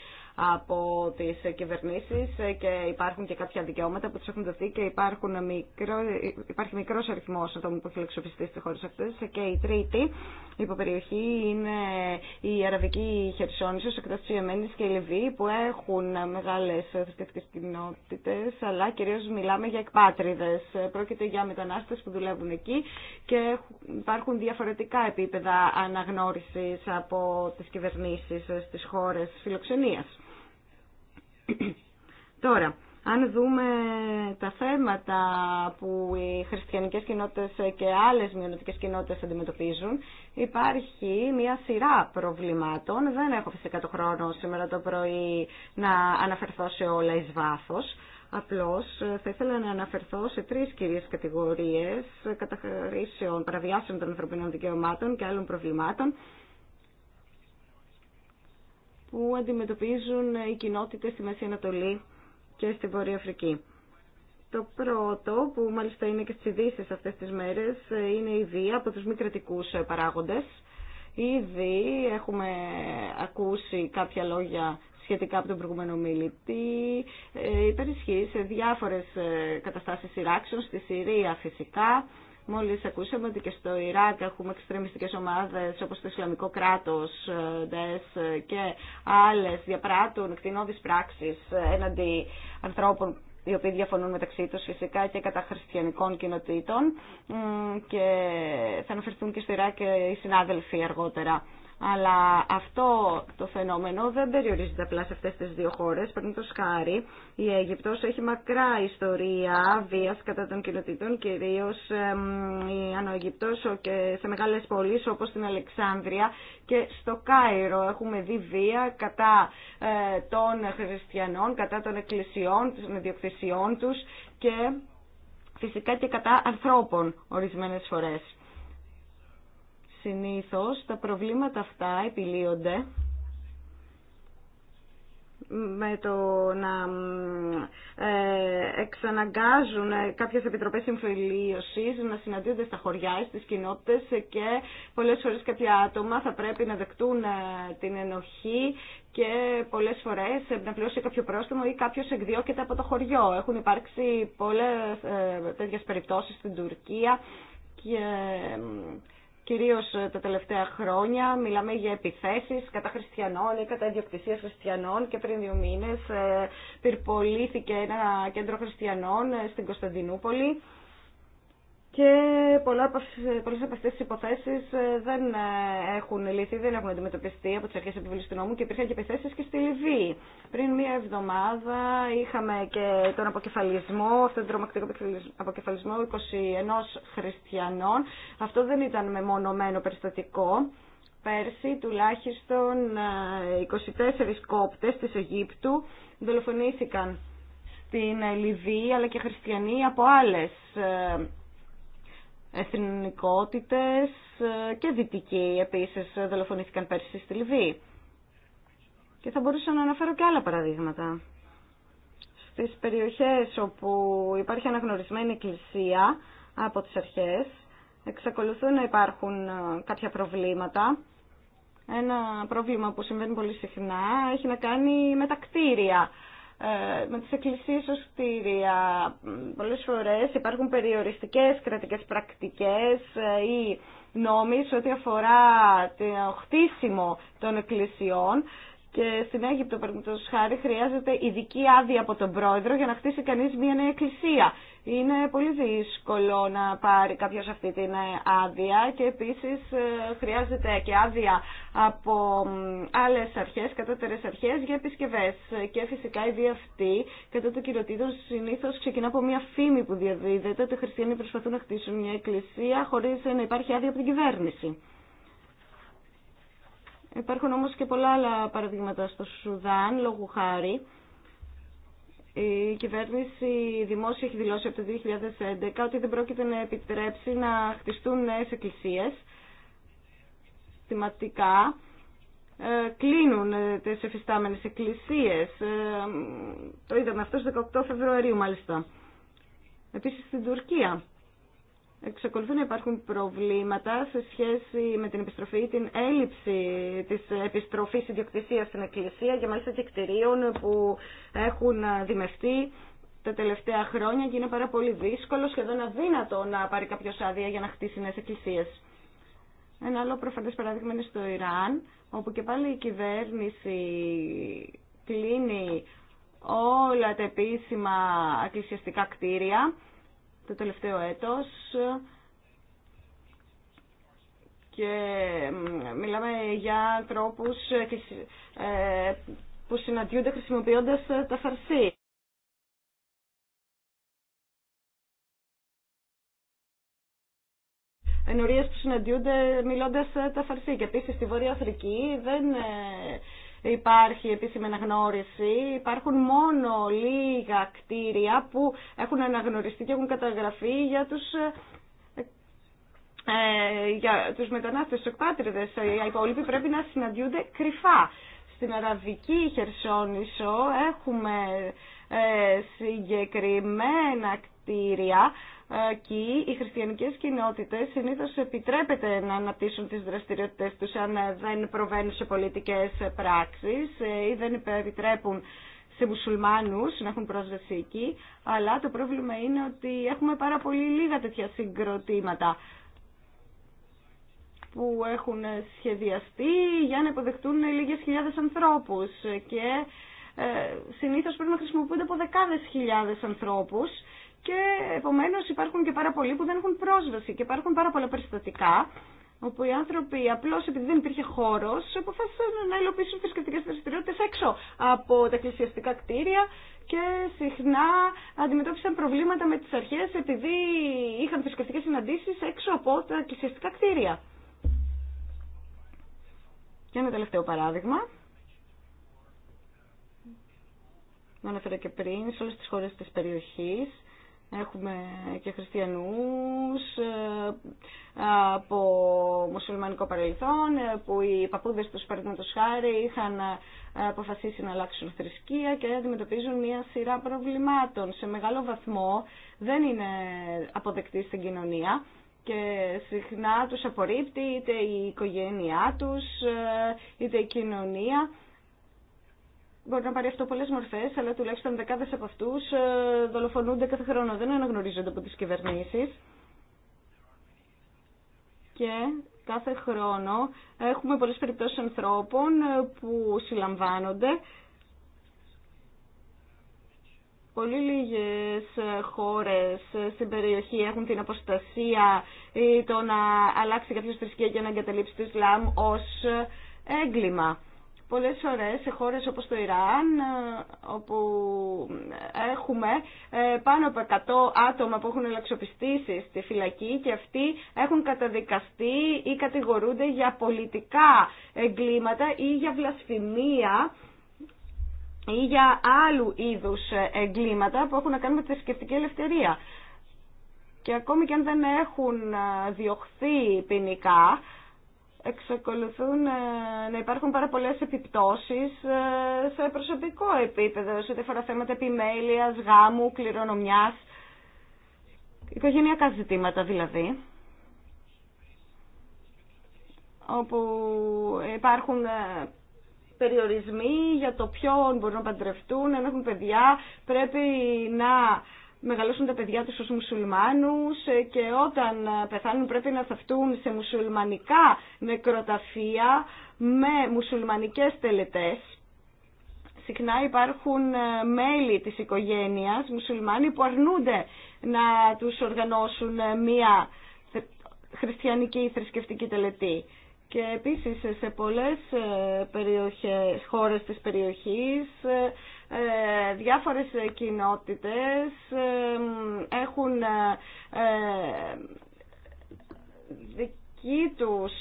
από τις κυβερνήσει και υπάρχουν και κάποια δικαιώματα που τους έχουν δοθεί και υπάρχουν μικρό, υπάρχει μικρός αριθμός ατόμων που έχει στι χώρε αυτέ. αυτές και η τρίτη υποπεριοχή είναι η Αραβική Χερσόνησος, εκτός της Ιεμένης και η Λιβύη που έχουν μεγάλες θρησκευτικέ κοινότητε, αλλά κυρίως μιλάμε για εκπάτριδες. Πρόκειται για μετανάστες που δουλεύουν εκεί και υπάρχουν διαφορετικά επίπεδα αναγνώρισης από τις κυβερνήσει στις χώρες φιλοξενίας. Τώρα, αν δούμε τα θέματα που οι χριστιανικές κοινότητες και άλλες μειονοτικές κοινότητες αντιμετωπίζουν, υπάρχει μια σειρά προβλημάτων. Δεν έχω φυσικά το χρόνο σήμερα το πρωί να αναφερθώ σε όλα εις βάθος. Απλώς ε, θα ήθελα να αναφερθώ σε τρεις κυρίες κατηγορίες καταχρήσεων, παραβιάσεων των ανθρωπινών δικαιωμάτων και άλλων προβλημάτων που αντιμετωπίζουν οι κοινότητες στη Μέση Ανατολή και στη Βόρεια Αφρική. Το πρώτο, που μάλιστα είναι και στις ειδήσει αυτές τις μέρες, είναι η βία από τους μη κρατικού παράγοντες. Ήδη έχουμε ακούσει κάποια λόγια σχετικά από τον προηγούμενο μιλητή, ε, υπερισχύει σε διάφορες ε, καταστάσεις σειράξεων, στη Συρία φυσικά, Μόλις ακούσαμε ότι και στο Ιράκ έχουμε εξτρεμιστικέ ομάδε, όπως το Ισλαμικό κράτος, ε, ΔΕΣ ε, και άλλες διαπράττουν κτηνώδεις πράξεις ε, έναντι ανθρώπων οι οποίοι διαφωνούν μεταξύ τους φυσικά και κατά χριστιανικών κοινοτήτων και θα αναφερθούν και στο Ιράκ οι συνάδελφοι αργότερα. Αλλά αυτό το φαινόμενο δεν περιορίζεται απλά σε αυτές τις δύο χώρες. το χάρη, η Αίγυπτος έχει μακρά ιστορία βίας κατά των κοινοτήτων, κυρίως η Ανοαιγυπτός και σε μεγάλες πόλεις όπως την Αλεξάνδρεια και στο Κάιρο έχουμε δει βία κατά ε, των χριστιανών, κατά των εκκλησιών, των ιδιοκτησιών τους και φυσικά και κατά ανθρώπων ορισμένες φορές. Συνήθως τα προβλήματα αυτά επιλύονται με το να ε, εξαναγκάζουν κάποιες επιτροπές συμφιλίωσης να συναντιούνται στα χωριά, στις κοινότητες και πολλές φορές κάποια άτομα θα πρέπει να δεκτούν ε, την ενοχή και πολλές φορές να πληρώσει κάποιο πρόστιμο ή κάποιος εκδιώκεται από το χωριό. Έχουν υπάρξει πολλές ε, τέτοιες περιπτώσεις στην Τουρκία και κυρίως ε, τα τελευταία χρόνια, μιλάμε για επιθέσεις κατά χριστιανών ή κατά ιδιοκτησία χριστιανών και πριν δύο μήνες ε, πυρπολήθηκε ένα κέντρο χριστιανών ε, στην Κωνσταντινούπολη και πολλά, πολλές από αυτές τις υποθέσεις ε, δεν ε, έχουν λυθεί, δεν έχουν αντιμετωπιστεί από τις αρχές επιβολής του νόμου και υπήρχαν και επιθέσεις και στη Λιβύη. Πριν μία εβδομάδα είχαμε και τον αποκεφαλισμό, αυτόν τον τρομακτικό αποκεφαλισμό 21 χριστιανών. Αυτό δεν ήταν μεμονωμένο περιστατικό. Πέρσι τουλάχιστον 24 ε, κόπτες της Αιγύπτου δολοφονήθηκαν στην Λιβύη αλλά και χριστιανοί από άλλες εθνικότητες ε, και δυτικοί επίσης δολοφονήθηκαν πέρσι στη Λιβύη. Και θα μπορούσα να αναφέρω και άλλα παραδείγματα. Στις περιοχές όπου υπάρχει αναγνωρισμένη εκκλησία από τις αρχές, εξακολουθούν να υπάρχουν ε, κάποια προβλήματα. Ένα πρόβλημα που συμβαίνει πολύ συχνά έχει να κάνει με τα κτίρια. Ε, με τις εκκλησίες ως κτίρια. Πολλές φορές υπάρχουν περιοριστικές κρατικές πρακτικές ε, ή νόμοι σε ό,τι αφορά το χτίσιμο των εκκλησιών και στην Αίγυπτο, παραδείγματο χάρη, χρειάζεται ειδική άδεια από τον πρόεδρο για να χτίσει κανεί μια νέα εκκλησία. Είναι πολύ δύσκολο να πάρει κάποιο αυτή την ε, άδεια και επίση ε, χρειάζεται και άδεια από άλλε αρχέ, κατώτερε αρχέ για επισκευέ. Και φυσικά η βία αυτή κατά το κυριοτήτων συνήθω ξεκινά από μια φήμη που διαδίδεται ότι οι χριστιανοί προσπαθούν να χτίσουν μια εκκλησία χωρί να υπάρχει άδεια από την κυβέρνηση. Υπάρχουν όμως και πολλά άλλα παραδείγματα στο Σουδάν, λόγου χάρη. Η κυβέρνηση δημόσια έχει δηλώσει από το 2011 ότι δεν πρόκειται να επιτρέψει να χτιστούν νέες εκκλησίες. Συστηματικά ε, κλείνουν ε, τις εφιστάμενες εκκλησίες. Ε, το είδαμε αυτό στις 18 Φεβρουαρίου μάλιστα. Επίσης στην Τουρκία εξακολουθούν να υπάρχουν προβλήματα σε σχέση με την επιστροφή ή την έλλειψη της επιστροφής ιδιοκτησίας στην Εκκλησία και μάλιστα και κτηρίων που έχουν δημευτεί τα τελευταία χρόνια και είναι πάρα πολύ δύσκολο, σχεδόν αδύνατο να πάρει κάποιο άδεια για να χτίσει νέες εκκλησίες. Ένα άλλο προφανές παράδειγμα είναι στο Ιράν, όπου και πάλι η κυβέρνηση κλείνει όλα τα επίσημα εκκλησιαστικά κτίρια το τελευταίο έτος και μιλάμε για τρόπους ε, που συναντιούνται χρησιμοποιώντας τα φαρσί. Ενορίες που συναντιούνται μιλώντας τα φαρσί. Και επίσης στη Βόρεια Αφρική δεν ε, υπάρχει επίσημη αναγνώριση. Υπάρχουν μόνο λίγα κτίρια που έχουν αναγνωριστεί και έχουν καταγραφεί για τους ε, για τους μετανάστες, εκπάτριδες, ε, οι υπόλοιποι πρέπει να συναντιούνται κρυφά. Στην Αραβική Χερσόνησο έχουμε ε, συγκεκριμένα κτίρια και οι χριστιανικές κοινότητες συνήθως επιτρέπεται να αναπτύσσουν τις δραστηριότητες τους αν ε, δεν προβαίνουν σε πολιτικές ε, πράξεις ε, ή δεν επιτρέπουν σε μουσουλμάνους να έχουν πρόσβαση εκεί, αλλά το πρόβλημα είναι ότι έχουμε πάρα πολύ λίγα τέτοια συγκροτήματα που έχουν σχεδιαστεί για να υποδεχτούν λίγες χιλιάδες ανθρώπους και ε, συνήθως πρέπει να χρησιμοποιούνται από δεκάδες χιλιάδες ανθρώπους και επομένως υπάρχουν και πάρα πολλοί που δεν έχουν πρόσβαση και υπάρχουν πάρα πολλά περιστατικά όπου οι άνθρωποι απλώς επειδή δεν υπήρχε χώρος αποφάσισαν να υλοποιήσουν θρησκευτικές δραστηριότητε έξω από τα εκκλησιαστικά κτίρια και συχνά αντιμετώπισαν προβλήματα με τις αρχές επειδή είχαν θρησκευτικές συναντήσεις έξω από τα εκκλησιαστικά κτίρια. Και ένα τελευταίο παράδειγμα. Με αναφέρω και πριν σε όλες τις χώρες της περιοχής Έχουμε και χριστιανούς ε, από μουσουλμανικό παρελθόν ε, που οι παππούδες τους παραδείγματος χάρη είχαν ε, αποφασίσει να αλλάξουν θρησκεία και αντιμετωπίζουν μια σειρά προβλημάτων. Σε μεγάλο βαθμό δεν είναι αποδεκτή στην κοινωνία και συχνά τους απορρίπτει είτε η οικογένειά τους είτε η κοινωνία Μπορεί να πάρει αυτό πολλέ μορφέ, αλλά τουλάχιστον δεκάδε από αυτού ε, δολοφονούνται κάθε χρόνο. Δεν αναγνωρίζονται από τι κυβερνήσει. Και κάθε χρόνο έχουμε πολλέ περιπτώσει ανθρώπων ε, που συλλαμβάνονται. Πολύ λίγες ε, χώρες στην περιοχή έχουν την αποστασία ή το να αλλάξει κάποιος θρησκεία και να εγκαταλείψει το Ισλάμ ως έγκλημα πολλές φορές σε χώρες όπως το Ιράν, ε, όπου έχουμε ε, πάνω από 100 άτομα που έχουν ελαξοπιστήσει στη φυλακή και αυτοί έχουν καταδικαστεί ή κατηγορούνται για πολιτικά εγκλήματα ή για βλασφημία ή για άλλου είδους εγκλήματα που έχουν να κάνουν με τη θρησκευτική ελευθερία. Και ακόμη και αν δεν έχουν ε, διωχθεί ποινικά, εξακολουθούν ε, να υπάρχουν πάρα πολλές επιπτώσεις ε, σε προσωπικό επίπεδο, σε ό,τι αφορά θέματα επιμέλειας, γάμου, κληρονομιάς, οικογενειακά ζητήματα δηλαδή όπου υπάρχουν ε, περιορισμοί για το ποιον μπορούν να παντρευτούν, αν έχουν παιδιά, πρέπει να μεγαλώσουν τα παιδιά τους ως μουσουλμάνους ε, και όταν ε, πεθάνουν πρέπει να θαυτούν σε μουσουλμανικά νεκροταφεία με μουσουλμανικές τελετές. Συχνά υπάρχουν ε, μέλη της οικογένειας, μουσουλμάνοι, που αρνούνται να τους οργανώσουν μία χριστιανική ή θρησκευτική τελετή. Και επίσης σε πολλές περιοχές, χώρες της περιοχής ε, διάφορες κοινότητες ε, έχουν ε, δική τους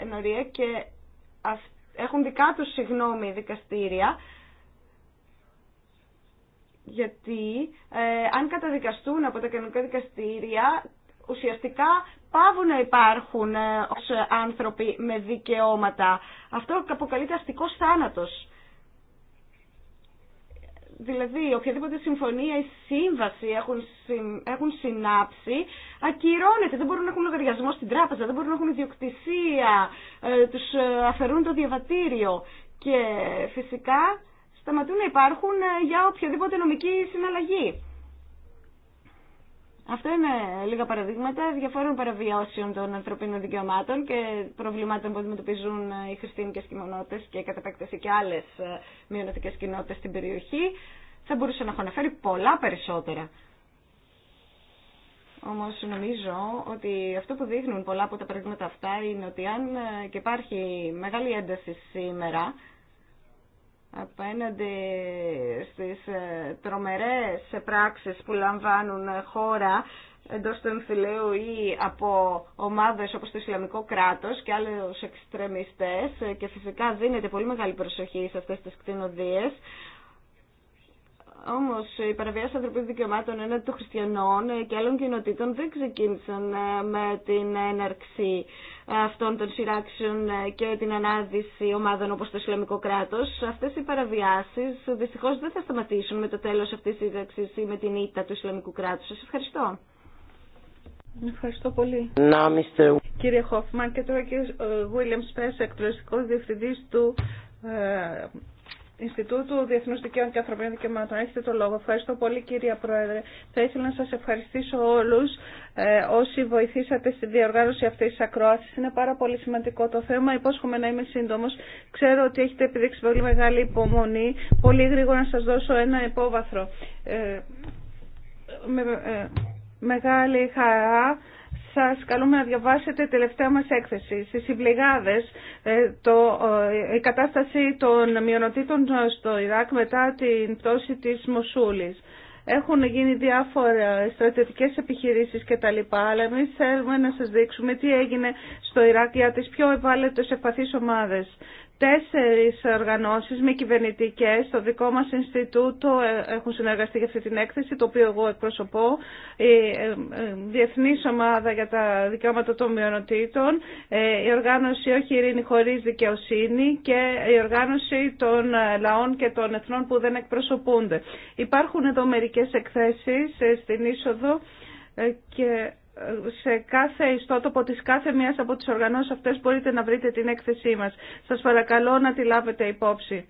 ενορία και έχουν δικά τους συγγνώμη δικαστήρια γιατί αν καταδικαστούν από τα κοινωνικά δικαστήρια ουσιαστικά πάβουν να υπάρχουν ως άνθρωποι με δικαιώματα. Αυτό αποκαλείται αστικός θάνατος δηλαδή οποιαδήποτε συμφωνία ή σύμβαση έχουν, έχουν συνάψει ακυρώνεται, δεν μπορούν να έχουν λογαριασμό στην τράπεζα, δεν μπορούν να έχουν ιδιοκτησία, ε, τους ε, αφαιρούν το διαβατήριο και φυσικά σταματούν να υπάρχουν ε, για οποιαδήποτε νομική συναλλαγή. Αυτό είναι λίγα παραδείγματα διαφόρων παραβιώσεων των ανθρωπίνων δικαιωμάτων και προβλημάτων που αντιμετωπίζουν ε, οι χριστίνικες κοινωνότητες και κατά επέκταση και άλλες ε, μειονοτικές κοινότητε στην περιοχή. Θα μπορούσα να έχω αναφέρει πολλά περισσότερα. Όμως νομίζω ότι αυτό που δείχνουν πολλά από τα παραδείγματα αυτά είναι ότι αν ε, και υπάρχει μεγάλη ένταση σήμερα απέναντι στις ε, τρομερές πράξεις που λαμβάνουν χώρα εντός του εμφυλίου ή από ομάδες όπως το Ισλαμικό κράτος και άλλους εξτρεμιστές ε, και φυσικά δίνεται πολύ μεγάλη προσοχή σε αυτές τις κτηνοδίες. Όμως η παραβιαση ανθρωπίνων δικαιωμάτων έναντι των χριστιανών ε, και άλλων κοινοτήτων δεν ξεκίνησαν με την έναρξη αυτών των σειράξεων ε, και την ανάδυση ομάδων όπως το Ισλαμικό κράτος. Αυτές οι παραβιάσεις δυστυχώς δεν θα σταματήσουν με το τέλος αυτής της σύνταξης ή με την ήττα του Ισλαμικού κράτους. Σας ευχαριστώ. Ευχαριστώ πολύ. Να, Κύριε Χόφμαν και τώρα ο Βίλιαμ ε, διευθυντής του ε, Ινστιτούτου Διεθνούς Δικαίων και Ανθρωπίνων Δικαιωμάτων. Έχετε το λόγο. Ευχαριστώ πολύ κυρία Πρόεδρε. Θα ήθελα να σας ευχαριστήσω όλους ε, όσοι βοηθήσατε στη διοργάνωση αυτής της ακρόασης. Είναι πάρα πολύ σημαντικό το θέμα. Υπόσχομαι να είμαι σύντομο. Ξέρω ότι έχετε επιδείξει πολύ μεγάλη υπομονή. Πολύ γρήγορα να σας δώσω ένα υπόβαθρο. ε, ε μεγάλη χαρά σας καλούμε να διαβάσετε τελευταία μας έκθεση. Στις συμπληγάδες ε, το, ε, η κατάσταση των μειονοτήτων στο Ιράκ μετά την πτώση της Μοσούλης. Έχουν γίνει διάφορα στρατιωτικές επιχειρήσεις και τα αλλά εμεί θέλουμε να σας δείξουμε τι έγινε στο Ιράκ για τις πιο ευάλωτες ευπαθείς ομάδες. Τέσσερις οργανώσεις με κυβερνητικές στο δικό μας Ινστιτούτο ε, έχουν συνεργαστεί για αυτή την έκθεση, το οποίο εγώ εκπροσωπώ, η ε, ε, Διεθνής Ομάδα για τα Δικαιώματα των Μειονοτήτων, η οργάνωση Όχι Ειρήνη Χωρίς Δικαιοσύνη και η οργάνωση των λαών και των εθνών που δεν εκπροσωπούνται. Υπάρχουν εδώ μερικές εκθέσεις στην είσοδο και σε κάθε ιστότοπο της κάθε μιας από τις οργανώσεις αυτές μπορείτε να βρείτε την έκθεσή μας. Σας παρακαλώ να τη λάβετε υπόψη.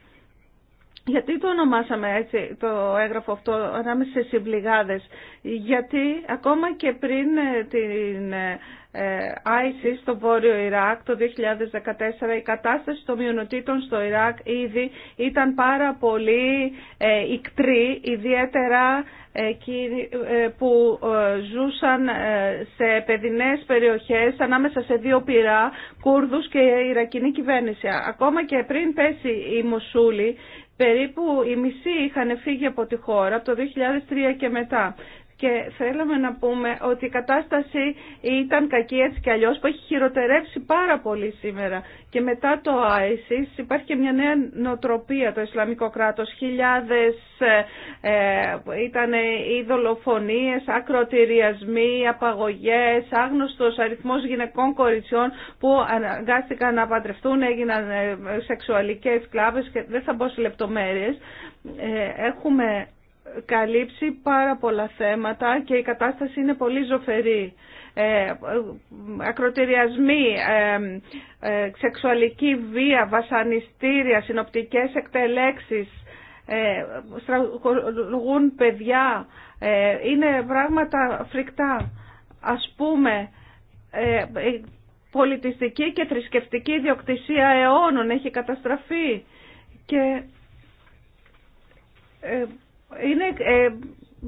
Γιατί το ονομάσαμε έτσι το έγγραφο αυτό ανάμεσα σε συμπληγάδες. Γιατί ακόμα και πριν ε, την ε, ε, ISIS στο Βόρειο Ιράκ το 2014 η κατάσταση των μειονοτήτων στο Ιράκ ήδη ήταν πάρα πολύ ικτρή, ιδιαίτερα εκεί που ζούσαν σε παιδινές περιοχές ανάμεσα σε δύο πυρά, Κούρδους και η Ιρακινή κυβέρνηση. Ακόμα και πριν πέσει η Μοσούλη περίπου οι μισή είχαν φύγει από τη χώρα από το 2003 και μετά. Και θέλαμε να πούμε ότι η κατάσταση ήταν κακή έτσι και αλλιώς που έχει χειροτερεύσει πάρα πολύ σήμερα. Και μετά το ISIS υπάρχει και μια νέα νοτροπία το Ισλαμικό κράτος. Χιλιάδες ε, ε, ήταν οι δολοφονίες, ακροτηριασμοί, απαγωγές, άγνωστος αριθμός γυναικών κοριτσιών που αναγκάστηκαν να παντρευτούν, έγιναν ε, σεξουαλικές κλάβες και δεν θα μπω σε λεπτομέρειες. Ε, έχουμε καλύψει πάρα πολλά θέματα και η κατάσταση είναι πολύ ζωφερή. Ε, ακροτηριασμοί, ε, ε σεξουαλική βία, βασανιστήρια, συνοπτικές εκτελέξεις, ε, παιδιά, ε, είναι πράγματα φρικτά. Ας πούμε, ε, πολιτιστική και θρησκευτική ιδιοκτησία αιώνων έχει καταστραφεί και είναι ε,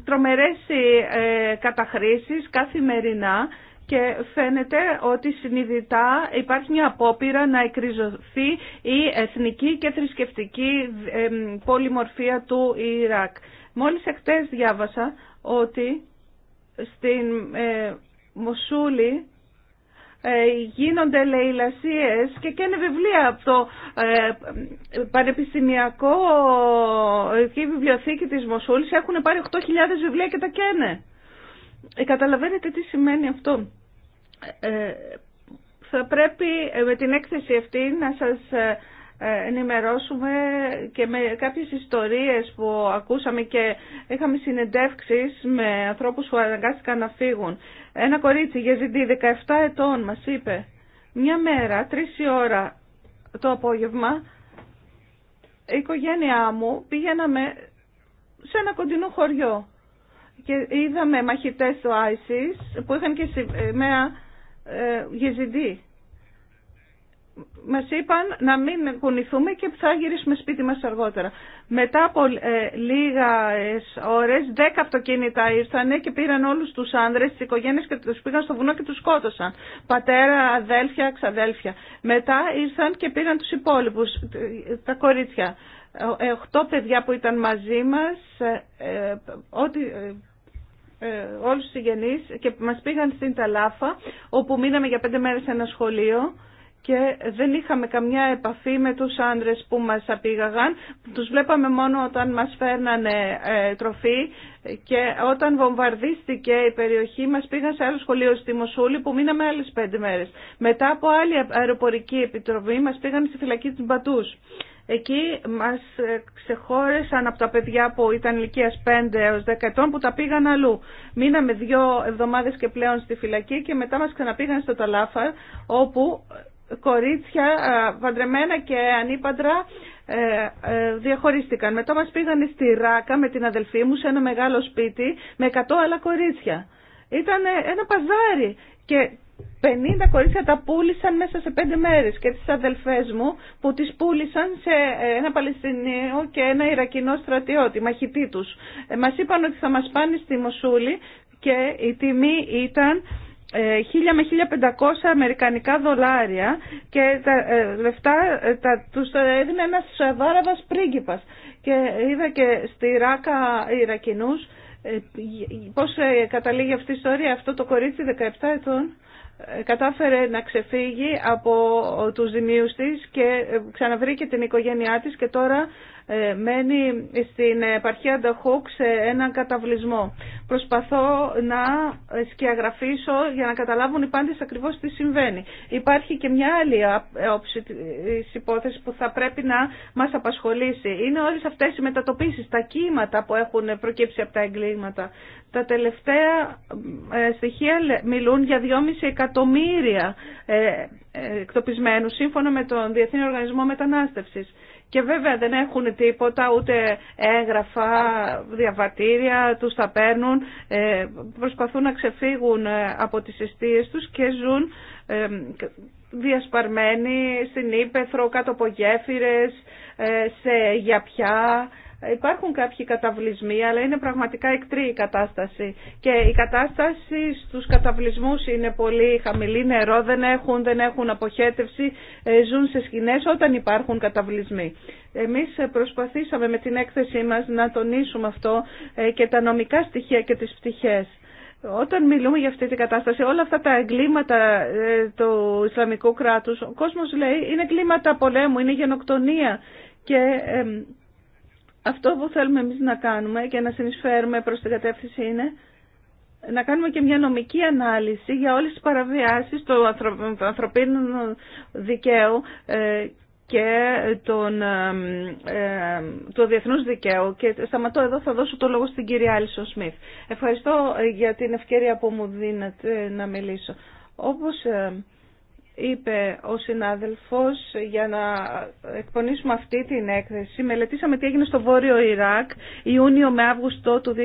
τρομερές οι ε, καταχρήσεις καθημερινά και φαίνεται ότι συνειδητά υπάρχει μια απόπειρα να εκριζωθεί η εθνική και θρησκευτική ε, πολυμορφία του Ιράκ. Μόλις εκτές διάβασα ότι στην Μοσούλη ε, γίνονται λαιλασίες και καίνε βιβλία από το ε, Πανεπιστημιακό ε, η Βιβλιοθήκη της Μοσούλης. Έχουν πάρει 8.000 βιβλία και τα καίνε. Καταλαβαίνετε τι σημαίνει αυτό. Θα πρέπει με την έκθεση αυτή να σας ενημερώσουμε και με κάποιες ιστορίες που ακούσαμε και είχαμε συνεντεύξεις με ανθρώπους που αναγκάστηκαν να φύγουν. Ένα κορίτσι, Γεζιντή, 17 ετών, μας είπε, μια μέρα, τρεις η ώρα το απόγευμα, η οικογένειά μου πήγαιναμε σε ένα κοντινό χωριό και είδαμε μαχητές του ISIS που είχαν και σημαία ε, ε, Γεζιντή μας είπαν να μην κουνηθούμε και θα γυρίσουμε σπίτι μας αργότερα. Μετά από ε, λίγες ώρες, δέκα αυτοκίνητα ήρθανε και πήραν όλους τους άνδρες, τις οικογένειες και τους πήγαν στο βουνό και τους σκότωσαν. Πατέρα, αδέλφια, ξαδέλφια. Μετά ήρθαν και πήραν τους υπόλοιπους, τα κορίτσια. Ε, οχτώ παιδιά που ήταν μαζί μας, ε, ε ό,τι ε, όλους τους συγγενείς και μας πήγαν στην Ταλάφα όπου μείναμε για πέντε μέρες σε ένα σχολείο και δεν είχαμε καμιά επαφή με τους άντρες που μας απήγαγαν. Τους βλέπαμε μόνο όταν μας φέρνανε ε, τροφή και όταν βομβαρδίστηκε η περιοχή μας πήγαν σε άλλο σχολείο στη Μοσούλη που μείναμε άλλες πέντε μέρες. Μετά από άλλη αεροπορική επιτροπή μας πήγαν στη φυλακή της Μπατούς. Εκεί μας ε, ξεχώρεσαν από τα παιδιά που ήταν ηλικία 5 έως 10 ετών που τα πήγαν αλλού. Μείναμε δύο εβδομάδες και πλέον στη φυλακή και μετά μας ξαναπήγαν στο Ταλάφα όπου κορίτσια παντρεμένα και ανήπαντρα ε, ε, διαχωρίστηκαν. Μετά μας πήγανε στη Ράκα με την αδελφή μου σε ένα μεγάλο σπίτι με 100 άλλα κορίτσια. Ήταν ε, ένα παζάρι και 50 κορίτσια τα πούλησαν μέσα σε 5 μέρες και τις αδελφές μου που τις πούλησαν σε ένα Παλαιστινίο και ένα Ιρακινό στρατιώτη, μαχητή τους. Μας είπαν ότι θα μας πάνε στη Μοσούλη και η τιμή ήταν 1.000 ε, με 1.500 αμερικανικά δολάρια και τα ε, λεφτά ε, τα, τους έδινε ένας Σαβάραβας πρίγκιπας. Και είδα και στη Ράκα Ιρακινούς πώς καταλήγει αυτή η ιστορία. Αυτό το κορίτσι 17 ετών κατάφερε να ξεφύγει από τους ζημίους της και ξαναβρήκε την οικογένειά της και τώρα ε, μένει στην επαρχία Νταχούκ σε έναν καταβλισμό. Προσπαθώ να σκιαγραφίσω για να καταλάβουν οι πάντες ακριβώς τι συμβαίνει. Υπάρχει και μια άλλη όψη της που θα πρέπει να μας απασχολήσει. Είναι όλες αυτές οι μετατοπίσεις, τα κύματα που έχουν προκύψει από τα εγκλήματα. Τα τελευταία ε, στοιχεία μιλούν για 2,5 εκατομμύρια ε, εκτοπισμένους σύμφωνα με τον Διεθνή Οργανισμό Μετανάστευσης. Και βέβαια δεν έχουν τίποτα, ούτε έγγραφα, διαβατήρια, τους τα παίρνουν, ε, προσπαθούν να ξεφύγουν ε, από τις αιστείες τους και ζουν ε, διασπαρμένοι στην Ήπεθρο, κάτω από γέφυρες, σε γιαπιά, Υπάρχουν κάποιοι καταβλισμοί, αλλά είναι πραγματικά εκτρή η κατάσταση. Και η κατάσταση στους καταβλισμούς είναι πολύ χαμηλή, νερό δεν έχουν, δεν έχουν αποχέτευση, ε, ζουν σε σκηνές όταν υπάρχουν καταβλισμοί. Εμείς προσπαθήσαμε με την έκθεσή μας να τονίσουμε αυτό ε, και τα νομικά στοιχεία και τις πτυχές. Όταν μιλούμε για αυτή την κατάσταση, όλα αυτά τα εγκλήματα ε, του Ισλαμικού κράτους, ο κόσμος λέει είναι εγκλήματα πολέμου, είναι γενοκτονία και αυτό που θέλουμε εμείς να κάνουμε και να συνεισφέρουμε προς την κατεύθυνση είναι να κάνουμε και μια νομική ανάλυση για όλες τις παραβιάσεις του ανθρωπίνου δικαίου ε, και τον, ε, ε, του διεθνούς δικαίου. Και σταματώ εδώ, θα δώσω το λόγο στην κυρία Άλισον Σμιθ. Ευχαριστώ για την ευκαιρία που μου δίνετε να μιλήσω. Όπως... Ε, είπε ο συνάδελφος για να εκπονήσουμε αυτή την έκθεση. Μελετήσαμε τι έγινε στο Βόρειο Ιράκ Ιούνιο με Αύγουστο του 2014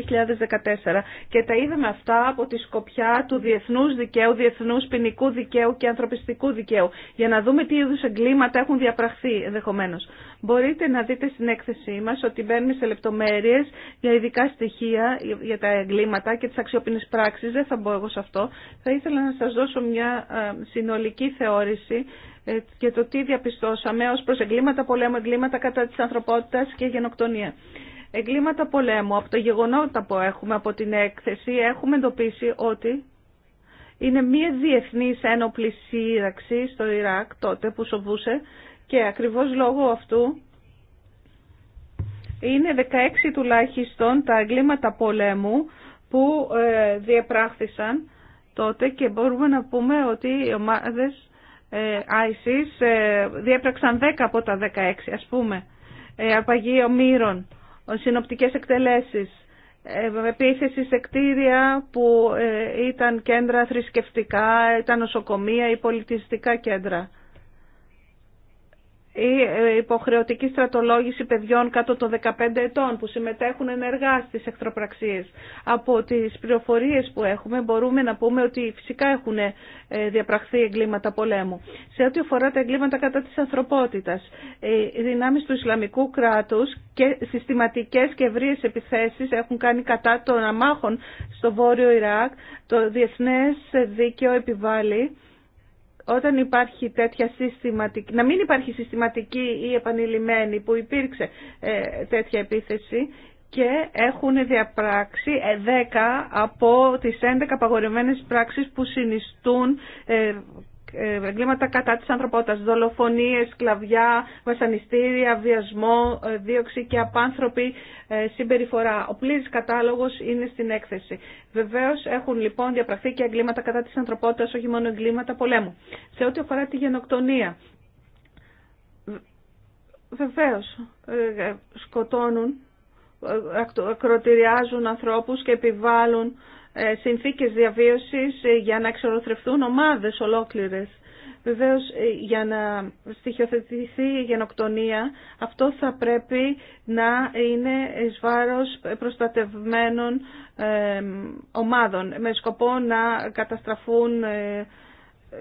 και τα είδαμε αυτά από τη σκοπιά του διεθνούς δικαίου, διεθνούς ποινικού δικαίου και ανθρωπιστικού δικαίου για να δούμε τι είδους εγκλήματα έχουν διαπραχθεί ενδεχομένω. Μπορείτε να δείτε στην έκθεσή μας ότι μπαίνουμε σε λεπτομέρειες για ειδικά στοιχεία για τα εγκλήματα και τις αξιόπινες πράξεις. Δεν θα μπω εγώ σε αυτό. Θα ήθελα να σας δώσω μια ε, συνολική θεώρηση ε, και το τι διαπιστώσαμε ως προς εγκλήματα πολέμου, εγκλήματα κατά της ανθρωπότητας και γενοκτονία. Εγκλήματα πολέμου, από τα γεγονότα που έχουμε από την έκθεση, έχουμε εντοπίσει ότι είναι μία διεθνής ένοπλη σύραξη στο Ιράκ τότε που σοβούσε και ακριβώς λόγω αυτού είναι 16 τουλάχιστον τα εγκλήματα πολέμου που ε, διεπράχθησαν τότε και μπορούμε να πούμε ότι οι ομάδες ε, ISIS ε, διέπραξαν 10 από τα 16 ας πούμε. Απαγή ομήρων, συνοπτικές εκτελέσεις, επίθεση σε κτίρια που ήταν κέντρα θρησκευτικά, ήταν νοσοκομεία ή πολιτιστικά κέντρα η ε, υποχρεωτική στρατολόγηση παιδιών κάτω των 15 ετών που συμμετέχουν ενεργά στις εχθροπραξίες. Από τις πληροφορίες που έχουμε μπορούμε να πούμε ότι φυσικά έχουν ε, διαπραχθεί εγκλήματα πολέμου. Σε ό,τι αφορά τα εγκλήματα κατά της ανθρωπότητας, ε, οι δυνάμεις του Ισλαμικού κράτους και συστηματικές και ευρείες επιθέσεις έχουν κάνει κατά των αμάχων στο Βόρειο Ιράκ. Το Διεθνές Δίκαιο επιβάλλει όταν υπάρχει τέτοια συστηματική, να μην υπάρχει συστηματική ή επανειλημμένη που υπήρξε ε, τέτοια επίθεση και έχουν διαπράξει 10 ε, από τις 11 απαγορευμένες πράξεις που συνιστούν ε, ε, εγκλήματα κατά της ανθρωπότητας, δολοφονίες, σκλαβιά, βασανιστήρια, βιασμό, ε, δίωξη και απάνθρωπη ε, συμπεριφορά. Ο πλήρης κατάλογος είναι στην έκθεση. Βεβαίως έχουν λοιπόν διαπραχθεί και εγκλήματα κατά της ανθρωπότητας, όχι μόνο εγκλήματα πολέμου. Σε ό,τι αφορά τη γενοκτονία, βεβαίως σκοτώνουν, ακροτηριάζουν ανθρώπους και επιβάλλουν ε, συνθήκες διαβίωσης ε, για να εξορροθρευτούν ομάδες ολόκληρες. Βεβαίως ε, για να στοιχειοθετηθεί η γενοκτονία αυτό θα πρέπει να είναι εις βάρος προστατευμένων ομάδων με σκοπό να καταστραφούν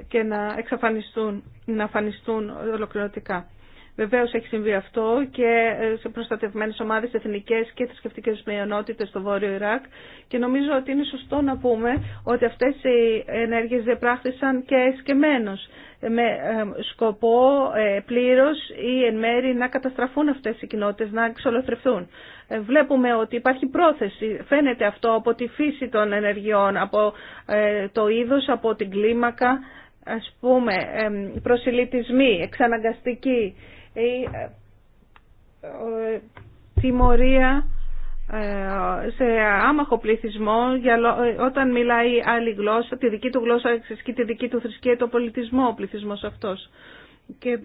και να εξαφανιστούν, να αφανιστούν ολοκληρωτικά. Βεβαίω έχει συμβεί αυτό και ε, σε προστατευμένε ομάδε εθνικέ και θρησκευτικέ μειονότητε στο Βόρειο Ιράκ και νομίζω ότι είναι σωστό να πούμε ότι αυτέ οι ενέργειε διαπράχθησαν και εσκεμμένω με ε, σκοπό ε, πλήρω ή εν μέρη να καταστραφούν αυτέ οι κοινότητε, να εξολοθρευτούν. Βλέπουμε ότι υπάρχει πρόθεση, φαίνεται αυτό από τη φύση των ενεργειών, από το είδο, από την κλίμακα, ας πούμε, προσιλητισμοί, εξαναγκαστικοί η ε, ε, τιμωρία ε, σε άμαχο πληθυσμό για, όταν μιλάει άλλη γλώσσα, τη δική του γλώσσα και τη δική του θρησκεία, το πολιτισμό ο πληθυσμός αυτός. Και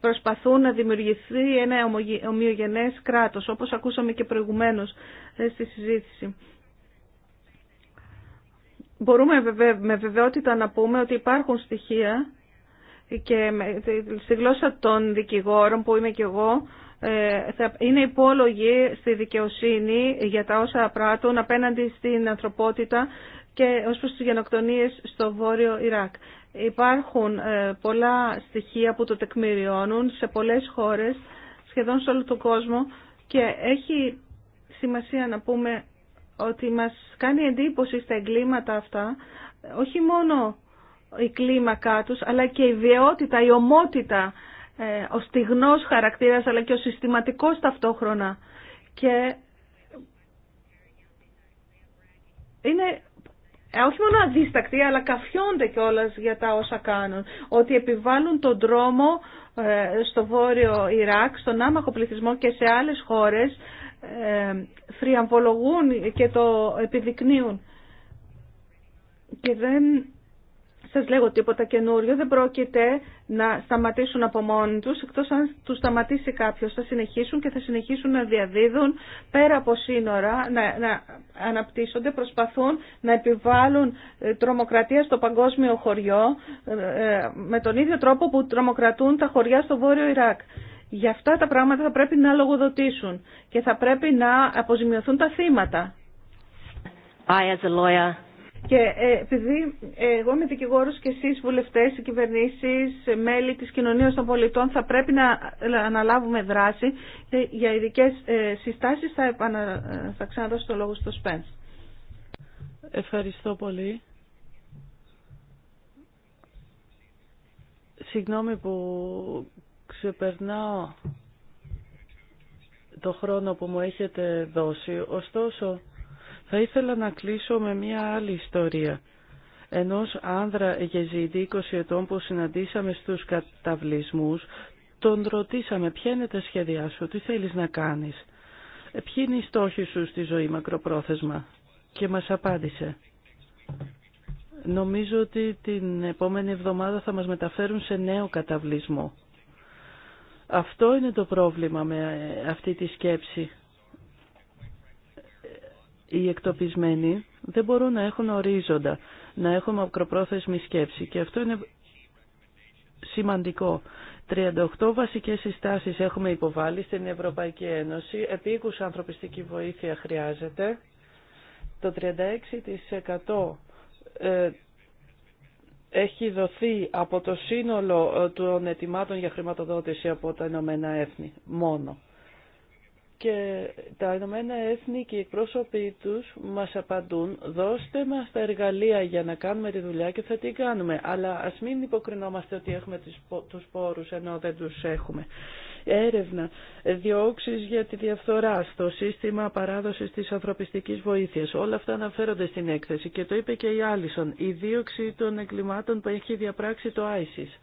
προσπαθούν να δημιουργηθεί ένα ομοιογενές κράτος, όπως ακούσαμε και προηγουμένως στη συζήτηση. Μπορούμε με βεβαιότητα να πούμε ότι υπάρχουν στοιχεία και στη γλώσσα των δικηγόρων που είμαι και εγώ ε, θα είναι υπόλογοι στη δικαιοσύνη για τα όσα πράττουν απέναντι στην ανθρωπότητα και ως προς τις γενοκτονίες στο βόρειο Ιράκ. Υπάρχουν ε, πολλά στοιχεία που το τεκμηριώνουν σε πολλές χώρες, σχεδόν σε όλο τον κόσμο και έχει σημασία να πούμε ότι μας κάνει εντύπωση στα εγκλήματα αυτά, όχι μόνο η κλίμακά τους, αλλά και η βιαιότητα, η ομότητα, ε, ο στιγνός χαρακτήρας, αλλά και ο συστηματικός ταυτόχρονα. Και είναι ε, όχι μόνο αδίστακτοι, αλλά καφιόνται κιόλα για τα όσα κάνουν. Ότι επιβάλλουν τον δρόμο ε, στο βόρειο Ιράκ, στον άμαχο πληθυσμό και σε άλλες χώρες, θριαμβολογούν και το επιδεικνύουν. Και δεν σας λέγω τίποτα καινούριο, δεν πρόκειται να σταματήσουν από μόνοι τους, εκτός αν τους σταματήσει κάποιος. Θα συνεχίσουν και θα συνεχίσουν να διαδίδουν πέρα από σύνορα, να, να αναπτύσσονται, προσπαθούν να επιβάλλουν ε, τρομοκρατία στο παγκόσμιο χωριό, ε, ε, με τον ίδιο τρόπο που τρομοκρατούν τα χωριά στο Βόρειο Ιράκ. Γι' αυτά τα πράγματα θα πρέπει να λογοδοτήσουν και θα πρέπει να αποζημιωθούν τα θύματα. Και ε, επειδή εγώ είμαι δικηγόρος και εσείς βουλευτές, οι κυβερνήσεις, μέλη της κοινωνίας των πολιτών θα πρέπει να αναλάβουμε δράση για ειδικέ ε, συστάσεις θα, επανα... θα ξαναδώσω το λόγο στο ΣΠΕΝΣ. Ευχαριστώ πολύ. Συγγνώμη που ξεπερνάω το χρόνο που μου έχετε δώσει, ωστόσο θα ήθελα να κλείσω με μια άλλη ιστορία ενός άνδρα γεζίδη 20 ετών που συναντήσαμε στους καταβλισμούς, τον ρωτήσαμε ποια είναι τα σχέδιά σου, τι θέλεις να κάνεις, ποιοι είναι οι στόχοι σου στη ζωή μακροπρόθεσμα και μας απάντησε. Νομίζω ότι την επόμενη εβδομάδα θα μας μεταφέρουν σε νέο καταβλισμό. Αυτό είναι το πρόβλημα με αυτή τη σκέψη οι εκτοπισμένοι δεν μπορούν να έχουν ορίζοντα, να έχουν μακροπρόθεσμη σκέψη και αυτό είναι σημαντικό. 38 βασικές συστάσεις έχουμε υποβάλει στην Ευρωπαϊκή Ένωση, επίκουσα ανθρωπιστική βοήθεια χρειάζεται. Το 36% ε, έχει δοθεί από το σύνολο ε, των ετοιμάτων για χρηματοδότηση από τα Ηνωμένα Έθνη μόνο και τα Ηνωμένα Έθνη και οι εκπρόσωποι τους μας απαντούν δώστε μας τα εργαλεία για να κάνουμε τη δουλειά και θα την κάνουμε. Αλλά ας μην υποκρινόμαστε ότι έχουμε τους πόρους ενώ δεν τους έχουμε. Έρευνα, διώξεις για τη διαφθορά στο σύστημα παράδοσης της ανθρωπιστικής βοήθειας. Όλα αυτά αναφέρονται στην έκθεση και το είπε και η Άλισον. Η δίωξη των εγκλημάτων που έχει διαπράξει το ISIS.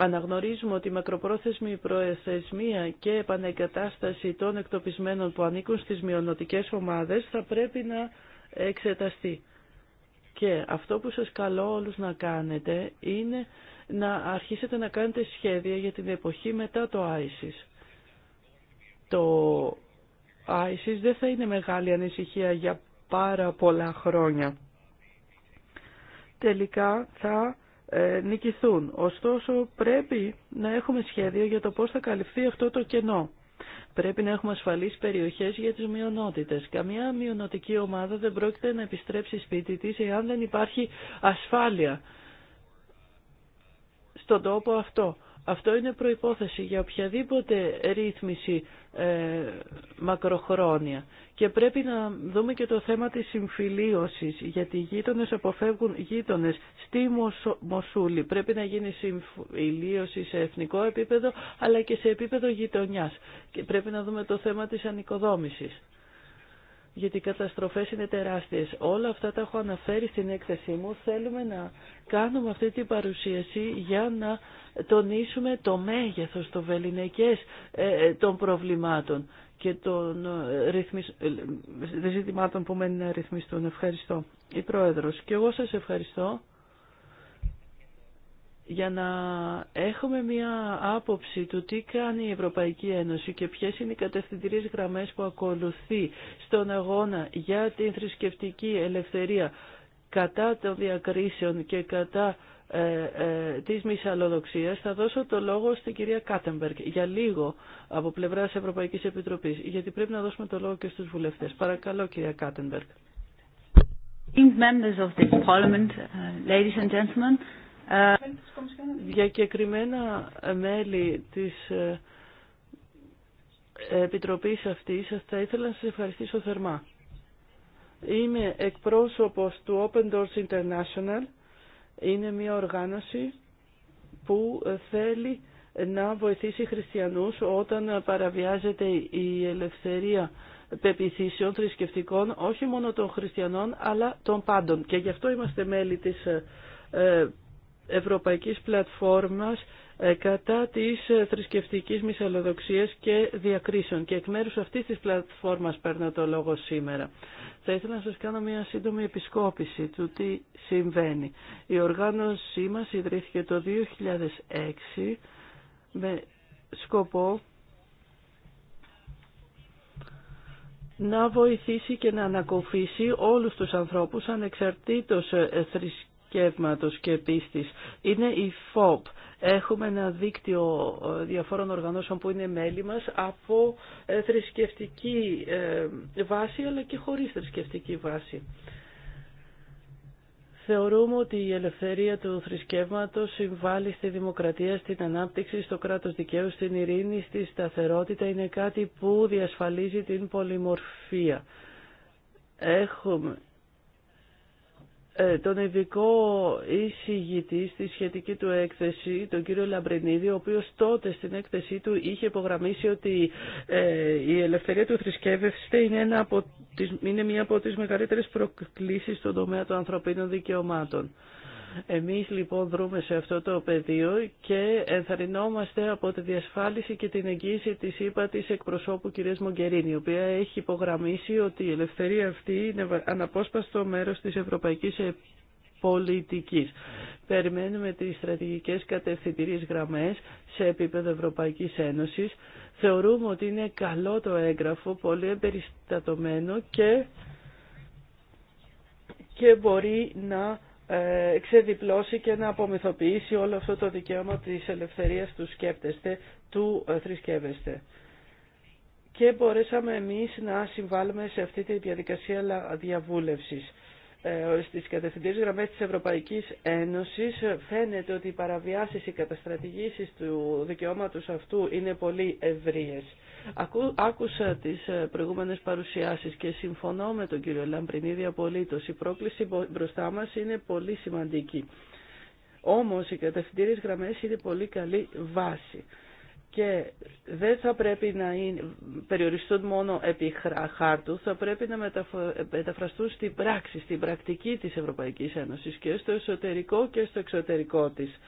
Αναγνωρίζουμε ότι η μακροπρόθεσμη προεθεσμία και επανεγκατάσταση των εκτοπισμένων που ανήκουν στις μειονοτικές ομάδες θα πρέπει να εξεταστεί. Και αυτό που σας καλώ όλους να κάνετε είναι να αρχίσετε να κάνετε σχέδια για την εποχή μετά το ISIS. Το ISIS δεν θα είναι μεγάλη ανησυχία για πάρα πολλά χρόνια. Τελικά θα ε, νικηθούν. Ωστόσο πρέπει να έχουμε σχέδιο για το πώς θα καλυφθεί αυτό το κενό. Πρέπει να έχουμε ασφαλείς περιοχές για τις μειονότητες. Καμιά μειονοτική ομάδα δεν πρόκειται να επιστρέψει σπίτι της εάν δεν υπάρχει ασφάλεια στον τόπο αυτό. Αυτό είναι προϋπόθεση για οποιαδήποτε ρύθμιση ε, μακροχρόνια. Και πρέπει να δούμε και το θέμα της συμφιλίωσης, γιατί οι γείτονες αποφεύγουν γείτονες στη Μοσούλη. Πρέπει να γίνει συμφιλίωση σε εθνικό επίπεδο, αλλά και σε επίπεδο γειτονιάς. Και πρέπει να δούμε το θέμα της ανοικοδόμησης γιατί οι καταστροφές είναι τεράστιες. Όλα αυτά τα έχω αναφέρει στην έκθεσή μου. Θέλουμε να κάνουμε αυτή την παρουσίαση για να τονίσουμε το μέγεθος, των βεληνικές ε, ε, των προβλημάτων και των ε, ζητημάτων που μένει να ρυθμιστούν. Ευχαριστώ. Η Πρόεδρος. Και εγώ σας ευχαριστώ για να έχουμε μία άποψη του τι κάνει η Ευρωπαϊκή Ένωση και ποιες είναι οι κατευθυντηρίες γραμμές που ακολουθεί στον αγώνα για την θρησκευτική ελευθερία κατά των διακρίσεων και κατά ε, ε, της μυσαλλοδοξίας θα δώσω το λόγο στην κυρία Κάτεμπεργκ για λίγο από πλευράς Ευρωπαϊκής Επιτροπής γιατί πρέπει να δώσουμε το λόγο και στους βουλευτές. Παρακαλώ κυρία Κάτεμπεργκ. Uh, ladies and gentlemen, για διακεκριμένα μέλη της ε, Επιτροπής αυτής θα ήθελα να σας ευχαριστήσω θερμά. Είμαι εκπρόσωπος του Open Doors International. Είναι μια οργάνωση που θέλει να βοηθήσει χριστιανούς όταν παραβιάζεται η ελευθερία πεπιθήσεων θρησκευτικών όχι μόνο των χριστιανών αλλά των πάντων. Και γι' αυτό είμαστε μέλη της ε, Ευρωπαϊκής Πλατφόρμας ε, κατά της ε, θρησκευτικής μυσαλλοδοξίας και διακρίσεων. Και εκ μέρους αυτής της πλατφόρμας παίρνω το λόγο σήμερα. Θα ήθελα να σας κάνω μια σύντομη επισκόπηση του τι συμβαίνει. Η οργάνωσή μας ιδρύθηκε το 2006 με σκοπό να βοηθήσει και να ανακοφίσει όλους τους ανθρώπους ανεξαρτήτως ε, θρησκευτικής και πίστης. Είναι η ΦΟΠ. Έχουμε ένα δίκτυο ε, διαφόρων οργανώσεων που είναι μέλη μας από ε, θρησκευτική ε, βάση αλλά και χωρίς θρησκευτική βάση. Θεωρούμε ότι η ελευθερία του θρησκεύματος συμβάλλει στη δημοκρατία, στην ανάπτυξη, στο κράτος δικαίου, στην ειρήνη, στη σταθερότητα. Είναι κάτι που διασφαλίζει την πολυμορφία. Έχουμε ε, τον ειδικό εισηγητή στη σχετική του έκθεση, τον κύριο Λαμπρινίδη, ο οποίος τότε στην έκθεσή του είχε υπογραμμίσει ότι ε, η ελευθερία του θρησκεύευστε είναι, ένα από τις, είναι μία από τις μεγαλύτερες προκλήσεις στον τομέα των ανθρωπίνων δικαιωμάτων. Εμείς λοιπόν δρούμε σε αυτό το πεδίο και ενθαρρυνόμαστε από τη διασφάλιση και την εγγύηση της ΥΠΑ της εκπροσώπου κυρίας Μογκερίνη, η οποία έχει υπογραμμίσει ότι η ελευθερία αυτή είναι αναπόσπαστο μέρος της ευρωπαϊκής ε, πολιτικής. Περιμένουμε τις στρατηγικές κατευθυντηρίες γραμμές σε επίπεδο Ευρωπαϊκής Ένωσης. Θεωρούμε ότι είναι καλό το έγγραφο, πολύ εμπεριστατωμένο και, και μπορεί να ε, ξεδιπλώσει και να απομυθοποιήσει όλο αυτό το δικαίωμα της ελευθερίας του σκέπτεστε, του ε, θρησκεύεστε. Και μπορέσαμε εμείς να συμβάλλουμε σε αυτή τη διαδικασία διαβούλευσης. Ε, στις κατευθυντήριες γραμμές της Ευρωπαϊκής Ένωσης φαίνεται ότι οι παραβιάσεις, οι καταστρατηγήσεις του δικαιώματος αυτού είναι πολύ ευρείες. Άκουσα τις ε, προηγούμενες παρουσιάσεις και συμφωνώ με τον κύριο Λαμπρινίδη απολύτως. Η πρόκληση μπροστά μας είναι πολύ σημαντική. Όμως οι κατευθυντήριες γραμμές είναι πολύ καλή βάση και δεν θα πρέπει να περιοριστούν μόνο επί χάρτου, θα πρέπει να μεταφραστούν στην πράξη, στην πρακτική της Ευρωπαϊκής Ένωσης και στο εσωτερικό και στο εξωτερικό της.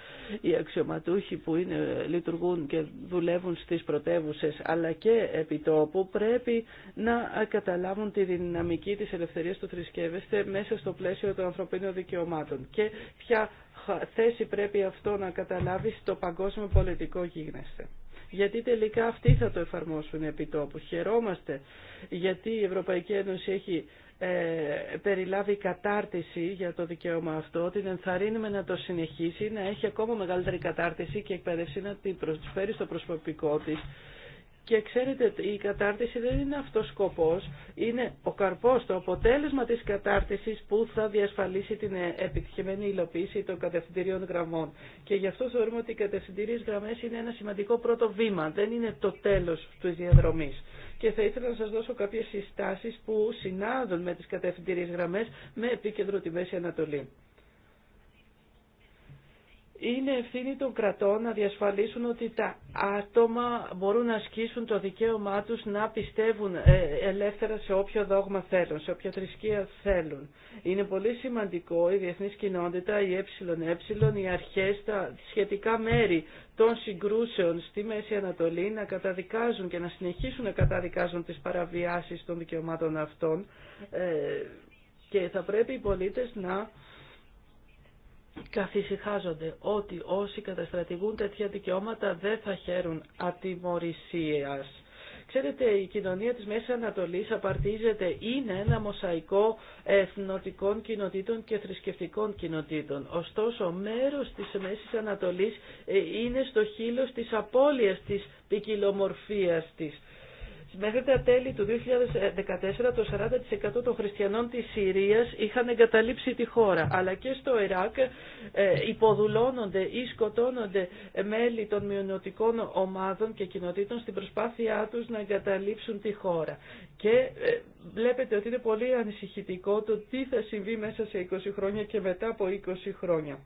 Οι αξιωματούχοι που είναι, λειτουργούν και δουλεύουν στις πρωτεύουσες αλλά και επί τόπου πρέπει να καταλάβουν τη δυναμική της ελευθερίας του θρησκεύεστε μέσα στο πλαίσιο των ανθρωπίνων δικαιωμάτων και ποια θέση πρέπει αυτό να καταλάβει στο παγκόσμιο πολιτικό γίγνεσθε γιατί τελικά αυτοί θα το εφαρμόσουν επί τόπου. Χαιρόμαστε γιατί η Ευρωπαϊκή Ένωση έχει ε, περιλάβει κατάρτιση για το δικαίωμα αυτό, την ενθαρρύνουμε να το συνεχίσει, να έχει ακόμα μεγαλύτερη κατάρτιση και εκπαίδευση να την προσφέρει στο προσωπικό της και ξέρετε, η κατάρτιση δεν είναι αυτός σκοπός, είναι ο καρπός, το αποτέλεσμα της κατάρτισης που θα διασφαλίσει την επιτυχημένη υλοποίηση των κατευθυντηρίων γραμμών. Και γι' αυτό θεωρούμε ότι οι κατευθυντηρίες γραμμές είναι ένα σημαντικό πρώτο βήμα, δεν είναι το τέλος της διαδρομής. Και θα ήθελα να σας δώσω κάποιες συστάσεις που συνάδουν με τις κατευθυντηρίες γραμμές με επίκεντρο τη Μέση Ανατολή είναι ευθύνη των κρατών να διασφαλίσουν ότι τα άτομα μπορούν να ασκήσουν το δικαίωμά τους να πιστεύουν ε, ελεύθερα σε όποιο δόγμα θέλουν, σε όποια θρησκεία θέλουν. Είναι πολύ σημαντικό η διεθνής κοινότητα, η ΕΕ, οι αρχές, τα σχετικά μέρη των συγκρούσεων στη Μέση Ανατολή να καταδικάζουν και να συνεχίσουν να καταδικάζουν τις παραβιάσεις των δικαιωμάτων αυτών ε, και θα πρέπει οι πολίτες να καθησυχάζονται ότι όσοι καταστρατηγούν τέτοια δικαιώματα δεν θα χαίρουν ατιμορρησίας. Ξέρετε, η κοινωνία της Μέσης Ανατολής απαρτίζεται, είναι ένα μοσαϊκό εθνοτικών κοινοτήτων και θρησκευτικών κοινοτήτων. Ωστόσο, μέρος της Μέσης Ανατολής ε, είναι στο χείλος της απώλειας της ποικιλομορφίας της. Μέχρι τα τέλη του 2014 το 40% των χριστιανών της Συρίας είχαν εγκαταλείψει τη χώρα. Αλλά και στο Ιράκ ε, υποδουλώνονται ή σκοτώνονται μέλη των μειονοτικών ομάδων και κοινοτήτων στην προσπάθειά τους να εγκαταλείψουν τη χώρα. Και ε, βλέπετε ότι είναι πολύ ανησυχητικό το τι θα συμβεί μέσα σε 20 χρόνια και μετά από 20 χρόνια.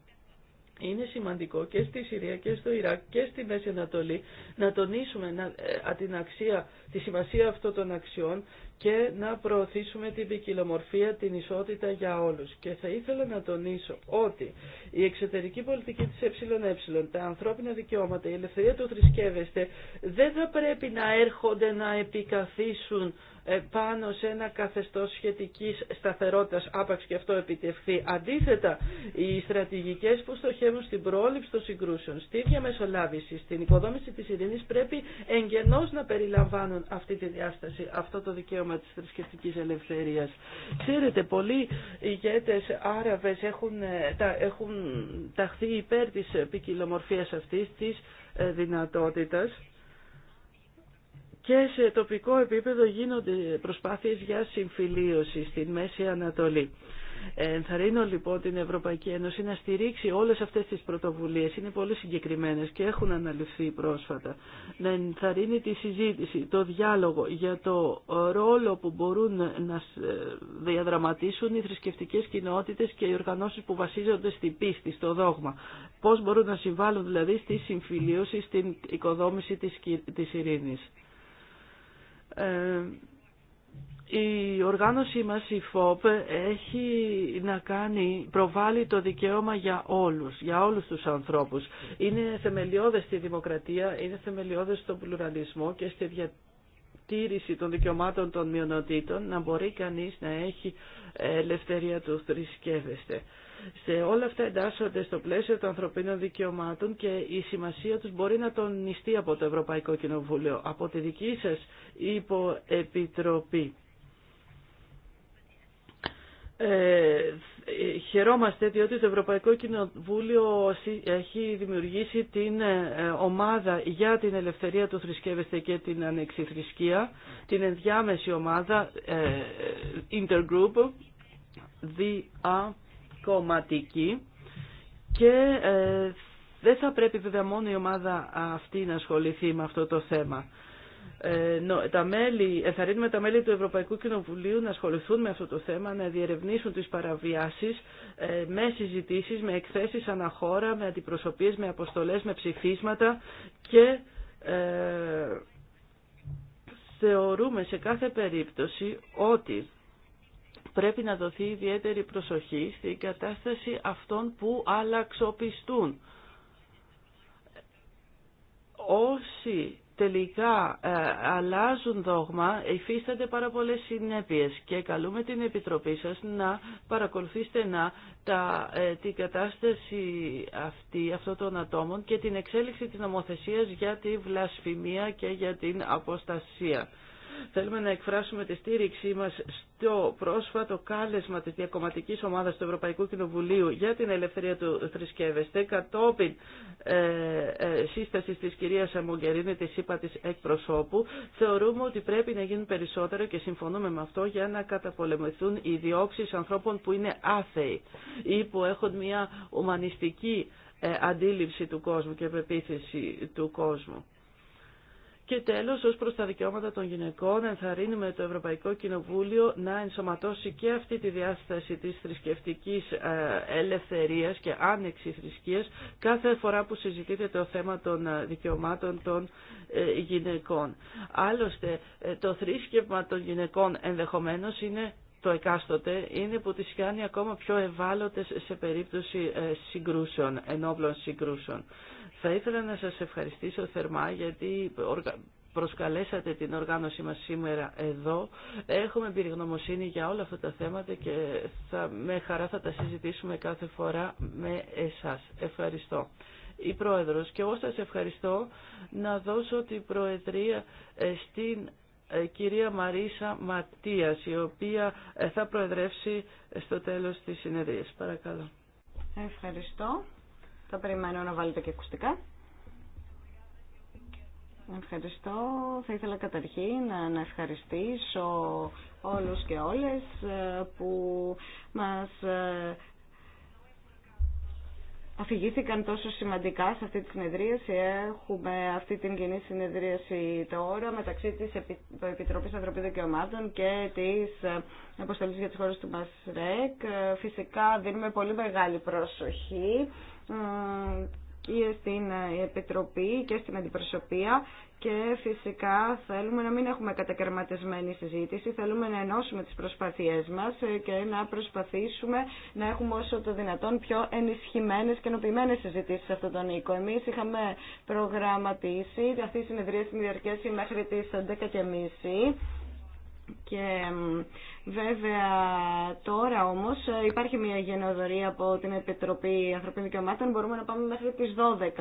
Είναι σημαντικό και στη Συρία και στο Ιράκ και στη Μέση Ανατολή να τονίσουμε ε, την αξία, τη σημασία αυτών των αξιών και να προωθήσουμε την ποικιλομορφία, την ισότητα για όλους. Και θα ήθελα να τονίσω ότι η εξωτερική πολιτική της ΕΕ, τα ανθρώπινα δικαιώματα, η ελευθερία του θρησκεύεστε δεν θα πρέπει να έρχονται να επικαθίσουν ε, πάνω σε ένα καθεστώς σχετικής σταθερότητας άπαξ και αυτό επιτευχθεί. Αντίθετα, οι στρατηγικές που στοχεύουν στην πρόληψη των συγκρούσεων, στη διαμεσολάβηση, στην οικοδόμηση της ειρήνης πρέπει εγγενώς να περιλαμβάνουν αυτή τη διάσταση, αυτό το δικαίωμα της θρησκευτικής ελευθερίας. Ξέρετε, πολλοί ηγέτες Άραβες έχουν, ε, τα, έχουν ταχθεί υπέρ της ποικιλομορφίας αυτής, της ε, δυνατότητας και σε τοπικό επίπεδο γίνονται προσπάθειες για συμφιλίωση στην Μέση Ανατολή. Ενθαρρύνω λοιπόν την Ευρωπαϊκή Ένωση να στηρίξει όλες αυτές τις πρωτοβουλίες, είναι πολύ συγκεκριμένες και έχουν αναλυφθεί πρόσφατα, να ενθαρρύνει τη συζήτηση, το διάλογο για το ρόλο που μπορούν να ε, διαδραματίσουν οι θρησκευτικέ κοινότητες και οι οργανώσεις που βασίζονται στη πίστη, στο δόγμα. Πώς μπορούν να συμβάλλουν δηλαδή στη συμφιλίωση, στην οικοδόμηση της ειρήνης. Ε, η οργάνωσή μας, η ΦΟΠ, έχει να κάνει, προβάλλει το δικαίωμα για όλους, για όλους τους ανθρώπους. Είναι θεμελιώδες στη δημοκρατία, είναι θεμελιώδες στον πλουραλισμό και στη διατήρηση των δικαιωμάτων των μειονοτήτων, να μπορεί κανείς να έχει ελευθερία του θρησκεύεστε. Σε όλα αυτά εντάσσονται στο πλαίσιο των ανθρωπίνων δικαιωμάτων και η σημασία τους μπορεί να τονιστεί από το Ευρωπαϊκό Κοινοβούλιο, από τη δική σας υποεπιτροπή. Ε, χαιρόμαστε διότι το Ευρωπαϊκό Κοινοβούλιο έχει δημιουργήσει την ομάδα για την ελευθερία του θρησκεύεστε και την ανεξιθρησκεία, την ενδιάμεση ομάδα ε, Intergroup, κομματική και ε, δεν θα πρέπει βέβαια μόνο η ομάδα αυτή να ασχοληθεί με αυτό το θέμα. Ε, νο, τα μέλη, μέλη του Ευρωπαϊκού Κοινοβουλίου να ασχοληθούν με αυτό το θέμα, να διερευνήσουν τις παραβιάσεις ε, με συζητήσεις, με εκθέσεις αναχώρα, με αντιπροσωπείες, με αποστολές, με ψηφίσματα και ε, θεωρούμε σε κάθε περίπτωση ότι πρέπει να δοθεί ιδιαίτερη προσοχή στην κατάσταση αυτών που αλλαξοπιστούν. Όσοι τελικά ε, αλλάζουν δόγμα, υφίστανται πάρα πολλές συνέπειες και καλούμε την Επιτροπή σας να παρακολουθεί στενά τα, ε, την κατάσταση αυτή, αυτών των ατόμων και την εξέλιξη της νομοθεσίας για τη βλασφημία και για την αποστασία. Θέλουμε να εκφράσουμε τη στήριξή μας στο πρόσφατο κάλεσμα της διακομματικής ομάδας του Ευρωπαϊκού Κοινοβουλίου για την ελευθερία του θρησκεύεστε κατόπιν ε, ε, σύστασης της κυρίας Αμογκερίνη της ΥΠΑ εκπροσώπου. Θεωρούμε ότι πρέπει να γίνουν περισσότερο και συμφωνούμε με αυτό για να καταπολεμηθούν οι διώξει ανθρώπων που είναι άθεοι ή που έχουν μια ουμανιστική ε, αντίληψη του κόσμου και πεποίθηση του κόσμου. Και τέλος, ως προς τα δικαιώματα των γυναικών, ενθαρρύνουμε το Ευρωπαϊκό Κοινοβούλιο να ενσωματώσει και αυτή τη διάσταση της θρησκευτικής ε, ελευθερίας και άνεξη θρησκείας κάθε φορά που συζητείται το θέμα των ε, δικαιωμάτων των ε, γυναικών. Άλλωστε, το θρήσκευμα των γυναικών ενδεχομένως είναι το εκάστοτε είναι που τις κάνει ακόμα πιο ευάλωτες σε περίπτωση συγκρούσεων, ενόπλων συγκρούσεων. Θα ήθελα να σας ευχαριστήσω θερμά γιατί προσκαλέσατε την οργάνωσή μας σήμερα εδώ. Έχουμε περιγνωμοσύνη για όλα αυτά τα θέματα και με χαρά θα τα συζητήσουμε κάθε φορά με εσάς. Ευχαριστώ. Η Πρόεδρος και εγώ σας ευχαριστώ να δώσω την Προεδρία ε, στην ε, κυρία Μαρίσα Ματίας, η οποία ε, θα προεδρεύσει στο τέλος της συνεδρίας. Παρακαλώ. Ευχαριστώ. Θα περιμένω να βάλετε και ακουστικά. Ευχαριστώ. Θα ήθελα καταρχήν να ευχαριστήσω όλους και όλες ε, που μας ε, αφηγήθηκαν τόσο σημαντικά σε αυτή τη συνεδρίαση. Έχουμε αυτή την κοινή συνεδρίαση τώρα μεταξύ της Επιτροπής Ανθρωπίνων Δικαιωμάτων και της ε, Αποστολής για τις χώρες του Μασρέκ. Φυσικά δίνουμε πολύ μεγάλη προσοχή και στην Επιτροπή και στην Αντιπροσωπεία και φυσικά θέλουμε να μην έχουμε κατακαιρματισμένη συζήτηση, θέλουμε να ενώσουμε τις προσπαθίες μας και να προσπαθήσουμε να έχουμε όσο το δυνατόν πιο ενισχυμένες και ενοποιημένες συζητήσεις σε αυτόν τον οίκο. Εμείς είχαμε προγραμματίσει αυτή η συνεδρία στην διαρκέση μέχρι τις 11.30 και βέβαια τώρα όμως ε, υπάρχει μια γενοδορία από την Επιτροπή Ανθρωπίνων Δικαιωμάτων, μπορούμε να πάμε μέχρι τις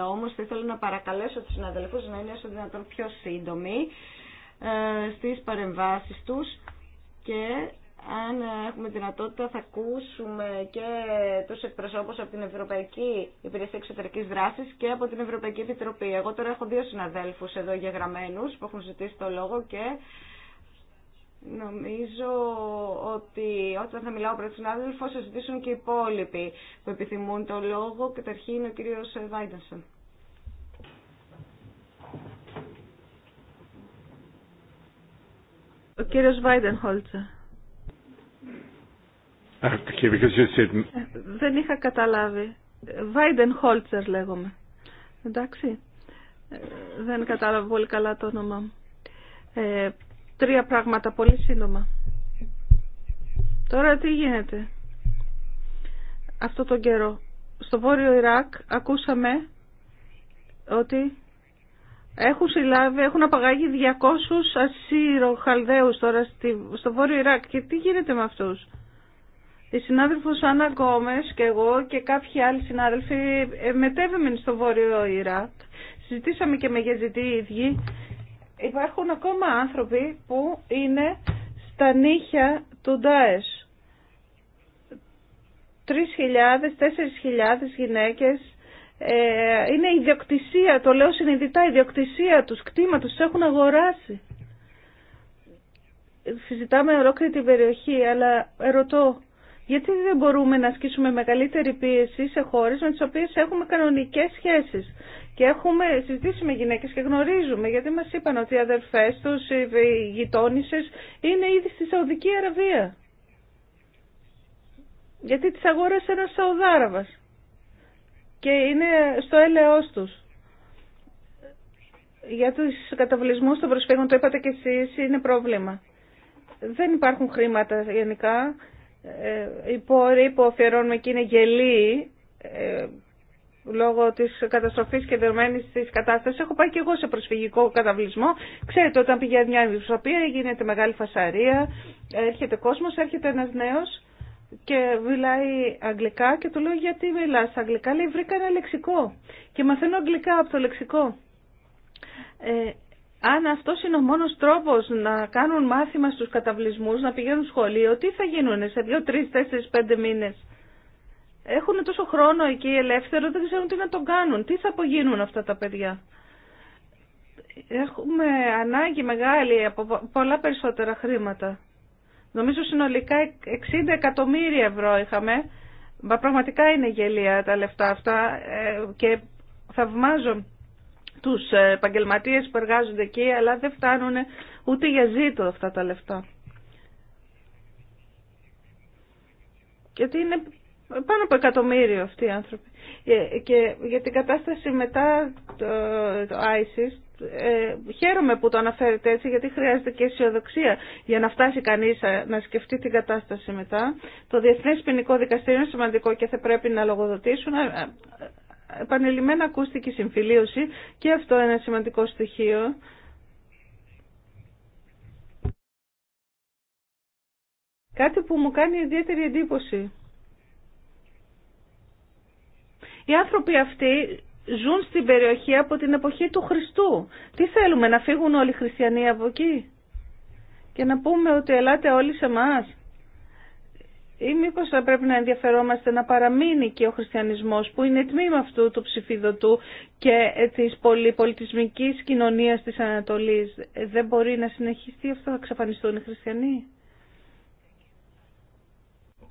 12. Όμως θα ήθελα να παρακαλέσω τους συναδελφούς να είναι όσο δυνατόν πιο σύντομοι ε, στις παρεμβάσεις τους και αν έχουμε δυνατότητα θα ακούσουμε και τους εκπροσώπους από την Ευρωπαϊκή Υπηρεσία Εξωτερικής Δράσης και από την Ευρωπαϊκή Επιτροπή. Εγώ τώρα έχω δύο συναδέλφους εδώ γεγραμμένους που έχουν ζητήσει το λόγο και Νομίζω ότι όταν θα μιλάω πρώτα συνάδελφο, θα ζητήσουν και οι υπόλοιποι που επιθυμούν το λόγο. Καταρχήν ο κύριος Βάιντασον. Ο κύριος Βάιντενχόλτσα. Ε, δεν είχα καταλάβει. Βάιντεν Χόλτσερ λέγομαι. Εντάξει. Ε, δεν κατάλαβα πολύ καλά το όνομά μου. Ε, Τρία πράγματα, πολύ σύντομα. Τώρα τι γίνεται. Αυτό τον καιρό. Στο Βόρειο Ιράκ ακούσαμε ότι έχουν συλλάβει, έχουν απαγάγει 200 ασύρο χαλδαίους τώρα στο Βόρειο Ιράκ. Και τι γίνεται με αυτούς. Η συνάδελφος Άννα Γκόμες και εγώ και κάποιοι άλλοι συνάδελφοι ε, μετέβημεν στο Βόρειο Ιράκ. Συζητήσαμε και με γεζιτή οι ίδιοι υπάρχουν ακόμα άνθρωποι που είναι στα νύχια του Ντάεσ. 3.000-4.000 γυναίκες ε, είναι ιδιοκτησία, το λέω συνειδητά, ιδιοκτησία τους, κτήμα τους έχουν αγοράσει. Συζητάμε ολόκληρη την περιοχή, αλλά ερωτώ, γιατί δεν μπορούμε να ασκήσουμε μεγαλύτερη πίεση σε χώρες με τις οποίες έχουμε κανονικές σχέσεις και έχουμε συζητήσει με γυναίκες και γνωρίζουμε γιατί μας είπαν ότι οι αδερφές τους, οι γειτόνισσες είναι ήδη στη Σαουδική Αραβία. Γιατί τις αγόρασε ένα Σαουδάραβας και είναι στο έλεος τους. Για τους καταβολισμούς των προσφύγων, το είπατε και εσείς, είναι πρόβλημα. Δεν υπάρχουν χρήματα γενικά. Ε, οι πόροι που αφιερώνουμε εκεί είναι γελοί ε, λόγω τη καταστροφή και δεδομένη τη κατάσταση, Έχω πάει και εγώ σε προσφυγικό καταβλισμό. Ξέρετε, όταν πηγαίνει μια αντιπροσωπεία γίνεται μεγάλη φασαρία, έρχεται κόσμο, έρχεται ένα νέο και μιλάει αγγλικά και του λέω γιατί μιλά αγγλικά. Λέει βρήκα ένα λεξικό και μαθαίνω αγγλικά από το λεξικό. Ε, αν αυτό είναι ο μόνο τρόπο να κάνουν μάθημα στου καταβλισμούς, να πηγαίνουν σχολείο, τι θα γίνουν σε δύο, τρει, τέσσερι πέντε μήνε. Έχουν τόσο χρόνο εκεί ελεύθερο, δεν ξέρουν τι να τον κάνουν. Τι θα απογίνουν αυτά τα παιδιά. Έχουμε ανάγκη μεγάλη από πολλά περισσότερα χρήματα. Νομίζω συνολικά 60 εκατομμύρια ευρώ είχαμε. Μα πραγματικά είναι γελία τα λεφτά αυτά ε, και θαυμάζω τους ε, επαγγελματίε που εργάζονται εκεί, αλλά δεν φτάνουν ούτε για ζήτο αυτά τα λεφτά. Γιατί είναι πάνω από εκατομμύριο αυτοί οι άνθρωποι. Ε, και για την κατάσταση μετά το, το ISIS, ε, χαίρομαι που το αναφέρετε έτσι γιατί χρειάζεται και αισιοδοξία για να φτάσει κανείς ε, να σκεφτεί την κατάσταση μετά. Το Διεθνές Ποινικό Δικαστήριο είναι σημαντικό και θα πρέπει να λογοδοτήσουν. Ε, επανειλημμένα ακούστηκε η συμφιλίωση και αυτό είναι ένα σημαντικό στοιχείο. Κάτι που μου κάνει ιδιαίτερη εντύπωση οι άνθρωποι αυτοί ζουν στην περιοχή από την εποχή του Χριστού. Τι θέλουμε, να φύγουν όλοι οι χριστιανοί από εκεί και να πούμε ότι ελάτε όλοι σε εμά. Ή μήπως θα πρέπει να ενδιαφερόμαστε να παραμείνει και ο χριστιανισμός που είναι τμήμα αυτού του ψηφιδωτού και τη πολυπολιτισμική κοινωνίας της Ανατολής. Ε, δεν μπορεί να συνεχιστεί αυτό, θα εξαφανιστούν οι χριστιανοί.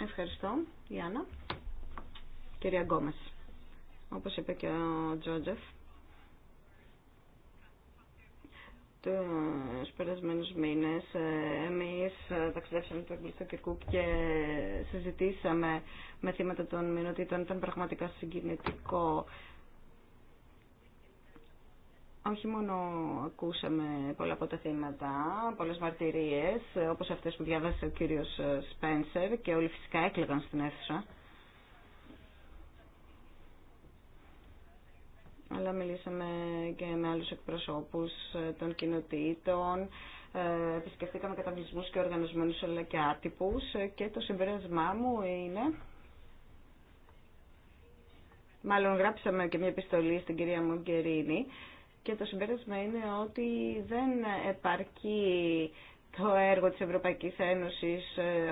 Ευχαριστώ. Γιάννα. Κυρία Γκόμες όπως είπε και ο Τζότζεφ, τους περασμένους μήνες ε, εμείς ε, ταξιδέψαμε του Αγγλιστοκυρκού και συζητήσαμε με θύματα των μηνοτήτων ήταν πραγματικά συγκινητικό όχι μόνο ακούσαμε πολλά από τα θύματα, πολλές μαρτυρίες, όπως αυτές που διάβασε ο κύριος Σπένσερ και όλοι φυσικά έκλαιγαν στην αίθουσα. αλλά μιλήσαμε και με άλλους εκπροσώπους ε, των κοινοτήτων, ε, επισκεφτήκαμε καταβλισμούς και οργανωσμένους αλλά και άτυπους ε, και το συμπέρασμά μου είναι... Μάλλον γράψαμε και μια επιστολή στην κυρία Μογκερίνη και το συμπέρασμα είναι ότι δεν επαρκεί το έργο της Ευρωπαϊκής Ένωσης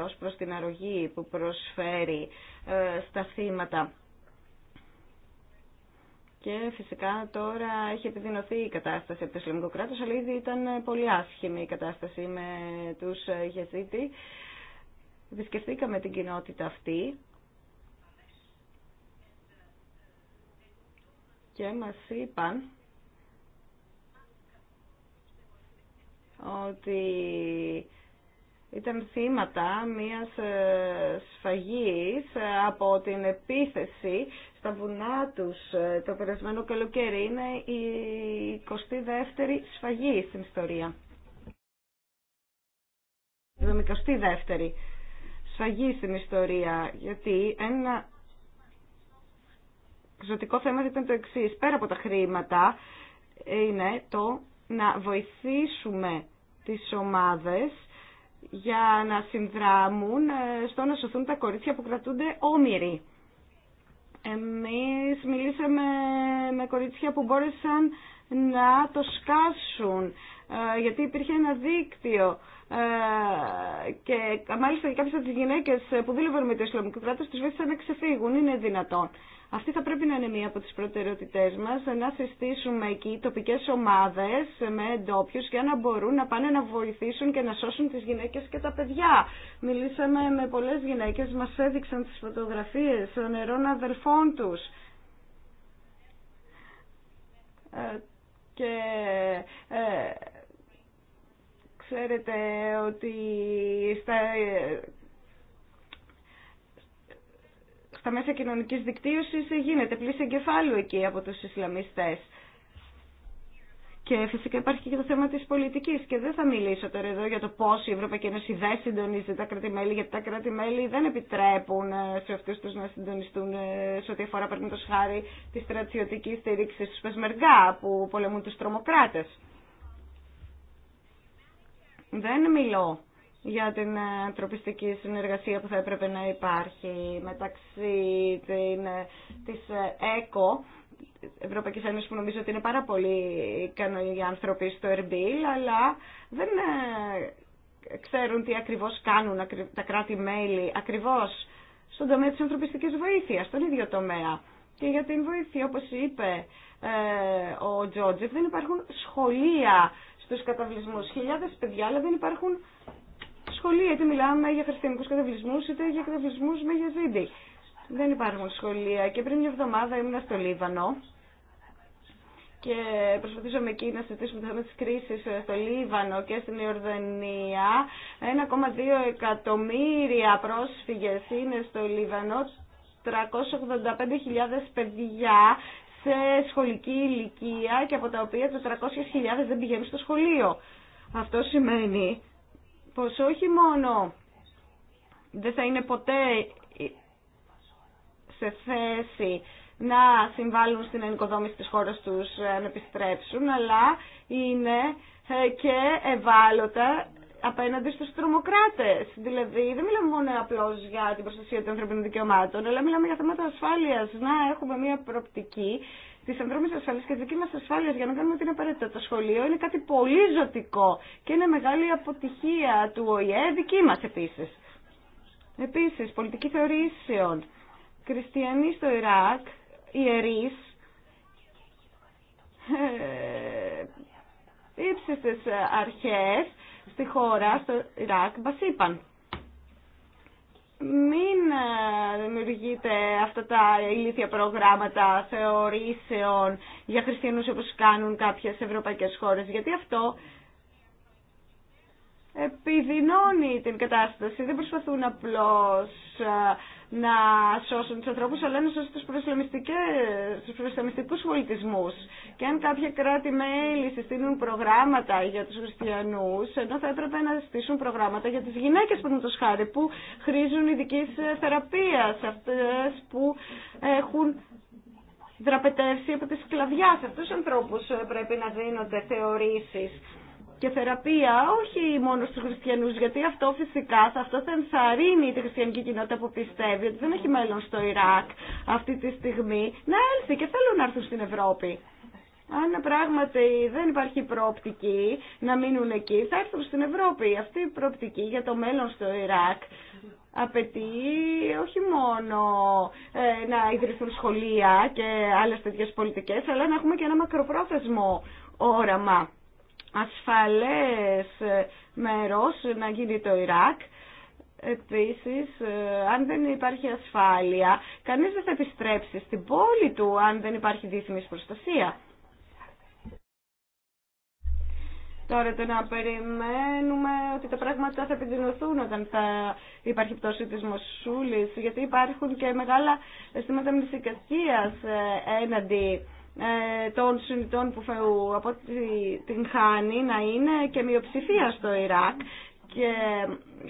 ως προς την αρρωγή που προσφέρει στα θύματα και φυσικά τώρα έχει επιδεινωθεί η κατάσταση από το Ισλαμικό κράτο, αλλά ήδη ήταν πολύ άσχημη η κατάσταση με του Γεζίτη. Επισκεφτήκαμε την κοινότητα αυτή και μας είπαν ότι ήταν θύματα μιας ε, σφαγής ε, από την επίθεση στα βουνά τους ε, το περασμένο καλοκαίρι. Είναι η 22η σφαγή στην ιστορία. Η 72η σφαγή στην ιστορία, 22 η ένα ζωτικό θέμα ήταν το εξής. Πέρα από τα χρήματα είναι το να βοηθήσουμε τις ομάδες για να συνδράμουν ε, στο να σωθούν τα κορίτσια που κρατούνται όμοιροι. Εμείς μιλήσαμε με κορίτσια που μπόρεσαν να το σκάσουν, ε, γιατί υπήρχε ένα δίκτυο ε, και μάλιστα και κάποιες από τις γυναίκες που δούλευαν με το Ισλαμικό κράτος τους βοήθησαν να ξεφύγουν, είναι δυνατόν. Αυτή θα πρέπει να είναι μία από τις προτεραιότητές μας, να συστήσουμε εκεί τοπικές ομάδες με εντόπιους για να μπορούν να πάνε να βοηθήσουν και να σώσουν τις γυναίκες και τα παιδιά. Μιλήσαμε με πολλές γυναίκες, μας έδειξαν τις φωτογραφίες των νερών αδελφών τους. Ε, και ε, ξέρετε ότι στα στα μέσα κοινωνική δικτύωσης γίνεται πλήση εγκεφάλου εκεί από τους ισλαμιστέ. Και φυσικά υπάρχει και το θέμα της πολιτικής και δεν θα μιλήσω τώρα εδώ για το πώς η Ευρωπαϊκή Ένωση δεν συντονίζει τα κράτη-μέλη, γιατί τα κράτη-μέλη δεν επιτρέπουν ε, σε αυτού τους να συντονιστούν ε, σε ό,τι αφορά το χάρη τη στρατιωτική στήριξη στους Πεσμεργά που πολεμούν του τρομοκράτε. Δεν μιλώ για την ε, ανθρωπιστική συνεργασία που θα έπρεπε να υπάρχει μεταξύ την, ε, της ε, ΕΚΟ, Ευρωπαϊκής Ένωσης που νομίζω ότι είναι πάρα πολύ ικανοί άνθρωποι στο Ερμπίλ, αλλά δεν ξέρουν τι ακριβώς κάνουν τα κράτη-μέλη, ακριβώς στον τομέα της ανθρωπιστικής βοήθειας, στον ίδιο τομέα. Και για την βοήθεια, όπως είπε ο Τζότζεφ, δεν υπάρχουν σχολεία στους καταβλισμούς. Χιλιάδες παιδιά, αλλά δεν υπάρχουν σχολεία, είτε μιλάμε για χριστιανικού καταβλισμού, είτε για καταβλισμού με γεζίδι. Δεν υπάρχουν σχολεία. Και πριν μια εβδομάδα ήμουν στο Λίβανο και προσπαθήσαμε εκεί να συζητήσουμε το θέμα τη κρίση στο Λίβανο και στην Ιορδανία. 1,2 εκατομμύρια πρόσφυγες είναι στο Λίβανο, 385.000 παιδιά σε σχολική ηλικία και από τα οποία 400.000 δεν πηγαίνουν στο σχολείο. Αυτό σημαίνει πως όχι μόνο δεν θα είναι ποτέ σε θέση να συμβάλλουν στην ενοικοδόμηση της χώρας τους ε, να επιστρέψουν, αλλά είναι ε, και ευάλωτα απέναντι στους τρομοκράτες. Δηλαδή δεν μιλάμε μόνο απλώς για την προστασία των ανθρωπίνων δικαιωμάτων, αλλά μιλάμε για θέματα ασφάλειας, να έχουμε μια προοπτική τη ανθρώπινη ασφάλεια και τη δική μα ασφάλεια για να κάνουμε ό,τι είναι απαραίτητο. Το σχολείο είναι κάτι πολύ ζωτικό και είναι μεγάλη αποτυχία του ΟΗΕ, δική μα επίση. Επίση, πολιτική θεωρήσεων. Χριστιανοί στο Ιράκ, ιερεί, ε, αρχέ αρχές στη χώρα, στο Ιράκ, μα είπαν μην ε, δημιουργείτε αυτά τα ηλίθια προγράμματα θεωρήσεων για χριστιανούς όπως κάνουν κάποιες ευρωπαϊκές χώρες, γιατί αυτό επιδεινώνει την κατάσταση. Δεν προσπαθούν απλώς ε, να σώσουν του ανθρώπου, αλλά να σώσουν του προσλαμιστικού πολιτισμού. Και αν κάποια κράτη-μέλη συστήνουν προγράμματα για του χριστιανού, ενώ θα έπρεπε να συστήσουν προγράμματα για τι γυναίκε, παραδείγματο χάρη, που χρήζουν ειδική ε, θεραπεία, αυτέ που έχουν δραπετεύσει από τη σκλαβιά. Σε αυτούς τους ανθρώπους ε, πρέπει να δίνονται θεωρήσει και θεραπεία όχι μόνο στους χριστιανούς, γιατί αυτό φυσικά θα, αυτό θα ενθαρρύνει τη χριστιανική κοινότητα που πιστεύει ότι δεν έχει μέλλον στο Ιράκ αυτή τη στιγμή να έρθει και θέλουν να έρθουν στην Ευρώπη. Αν πράγματι δεν υπάρχει προοπτική να μείνουν εκεί, θα έρθουν στην Ευρώπη. Αυτή η προοπτική για το μέλλον στο Ιράκ απαιτεί όχι μόνο ε, να ιδρυθούν σχολεία και άλλες τέτοιες πολιτικές, αλλά να έχουμε και ένα μακροπρόθεσμο όραμα ασφαλές ε, μέρος να γίνει το Ιράκ. Επίσης, ε, αν δεν υπάρχει ασφάλεια, κανείς δεν θα επιστρέψει στην πόλη του αν δεν υπάρχει δίθυμης προστασία. Τώρα το να περιμένουμε ότι τα πράγματα θα επιδεινωθούν όταν θα υπάρχει πτώση της Μοσούλης, γιατί υπάρχουν και μεγάλα αισθήματα μνησικασίας ε, έναντι ε, των Σουνιτών που από την Χάνη να είναι και μειοψηφία στο Ιράκ και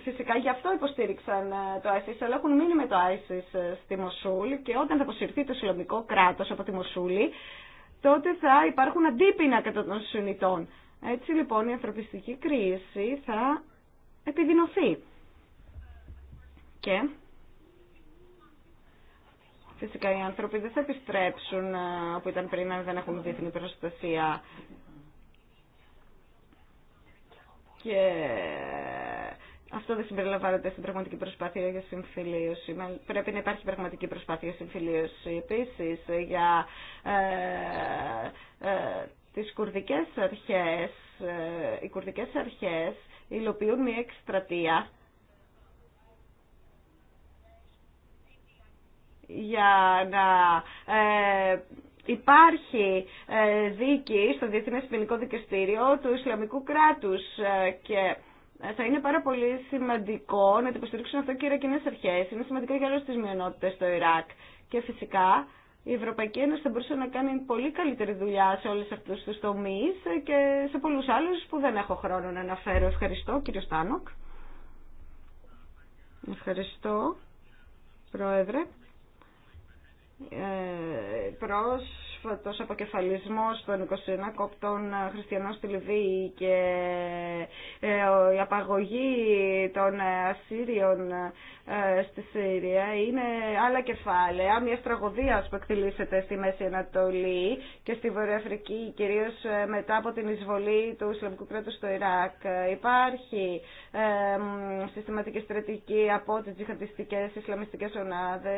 φυσικά γι' αυτό υποστήριξαν ε, το ISIS, αλλά έχουν μείνει με το ISIS ε, στη Μοσούλη και όταν θα αποσυρθεί το Ισλαμικό κράτος από τη Μοσούλη, τότε θα υπάρχουν αντίπεινα κατά των Σουνιτών. Έτσι λοιπόν η ανθρωπιστική κρίση θα επιδεινωθεί. Και Φυσικά οι άνθρωποι δεν θα επιστρέψουν ε, όπου ήταν πριν αν δεν έχουν διεθνή προστασία. Και ε, αυτό δεν συμπεριλαμβάνεται στην πραγματική προσπάθεια για συμφιλίωση. Πρέπει να υπάρχει πραγματική προσπάθεια συμφιλίωση. Επίσης, για ε, ε, τις κουρδικές αρχές, ε, οι κουρδικές αρχές υλοποιούν μια εκστρατεία για να ε, υπάρχει ε, δίκη στο Διεθνές Ποινικό Δικαστήριο του Ισλαμικού κράτους ε, και θα είναι πάρα πολύ σημαντικό να το υποστηρίξουν αυτό και οι Ιρακινές αρχές. Είναι σημαντικό για όλες τις μειονότητες στο Ιράκ και φυσικά η Ευρωπαϊκή Ένωση θα μπορούσε να κάνει πολύ καλύτερη δουλειά σε όλες αυτούς τους τομείς και σε πολλούς άλλους που δεν έχω χρόνο να αναφέρω. Ευχαριστώ κύριο Στάνοκ. Ευχαριστώ Πρόεδρε. Ε, προς πρόσφατος αποκεφαλισμός των 21 κοπτών χριστιανών στη Λιβύη και ε, η απαγωγή των ε, Ασσύριων ε, στη Σύρια είναι άλλα κεφάλαια μια τραγωδία που εκτελήσεται στη Μέση Ανατολή και στη Βορειοαφρική Αφρική, κυρίω μετά από την εισβολή του Ισλαμικού κράτου στο Ιράκ. Υπάρχει συστηματική στρατηγική από τι τζιχαντιστικέ Ισλαμιστικέ ομάδε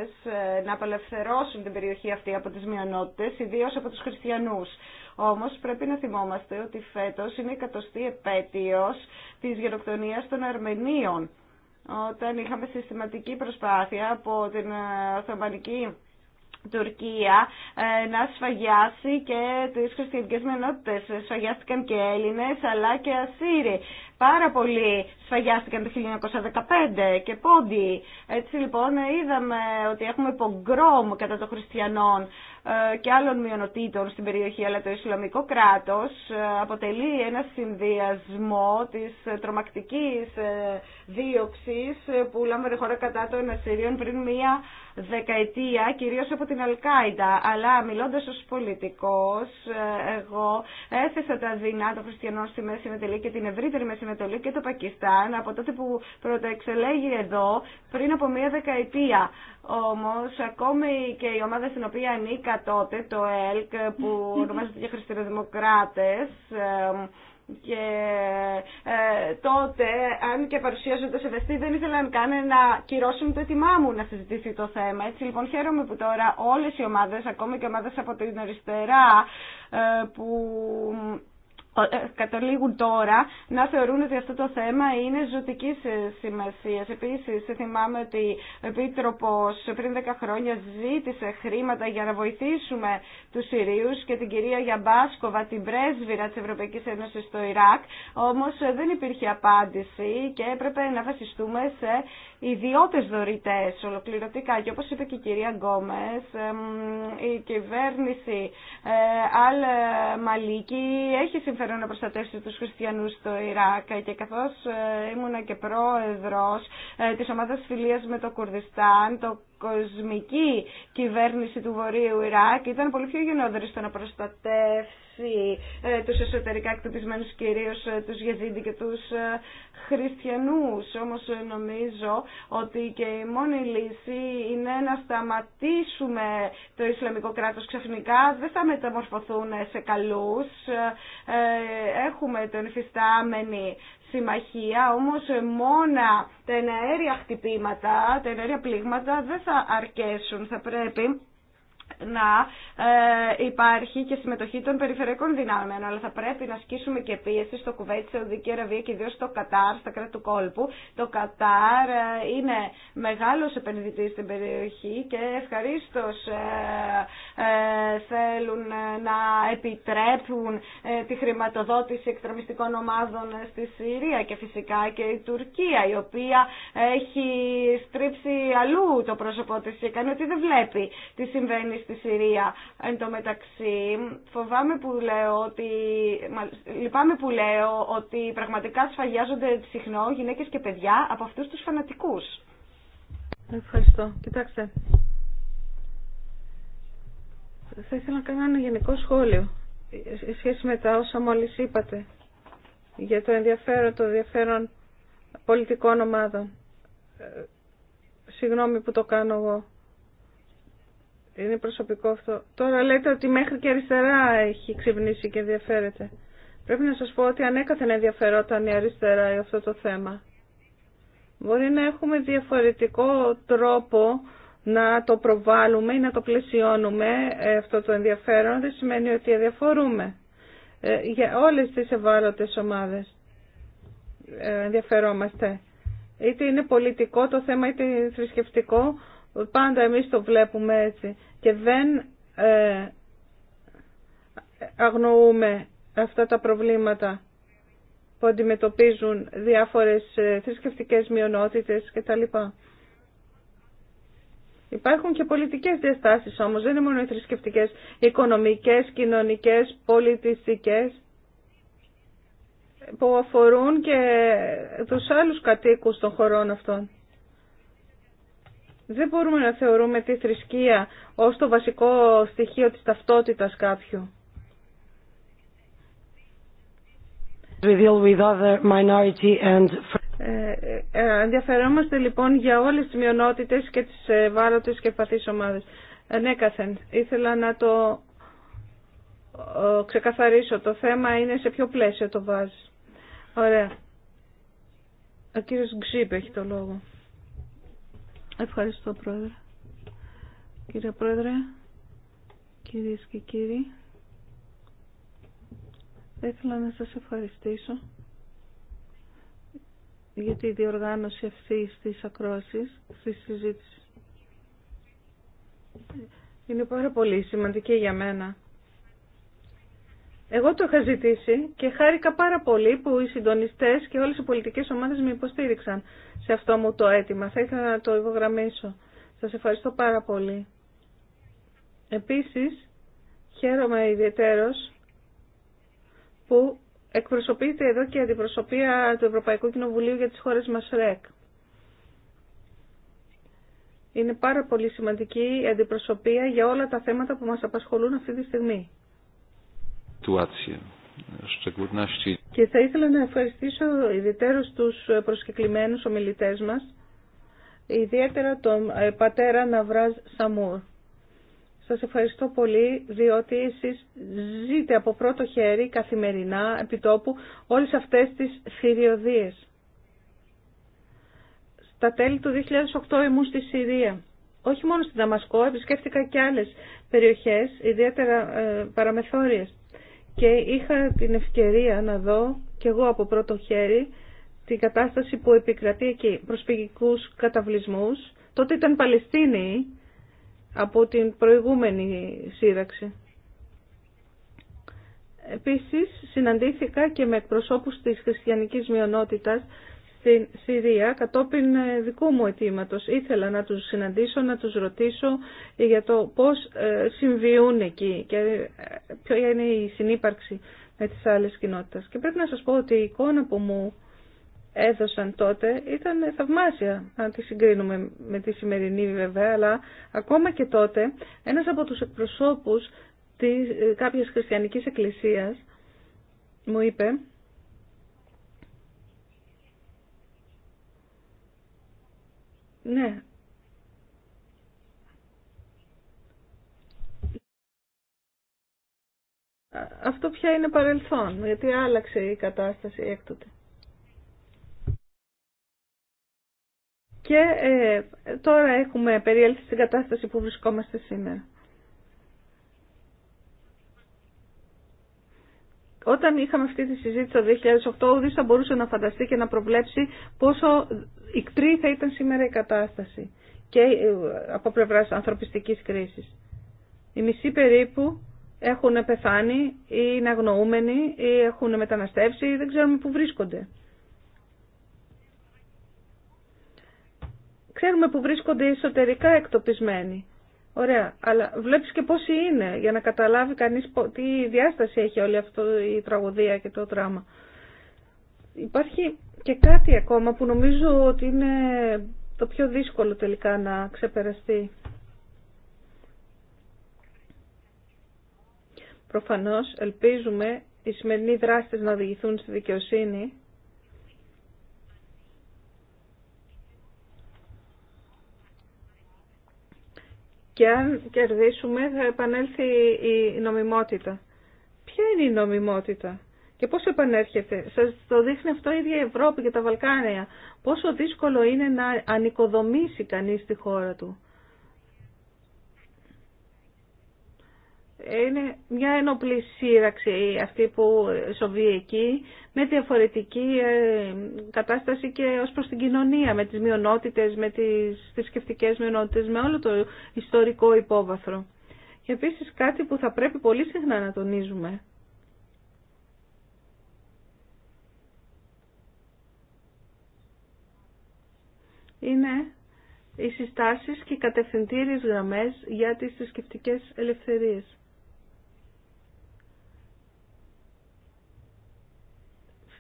να απελευθερώσουν την περιοχή αυτή από τι μειονότητε, ιδίως από τους χριστιανούς. Όμως πρέπει να θυμόμαστε ότι φέτος είναι η εκατοστή επέτειος της γενοκτονίας των Αρμενίων. Όταν είχαμε συστηματική προσπάθεια από την ε, Οθωμανική Τουρκία ε, να σφαγιάσει και τι χριστιανικές μενότητε Σφαγιάστηκαν και Έλληνες αλλά και Ασσύριοι. Πάρα πολλοί σφαγιάστηκαν το 1915 και πόντι. Έτσι λοιπόν είδαμε ότι έχουμε πογκρόμ κατά των χριστιανών ε, και άλλων μειονοτήτων στην περιοχή, αλλά το Ισλαμικό κράτος ε, αποτελεί ένα συνδυασμό της τρομακτικής ε, δίωξη ε, που λάμβανε χώρα κατά των εναρτηρίων πριν μία δεκαετία, κυρίως από την Αλκάιντα. Αλλά μιλώντας ως πολιτικός, ε, εγώ έθεσα τα δεινά των χριστιανών στη Μέση Ανατολή και την ευρύτερη Μέση Ανατολή και το Πακιστάν από τότε που πρωτοεξελέγει εδώ πριν από μία δεκαετία. Όμως, ακόμη και η ομάδα στην οποία ανήκα τότε, το ΕΛΚ, που ονομάζεται για Χριστιανοδημοκράτες, ε, και ε, τότε, αν και παρουσιάζονται σε βεστή, δεν ήθελαν καν να κυρώσουν το έτοιμά μου να συζητήσει το θέμα. Έτσι λοιπόν χαίρομαι που τώρα όλες οι ομάδες, ακόμη και ομάδες από την αριστερά, ε, που ε, ε, καταλήγουν τώρα να θεωρούν ότι αυτό το θέμα είναι ζωτική ε, σημασία. Επίση, θυμάμαι ότι ο Επίτροπο πριν 10 χρόνια ζήτησε χρήματα για να βοηθήσουμε του Συρίου και την κυρία Γιαμπάσκοβα, την πρέσβυρα τη Ευρωπαϊκή Ένωση στο Ιράκ. Όμω δεν υπήρχε απάντηση και έπρεπε να βασιστούμε σε ιδιώτε δωρητέ ολοκληρωτικά. Και όπω είπε και η κυρία Γκόμε, η κυβέρνηση Αλ Μαλίκη έχει ενδιαφέρον να προστατεύσει τους χριστιανούς στο Ιράκ και καθώς ε, ήμουν και πρόεδρος ε, της ομάδας φιλίας με το Κουρδιστάν, το κοσμική κυβέρνηση του Βορείου Ιράκ ήταν πολύ πιο γενναιόδορη στο να προστατεύσει ε, τους εσωτερικά εκτοπισμένους κυρίως ε, τους Γεζίντι και τους ε, χριστιανούς. Όμως ε, νομίζω ότι και η μόνη λύση είναι να σταματήσουμε το Ισλαμικό κράτος ξαφνικά. Δεν θα μεταμορφωθούν σε καλούς. Έχουμε τον υφιστάμενη συμμαχία, όμως μόνα τα εναέρια χτυπήματα, τα εναέρια πλήγματα δεν θα αρκέσουν. Θα πρέπει να ε, υπάρχει και συμμετοχή των περιφερειακών δυνάμεων, αλλά θα πρέπει να ασκήσουμε και πίεση στο Κουβέιτ, Σαουδική Αραβία και ιδίω στο Κατάρ, στα κράτη του κόλπου. Το Κατάρ ε, είναι μεγάλο επενδυτή στην περιοχή και ευχαρίστω ε, θέλουν να επιτρέπουν τη χρηματοδότηση εκτρεμιστικών ομάδων στη Συρία και φυσικά και η Τουρκία, η οποία έχει στρίψει αλλού το πρόσωπό της και κάνει ότι δεν βλέπει τι συμβαίνει στη στη Συρία. Εν τω μεταξύ, φοβάμαι που λέω ότι, λυπάμαι που λέω ότι πραγματικά σφαγιάζονται συχνό γυναίκες και παιδιά από αυτούς τους φανατικούς. Ευχαριστώ. Κοιτάξτε. Θα ήθελα να κάνω ένα γενικό σχόλιο σε σχέση με τα όσα μόλις είπατε για το ενδιαφέρον, το ενδιαφέρον πολιτικών ομάδων. Ε, συγγνώμη που το κάνω εγώ. Είναι προσωπικό αυτό. Τώρα λέτε ότι μέχρι και αριστερά έχει ξυπνήσει και ενδιαφέρεται. Πρέπει να σας πω ότι ανέκαθεν ενδιαφερόταν η αριστερά για αυτό το θέμα. Μπορεί να έχουμε διαφορετικό τρόπο να το προβάλλουμε ή να το πλαισιώνουμε ε, αυτό το ενδιαφέρον. Δεν σημαίνει ότι αδιαφορούμε ε, για όλες τις ευάλωτες ομάδες ε, ενδιαφερόμαστε. Είτε είναι πολιτικό το θέμα είτε θρησκευτικό Πάντα εμείς το βλέπουμε έτσι και δεν ε, αγνοούμε αυτά τα προβλήματα που αντιμετωπίζουν διάφορες ε, θρησκευτικές μειονότητες κτλ. Υπάρχουν και πολιτικές διαστάσεις όμως, δεν είναι μόνο οι θρησκευτικές, οικονομικές, κοινωνικές, πολιτιστικές που αφορούν και τους άλλους κατοίκους των χωρών αυτών. Δεν μπορούμε να θεωρούμε τη θρησκεία ως το βασικό στοιχείο της ταυτότητας κάποιου. We ε, ε, ε, λοιπόν για όλες τις μειονότητες και τις ευάλωτες και ευπαθείς ομάδες. Νέκαθεν ναι, ήθελα να το ξεκαθαρίσω. Το θέμα είναι σε ποιο πλαίσιο το βάζεις. Ωραία. Ο κύριος Γκζίπ έχει το λόγο. Ευχαριστώ, Πρόεδρε. Κύριε Πρόεδρε, κυρίες και κύριοι, θα ήθελα να σας ευχαριστήσω για τη διοργάνωση αυτής της ακρόασης, στη συζήτηση. Είναι πάρα πολύ σημαντική για μένα εγώ το είχα ζητήσει και χάρηκα πάρα πολύ που οι συντονιστές και όλες οι πολιτικές ομάδες με υποστήριξαν σε αυτό μου το αίτημα. Θα ήθελα να το υπογραμμίσω. Σα ευχαριστώ πάρα πολύ. Επίσης, χαίρομαι ιδιαίτερος που εκπροσωπείται εδώ και η αντιπροσωπεία του Ευρωπαϊκού Κοινοβουλίου για τις χώρες μας ΡΕΚ. Είναι πάρα πολύ σημαντική η αντιπροσωπεία για όλα τα θέματα που μας απασχολούν αυτή τη στιγμή. Και θα ήθελα να ευχαριστήσω ιδιαίτερως τους προσκεκλημένους ομιλητές μας, ιδιαίτερα τον ε, πατέρα Ναβράς Σαμούρ. Σας ευχαριστώ πολύ διότι εσείς ζείτε από πρώτο χέρι καθημερινά επί τόπου όλες αυτές τις θηριωδίες. Στα τέλη του 2008 ήμουν στη Συρία. Όχι μόνο στη Δαμασκό, επισκέφτηκα και άλλες περιοχές, ιδιαίτερα ε, παραμεθόριες και είχα την ευκαιρία να δω και εγώ από πρώτο χέρι την κατάσταση που επικρατεί εκεί προσφυγικούς καταβλισμούς. Τότε ήταν Παλαιστίνη από την προηγούμενη σύραξη. Επίσης συναντήθηκα και με εκπροσώπους της χριστιανικής μειονότητας στην Συρία κατόπιν ε, δικού μου αιτήματο. Ήθελα να τους συναντήσω, να τους ρωτήσω για το πώς ε, συμβιούν εκεί και ε, ποια είναι η συνύπαρξη με τις άλλες κοινότητες. Και πρέπει να σας πω ότι η εικόνα που μου έδωσαν τότε ήταν θαυμάσια, αν τη συγκρίνουμε με τη σημερινή βέβαια, αλλά ακόμα και τότε ένας από τους εκπροσώπους της, κάποιας χριστιανικής εκκλησίας μου είπε Ναι. Αυτό πια είναι παρελθόν, γιατί άλλαξε η κατάσταση έκτοτε. Και ε, τώρα έχουμε περιέλθει στην κατάσταση που βρισκόμαστε σήμερα. Όταν είχαμε αυτή τη συζήτηση το 2008, ουδής θα μπορούσε να φανταστεί και να προβλέψει πόσο ικτρή θα ήταν σήμερα η κατάσταση και ε, από πλευρά ανθρωπιστικής κρίσης. Οι μισοί περίπου έχουν πεθάνει ή είναι αγνοούμενοι ή έχουν μεταναστεύσει ή δεν ξέρουμε πού βρίσκονται. Ξέρουμε που βρίσκονται εσωτερικά εκτοπισμένοι. Ωραία, αλλά βλέπει και πόσοι είναι για να καταλάβει κανείς τι διάσταση έχει όλη αυτή η τραγωδία και το τράμα. Υπάρχει και κάτι ακόμα που νομίζω ότι είναι το πιο δύσκολο τελικά να ξεπεραστεί. Προφανώς ελπίζουμε οι σημερινοί δράστες να οδηγηθούν στη δικαιοσύνη και αν κερδίσουμε θα επανέλθει η νομιμότητα. Ποια είναι η νομιμότητα και πώς επανέρχεται. Σας το δείχνει αυτό η ίδια η Ευρώπη και τα Βαλκάνια. Πόσο δύσκολο είναι να ανοικοδομήσει κανείς τη χώρα του. είναι μια ενοπλή σύραξη αυτή που σοβεί εκεί με διαφορετική ε, κατάσταση και ως προς την κοινωνία με τις μειονότητες, με τις θρησκευτικέ μειονότητες, με όλο το ιστορικό υπόβαθρο. Και επίσης κάτι που θα πρέπει πολύ συχνά να τονίζουμε. Είναι οι συστάσεις και οι κατευθυντήριες γραμμές για τις θρησκευτικέ ελευθερίες.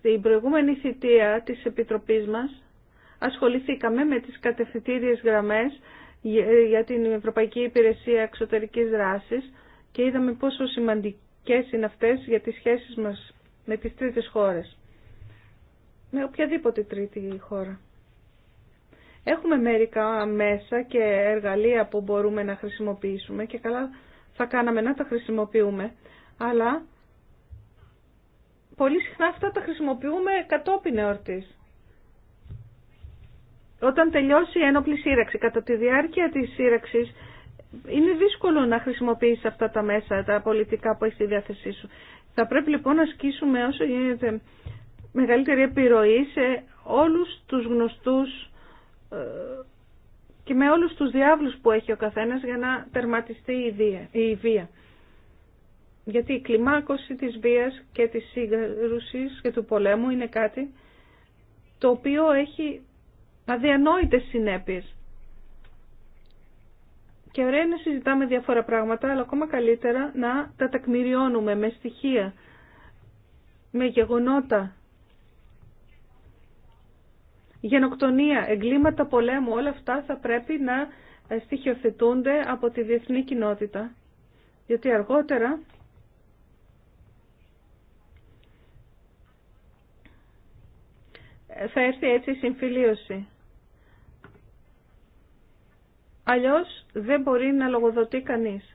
Στην προηγούμενη θητεία της Επιτροπής μας ασχοληθήκαμε με τις κατευθυντήριες γραμμές για την Ευρωπαϊκή Υπηρεσία Εξωτερικής Δράσης και είδαμε πόσο σημαντικές είναι αυτές για τις σχέσεις μας με τις τρίτες χώρες. Με οποιαδήποτε τρίτη χώρα. Έχουμε μερικά μέσα και εργαλεία που μπορούμε να χρησιμοποιήσουμε και καλά θα κάναμε να τα χρησιμοποιούμε, αλλά πολύ συχνά αυτά τα χρησιμοποιούμε κατόπιν εορτής. Όταν τελειώσει η ένοπλη σύραξη, κατά τη διάρκεια της σύραξης, είναι δύσκολο να χρησιμοποιήσεις αυτά τα μέσα, τα πολιτικά που έχει στη διάθεσή σου. Θα πρέπει λοιπόν να ασκήσουμε όσο γίνεται μεγαλύτερη επιρροή σε όλους τους γνωστούς ε, και με όλους τους διάβλους που έχει ο καθένας για να τερματιστεί η βία. Γιατί η κλιμάκωση της βίας και της σύγκρουσης και του πολέμου είναι κάτι το οποίο έχει αδιανόητες συνέπειες. Και ωραία είναι να συζητάμε διάφορα πράγματα, αλλά ακόμα καλύτερα να τα τακμηριώνουμε με στοιχεία, με γεγονότα. Γενοκτονία, εγκλήματα πολέμου, όλα αυτά θα πρέπει να στοιχειοθετούνται από τη διεθνή κοινότητα. Γιατί αργότερα θα έρθει έτσι η συμφιλίωση. Αλλιώς δεν μπορεί να λογοδοτεί κανείς.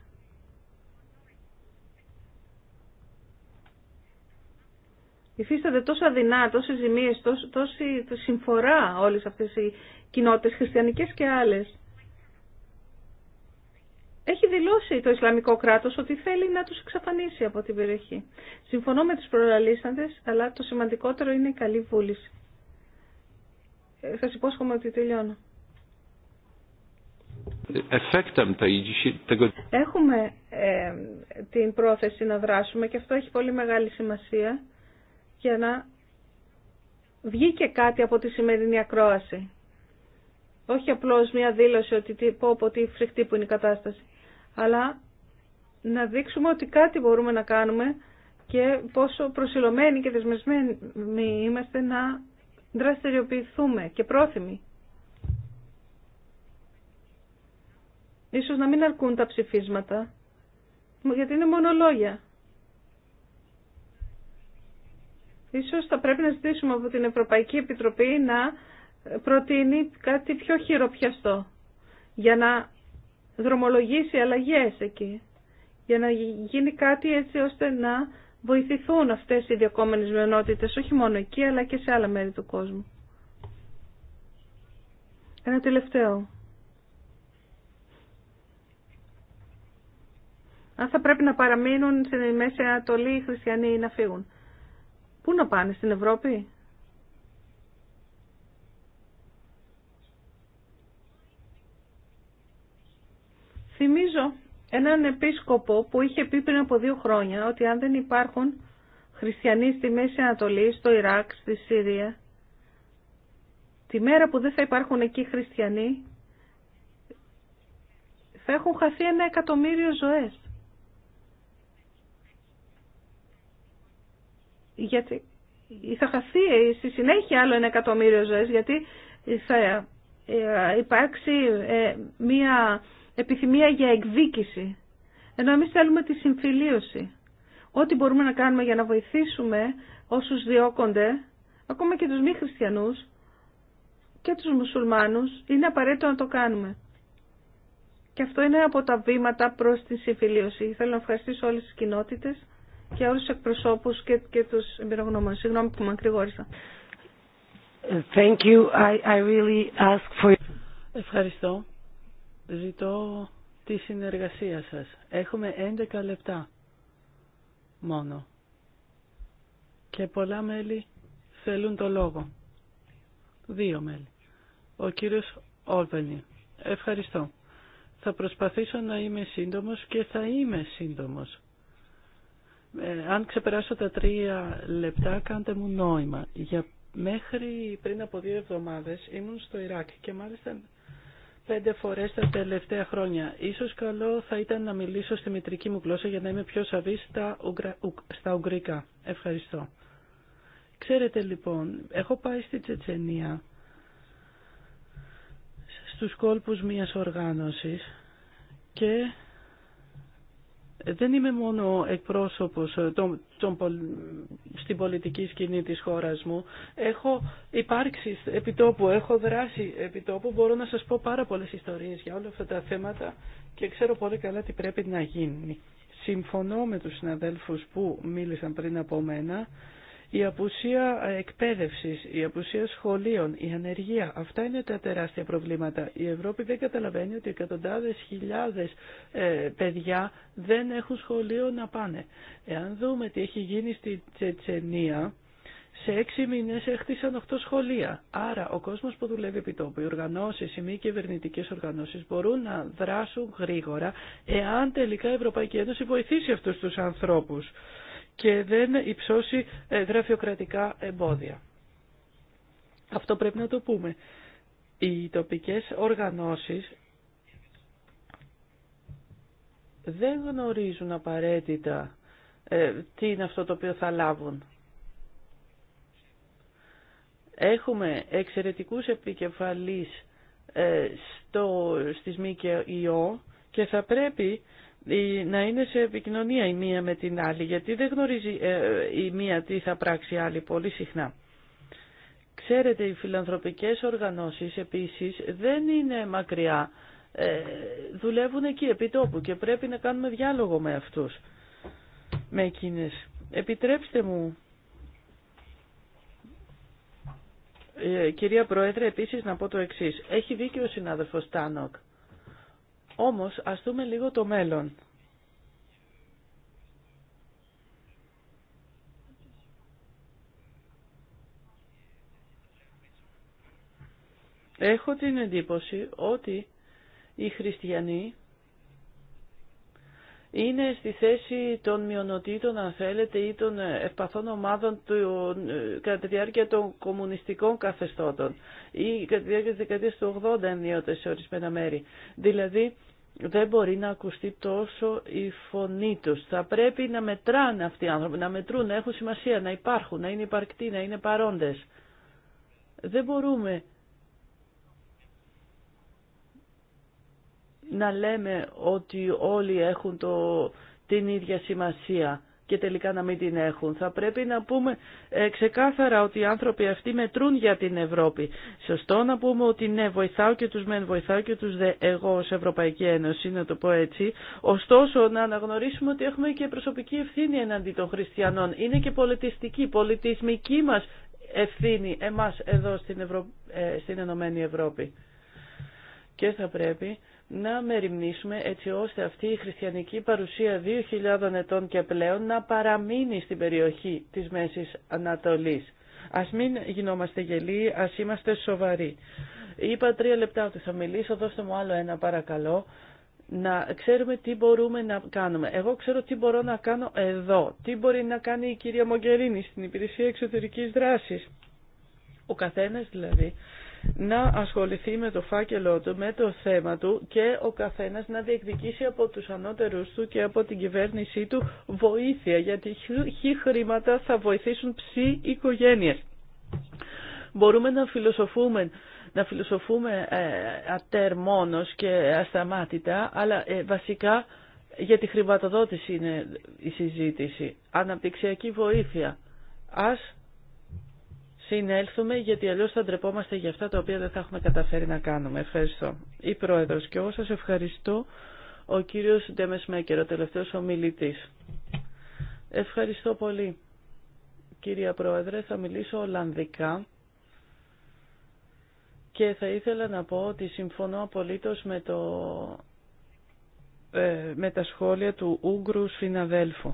Υφίσταται τόσο αδυνά, τόσε ζημίε, τόση συμφορά όλε αυτέ οι κοινότητε, χριστιανικές και άλλες. Έχει δηλώσει το Ισλαμικό κράτος ότι θέλει να τους εξαφανίσει από την περιοχή. Συμφωνώ με τους προλαλήσαντες, αλλά το σημαντικότερο είναι η καλή βούληση. Ε, σας υπόσχομαι ότι τελειώνω. Έχουμε ε, την πρόθεση να δράσουμε και αυτό έχει πολύ μεγάλη σημασία για να βγει και κάτι από τη σημερινή ακρόαση. Όχι απλώς μια δήλωση ότι πω από τι φρικτή που είναι η κατάσταση, αλλά να δείξουμε ότι κάτι μπορούμε να κάνουμε και πόσο προσιλωμένοι και δεσμεσμένοι είμαστε να δραστηριοποιηθούμε και πρόθυμοι. Ίσως να μην αρκούν τα ψηφίσματα, γιατί είναι μόνο λόγια. Ίσως θα πρέπει να ζητήσουμε από την Ευρωπαϊκή Επιτροπή να προτείνει κάτι πιο χειροπιαστό για να δρομολογήσει αλλαγές εκεί, για να γίνει κάτι έτσι ώστε να βοηθηθούν αυτές οι διακόμενες μειονότητες, όχι μόνο εκεί, αλλά και σε άλλα μέρη του κόσμου. Ένα τελευταίο. Αν θα πρέπει να παραμείνουν στην Μέση Ανατολή οι χριστιανοί να φύγουν. Πού να πάνε, στην Ευρώπη? Θυμίζω έναν επίσκοπο που είχε πει πριν από δύο χρόνια ότι αν δεν υπάρχουν χριστιανοί στη Μέση Ανατολή, στο Ιράκ, στη Σύρια, τη μέρα που δεν θα υπάρχουν εκεί χριστιανοί, θα έχουν χαθεί ένα εκατομμύριο ζωές. Γιατί θα χαθεί στη συνέχεια άλλο ένα εκατομμύριο ζωές, γιατί θα ε, υπάρξει ε, μία επιθυμία για εκδίκηση. Ενώ εμείς θέλουμε τη συμφιλίωση. Ό,τι μπορούμε να κάνουμε για να βοηθήσουμε όσους διώκονται, ακόμα και τους μη χριστιανούς και τους μουσουλμάνους, είναι απαραίτητο να το κάνουμε. Και αυτό είναι από τα βήματα προς τη συμφιλίωση. Θέλω να ευχαριστήσω όλες τις κοινότητες και όλους τους εκπροσώπους και, και τους Συγγνώμη που με ακρηγόρησα. Ευχαριστώ. Ζητώ τη συνεργασία σας. Έχουμε 11 λεπτά μόνο. Και πολλά μέλη θέλουν το λόγο. Δύο μέλη. Ο κύριος Όλβενη. Ευχαριστώ. Θα προσπαθήσω να είμαι σύντομος και θα είμαι σύντομος. Ε, αν ξεπεράσω τα τρία λεπτά, κάντε μου νόημα. Για μέχρι πριν από δύο εβδομάδες ήμουν στο Ιράκ και μάλιστα πέντε φορές τα τελευταία χρόνια. Ίσως καλό θα ήταν να μιλήσω στη μητρική μου γλώσσα για να είμαι πιο σαβή στα, ου... στα Ουγγρικά. Ευχαριστώ. Ξέρετε λοιπόν, έχω πάει στη Τσετσενία στους κόλπους μιας οργάνωσης και δεν είμαι μόνο εκπρόσωπος των, στην πολιτική σκηνή της χώρας μου. Έχω υπάρξει επιτόπου, έχω δράσει επιτόπου. Μπορώ να σας πω πάρα πολλές ιστορίες για όλα αυτά τα θέματα και ξέρω πολύ καλά τι πρέπει να γίνει. Συμφωνώ με τους συναδέλφους που μίλησαν πριν από μένα η απουσία εκπαίδευσης, η απουσία σχολείων, η ανεργία, αυτά είναι τα τεράστια προβλήματα. Η Ευρώπη δεν καταλαβαίνει ότι εκατοντάδες χιλιάδες ε, παιδιά δεν έχουν σχολείο να πάνε. Εάν δούμε τι έχει γίνει στη Τσετσενία, σε έξι μήνες έχτισαν οχτώ σχολεία. Άρα ο κόσμος που δουλεύει επί τόπου, οι οργανώσεις, οι μη κυβερνητικέ οργανώσεις μπορούν να δράσουν γρήγορα εάν τελικά η Ευρωπαϊκή Ένωση βοηθήσει αυτού τους ανθρώπους και δεν υψώσει ε, γραφειοκρατικά εμπόδια. Αυτό πρέπει να το πούμε. Οι τοπικές οργανώσεις δεν γνωρίζουν απαραίτητα ε, τι είναι αυτό το οποίο θα λάβουν. Έχουμε εξαιρετικούς επικεφαλείς ε, στο, στις ΜΚΙΟ και θα πρέπει να είναι σε επικοινωνία η μία με την άλλη, γιατί δεν γνωρίζει ε, η μία τι θα πράξει η άλλη πολύ συχνά. Ξέρετε, οι φιλανθρωπικές οργανώσεις επίσης δεν είναι μακριά, ε, δουλεύουν εκεί επί τόπου και πρέπει να κάνουμε διάλογο με αυτούς, με εκείνες. Επιτρέψτε μου, ε, κυρία Πρόεδρε, επίσης να πω το εξής. Έχει δίκιο ο συνάδελφος Τάνοκ όμως ας δούμε λίγο το μέλλον. Έχω την εντύπωση ότι οι χριστιανοί είναι στη θέση των μειονοτήτων, αν θέλετε, ή των ευπαθών ομάδων του, ε, κατά τη διάρκεια των κομμουνιστικών καθεστώτων ή κατά τη διάρκεια της δεκαετίας του 80 ενίοτε σε ορισμένα μέρη. Δηλαδή, δεν μπορεί να ακουστεί τόσο η φωνή τους. Θα πρέπει να μετράνε αυτοί οι άνθρωποι, να μετρούν, να έχουν σημασία, να υπάρχουν, να είναι υπαρκτοί, να είναι παρόντες. Δεν μπορούμε να λέμε ότι όλοι έχουν το, την ίδια σημασία και τελικά να μην την έχουν. Θα πρέπει να πούμε ε, ξεκάθαρα ότι οι άνθρωποι αυτοί μετρούν για την Ευρώπη. Σωστό να πούμε ότι ναι, βοηθάω και τους μεν, βοηθάω και τους δε, εγώ ως Ευρωπαϊκή Ένωση, να το πω έτσι. Ωστόσο, να αναγνωρίσουμε ότι έχουμε και προσωπική ευθύνη εναντί των χριστιανών. Είναι και πολιτιστική, πολιτισμική μας ευθύνη εμάς εδώ στην, ε, στην Ενωμένη Ευρώπη. Και θα πρέπει να μεριμνήσουμε έτσι ώστε αυτή η χριστιανική παρουσία 2.000 ετών και πλέον να παραμείνει στην περιοχή της Μέσης Ανατολής. Ας μην γινόμαστε γελοί, ας είμαστε σοβαροί. Είπα τρία λεπτά ότι θα μιλήσω, δώστε μου άλλο ένα παρακαλώ. Να ξέρουμε τι μπορούμε να κάνουμε. Εγώ ξέρω τι μπορώ να κάνω εδώ. Τι μπορεί να κάνει η κυρία Μογκερίνη στην υπηρεσία εξωτερικής δράσης. Ο καθένας δηλαδή να ασχοληθεί με το φάκελό του, με το θέμα του και ο καθένας να διεκδικήσει από τους ανώτερους του και από την κυβέρνησή του βοήθεια, γιατί χι χρήματα θα βοηθήσουν ψη οικογένειες. Μπορούμε να φιλοσοφούμε να φιλοσοφούμε ε, ατερμόνος και ασταμάτητα, αλλά ε, βασικά για τη χρηματοδότηση είναι η συζήτηση. Αναπτυξιακή βοήθεια. Ας συνέλθουμε γιατί αλλιώς θα ντρεπόμαστε για αυτά τα οποία δεν θα έχουμε καταφέρει να κάνουμε. Ευχαριστώ. Η Πρόεδρος και εγώ σας ευχαριστώ ο κύριος Ντέμες Μέκερ, ο τελευταίος ομιλητής. Ευχαριστώ πολύ. Κυρία Πρόεδρε, θα μιλήσω Ολλανδικά και θα ήθελα να πω ότι συμφωνώ απολύτως με, το, ε, με τα σχόλια του Ούγκρου συναδέλφου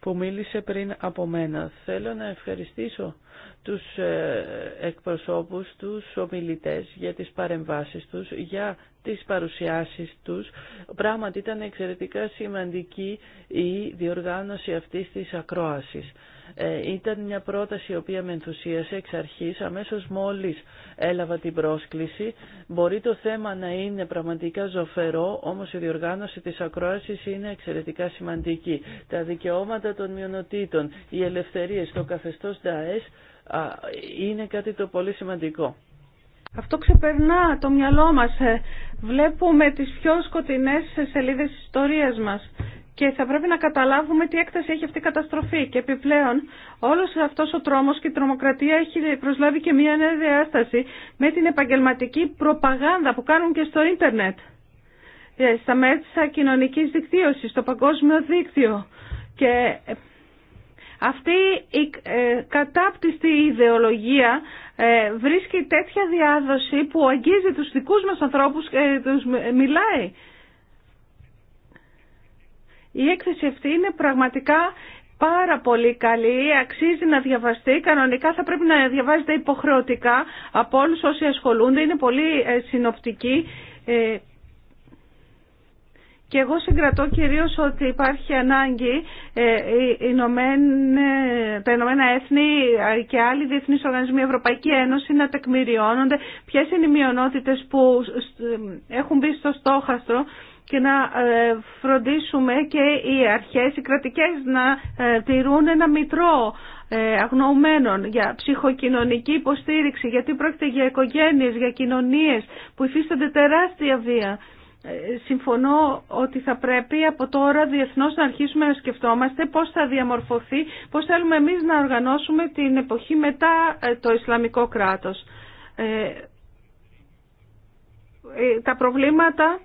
που μίλησε πριν από μένα. Θέλω να ευχαριστήσω τους ε, εκπροσώπους, τους ομιλητές για τις παρεμβάσεις τους, για τις παρουσιάσεις τους. Πράγματι ήταν εξαιρετικά σημαντική η διοργάνωση αυτής της ακρόασης. Ε, ήταν μια πρόταση η οποία με ενθουσίασε εξ αρχής, αμέσως μόλις έλαβα την πρόσκληση. Μπορεί το θέμα να είναι πραγματικά ζωφερό, όμως η διοργάνωση της ακρόασης είναι εξαιρετικά σημαντική. Τα δικαιώματα των μειονοτήτων, οι ελευθερίες, το καθεστώς ΔΑΕΣ είναι κάτι το πολύ σημαντικό. Αυτό ξεπερνά το μυαλό μας. Ε, βλέπουμε τις πιο σκοτεινές σελίδες ιστορίας μας και θα πρέπει να καταλάβουμε τι έκταση έχει αυτή η καταστροφή. Και επιπλέον, όλος αυτός ο τρόμος και η τρομοκρατία έχει προσλάβει και μια νέα διάσταση με την επαγγελματική προπαγάνδα που κάνουν και στο ίντερνετ, ε, στα μέσα κοινωνική δικτύωση, στο παγκόσμιο δίκτυο. Και ε, αυτή η ε, κατάπτυστη ιδεολογία βρίσκει τέτοια διάδοση που αγγίζει τους δικούς μας ανθρώπους και τους μιλάει. Η έκθεση αυτή είναι πραγματικά πάρα πολύ καλή, αξίζει να διαβαστεί. Κανονικά θα πρέπει να διαβάζεται υποχρεωτικά από όλους όσοι ασχολούνται. Είναι πολύ ε, συνοπτική. Ε, και εγώ συγκρατώ κυρίως ότι υπάρχει ανάγκη ε, τα Ηνωμένα Έθνη και άλλοι διεθνείς οργανισμοί Ευρωπαϊκή Ένωση να τεκμηριώνονται ποιες είναι οι μειονότητες που έχουν μπει στο στόχαστρο και να ε, φροντίσουμε και οι αρχές, οι κρατικές να ε, τηρούν ένα μητρό ε, αγνοωμένων για ψυχοκοινωνική υποστήριξη, γιατί πρόκειται για οικογένειες, για κοινωνίες που υφίστανται τεράστια βία. Συμφωνώ ότι θα πρέπει από τώρα διεθνώς να αρχίσουμε να σκεφτόμαστε πώς θα διαμορφωθεί, πώς θέλουμε εμείς να οργανώσουμε την εποχή μετά το Ισλαμικό κράτος. Τα προβλήματα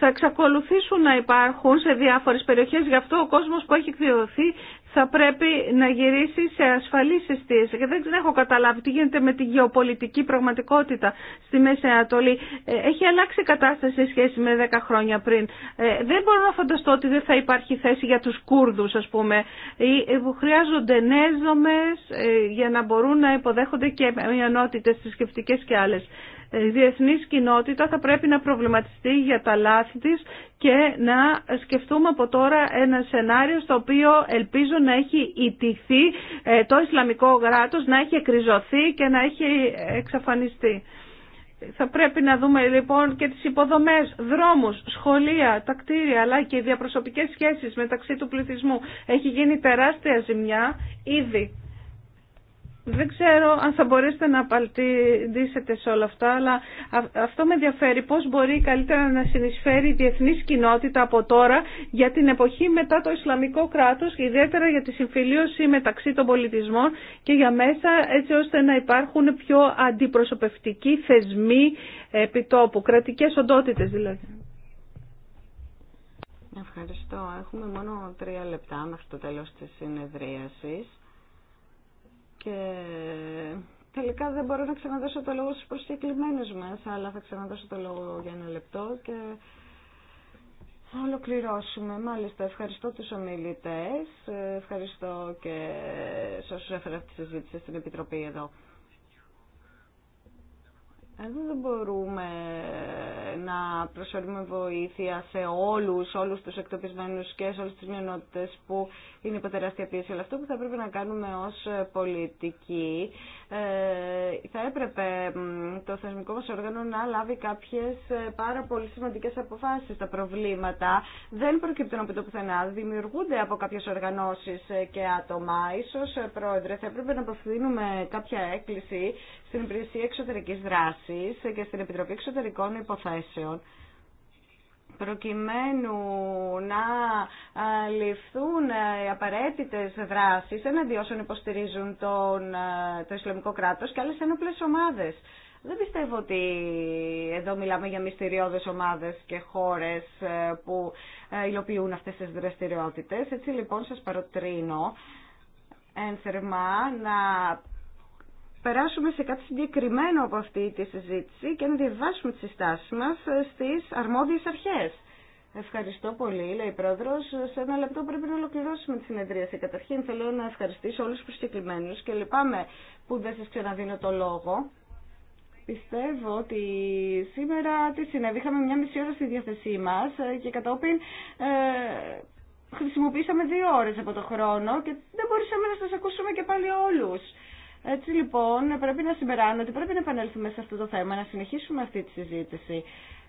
θα εξακολουθήσουν να υπάρχουν σε διάφορες περιοχές. Γι' αυτό ο κόσμος που έχει εκδιωθεί θα πρέπει να γυρίσει σε ασφαλή συστήση. Και δεν έχω καταλάβει τι γίνεται με τη γεωπολιτική πραγματικότητα στη Μέση Ανατολή. Ε, έχει αλλάξει η κατάσταση σε σχέση με 10 χρόνια πριν. Ε, δεν μπορώ να φανταστώ ότι δεν θα υπάρχει θέση για τους Κούρδους, ας πούμε, ε, που χρειάζονται νέες δομές για να μπορούν να υποδέχονται και οι τις θρησκευτικέ και άλλες. Ε, η κοινότητα θα πρέπει να προβληματιστεί για τα λάθη της και να σκεφτούμε από τώρα ένα σενάριο στο οποίο ελπίζω να έχει ιτηθεί ε, το Ισλαμικό κράτο, να έχει εκριζωθεί και να έχει εξαφανιστεί. Θα πρέπει να δούμε λοιπόν και τις υποδομές, δρόμους, σχολεία, τα κτίρια αλλά και οι διαπροσωπικές σχέσεις μεταξύ του πληθυσμού. Έχει γίνει τεράστια ζημιά ήδη. Δεν ξέρω αν θα μπορέσετε να απαντήσετε σε όλα αυτά, αλλά αυτό με ενδιαφέρει πώς μπορεί καλύτερα να συνεισφέρει η διεθνής κοινότητα από τώρα για την εποχή μετά το Ισλαμικό κράτος, ιδιαίτερα για τη συμφιλίωση μεταξύ των πολιτισμών και για μέσα έτσι ώστε να υπάρχουν πιο αντιπροσωπευτικοί θεσμοί επιτόπου, κρατικές οντότητες δηλαδή. Ευχαριστώ. Έχουμε μόνο τρία λεπτά μέχρι το τέλος της συνεδρίασης. Και τελικά δεν μπορώ να ξαναδώσω το λόγο στους προσκεκλημένους μας, αλλά θα ξαναδώσω το λόγο για ένα λεπτό και θα ολοκληρώσουμε. Μάλιστα, ευχαριστώ τους ομιλητές, ευχαριστώ και σε όσους έφεραν αυτή τη συζήτηση στην Επιτροπή εδώ. Εδώ δεν μπορούμε να προσφέρουμε βοήθεια σε όλους, όλους τους εκτοπισμένους και σε όλες τις μειονότητες που είναι υπό τεράστια πίεση. Αλλά αυτό που θα έπρεπε να κάνουμε ως πολιτικοί, ε, θα έπρεπε το θεσμικό μας όργανο να λάβει κάποιες ε, πάρα πολύ σημαντικές αποφάσεις. Τα προβλήματα δεν προκύπτουν από το πουθενά, δημιουργούνται από κάποιες οργανώσεις ε, και άτομα. Ίσως, Πρόεδρε, θα έπρεπε να απευθύνουμε κάποια έκκληση στην Υπηρεσία εξωτερική δράση και στην Επιτροπή Εξωτερικών Υποθέσεων προκειμένου να ληφθούν οι απαραίτητες δράσεις εναντί όσων υποστηρίζουν τον, το Ισλαμικό κράτος και άλλες ενόπλες ομάδες. Δεν πιστεύω ότι εδώ μιλάμε για μυστηριώδες ομάδες και χώρες ε, που ε, υλοποιούν αυτές τις δραστηριότητες. Έτσι λοιπόν σας παροτρύνω ένθερμα να περάσουμε σε κάτι συγκεκριμένο από αυτή τη συζήτηση και να διαβάσουμε τις συστάσεις μας ε, στις αρμόδιες αρχές. Ευχαριστώ πολύ, λέει η πρόεδρο. Σε ένα λεπτό πρέπει να ολοκληρώσουμε τη συνεδρίαση. Καταρχήν θέλω να ευχαριστήσω όλου του προσκεκλημένου και λυπάμαι που δεν σα ξαναδίνω το λόγο. Πιστεύω ότι σήμερα τι συνέβη. Είχαμε μια μισή ώρα στη διάθεσή μα ε, και κατόπιν ε, χρησιμοποίησαμε δύο ώρε από το χρόνο και δεν μπορούσαμε να σα ακούσουμε και πάλι όλου. Έτσι λοιπόν πρέπει να συμπεράνω ότι πρέπει να επανέλθουμε σε αυτό το θέμα, να συνεχίσουμε αυτή τη συζήτηση.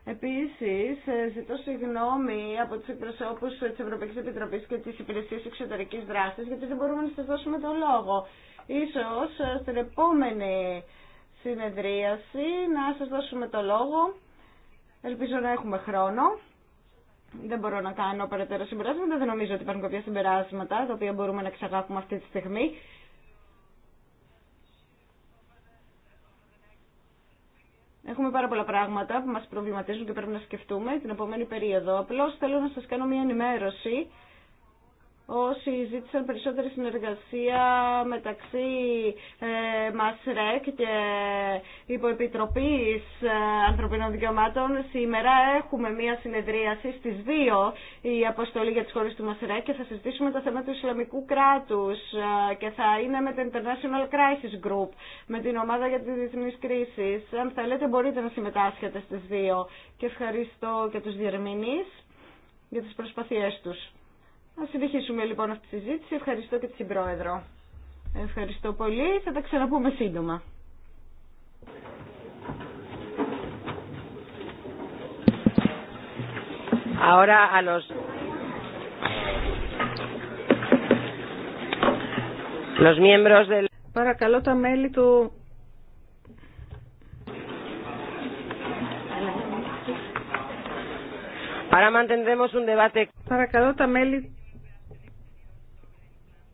Επίσης, ε, ζητώ συγγνώμη από τους εκπροσώπους της Ευρωπαϊκής Επιτροπής και της Υπηρεσίας Εξωτερικής Δράσης, γιατί δεν μπορούμε να σας δώσουμε τον λόγο. Ίσως ε, στην επόμενη συνεδρίαση να σας δώσουμε το λόγο. Ελπίζω να έχουμε χρόνο. Δεν μπορώ να κάνω περαιτέρω συμπεράσματα, δεν νομίζω ότι υπάρχουν κάποια συμπεράσματα τα οποία μπορούμε να ξαγάγουμε αυτή τη στιγμή. Έχουμε πάρα πολλά πράγματα που μας προβληματίζουν και πρέπει να σκεφτούμε την επόμενη περίοδο. Απλώς θέλω να σας κάνω μια ενημέρωση όσοι ζήτησαν περισσότερη συνεργασία μεταξύ ε, ΜΑΣΡΕΚ και Υποεπιτροπής ε, Ανθρωπίνων Δικαιωμάτων. Σήμερα έχουμε μία συνεδρίαση στις 2 η αποστολή για τις χώρες του ΜΑΣΡΕΚ και θα συζητήσουμε τα θέματα του Ισλαμικού κράτους ε, και θα είναι με την International Crisis Group, με την ομάδα για τις διεθνείς κρίσεις. Αν θέλετε μπορείτε να συμμετάσχετε στις 2 και ευχαριστώ και τους διερμηνείς για τις προσπαθίες τους. Ας συνεχίσουμε λοιπόν αυτή τη συζήτηση. Ευχαριστώ και την πρόεδρο. Ευχαριστώ πολύ. Θα τα ξαναπούμε σύντομα. Ahora a los los miembros Παρακαλώ τα μέλη του mantendremos Παρακαλώ τα μέλη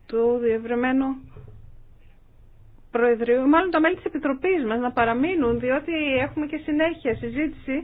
του διευρυμένου Προεδρείου, μάλλον τα μέλη της Επιτροπής μας να παραμείνουν, διότι έχουμε και συνέχεια συζήτηση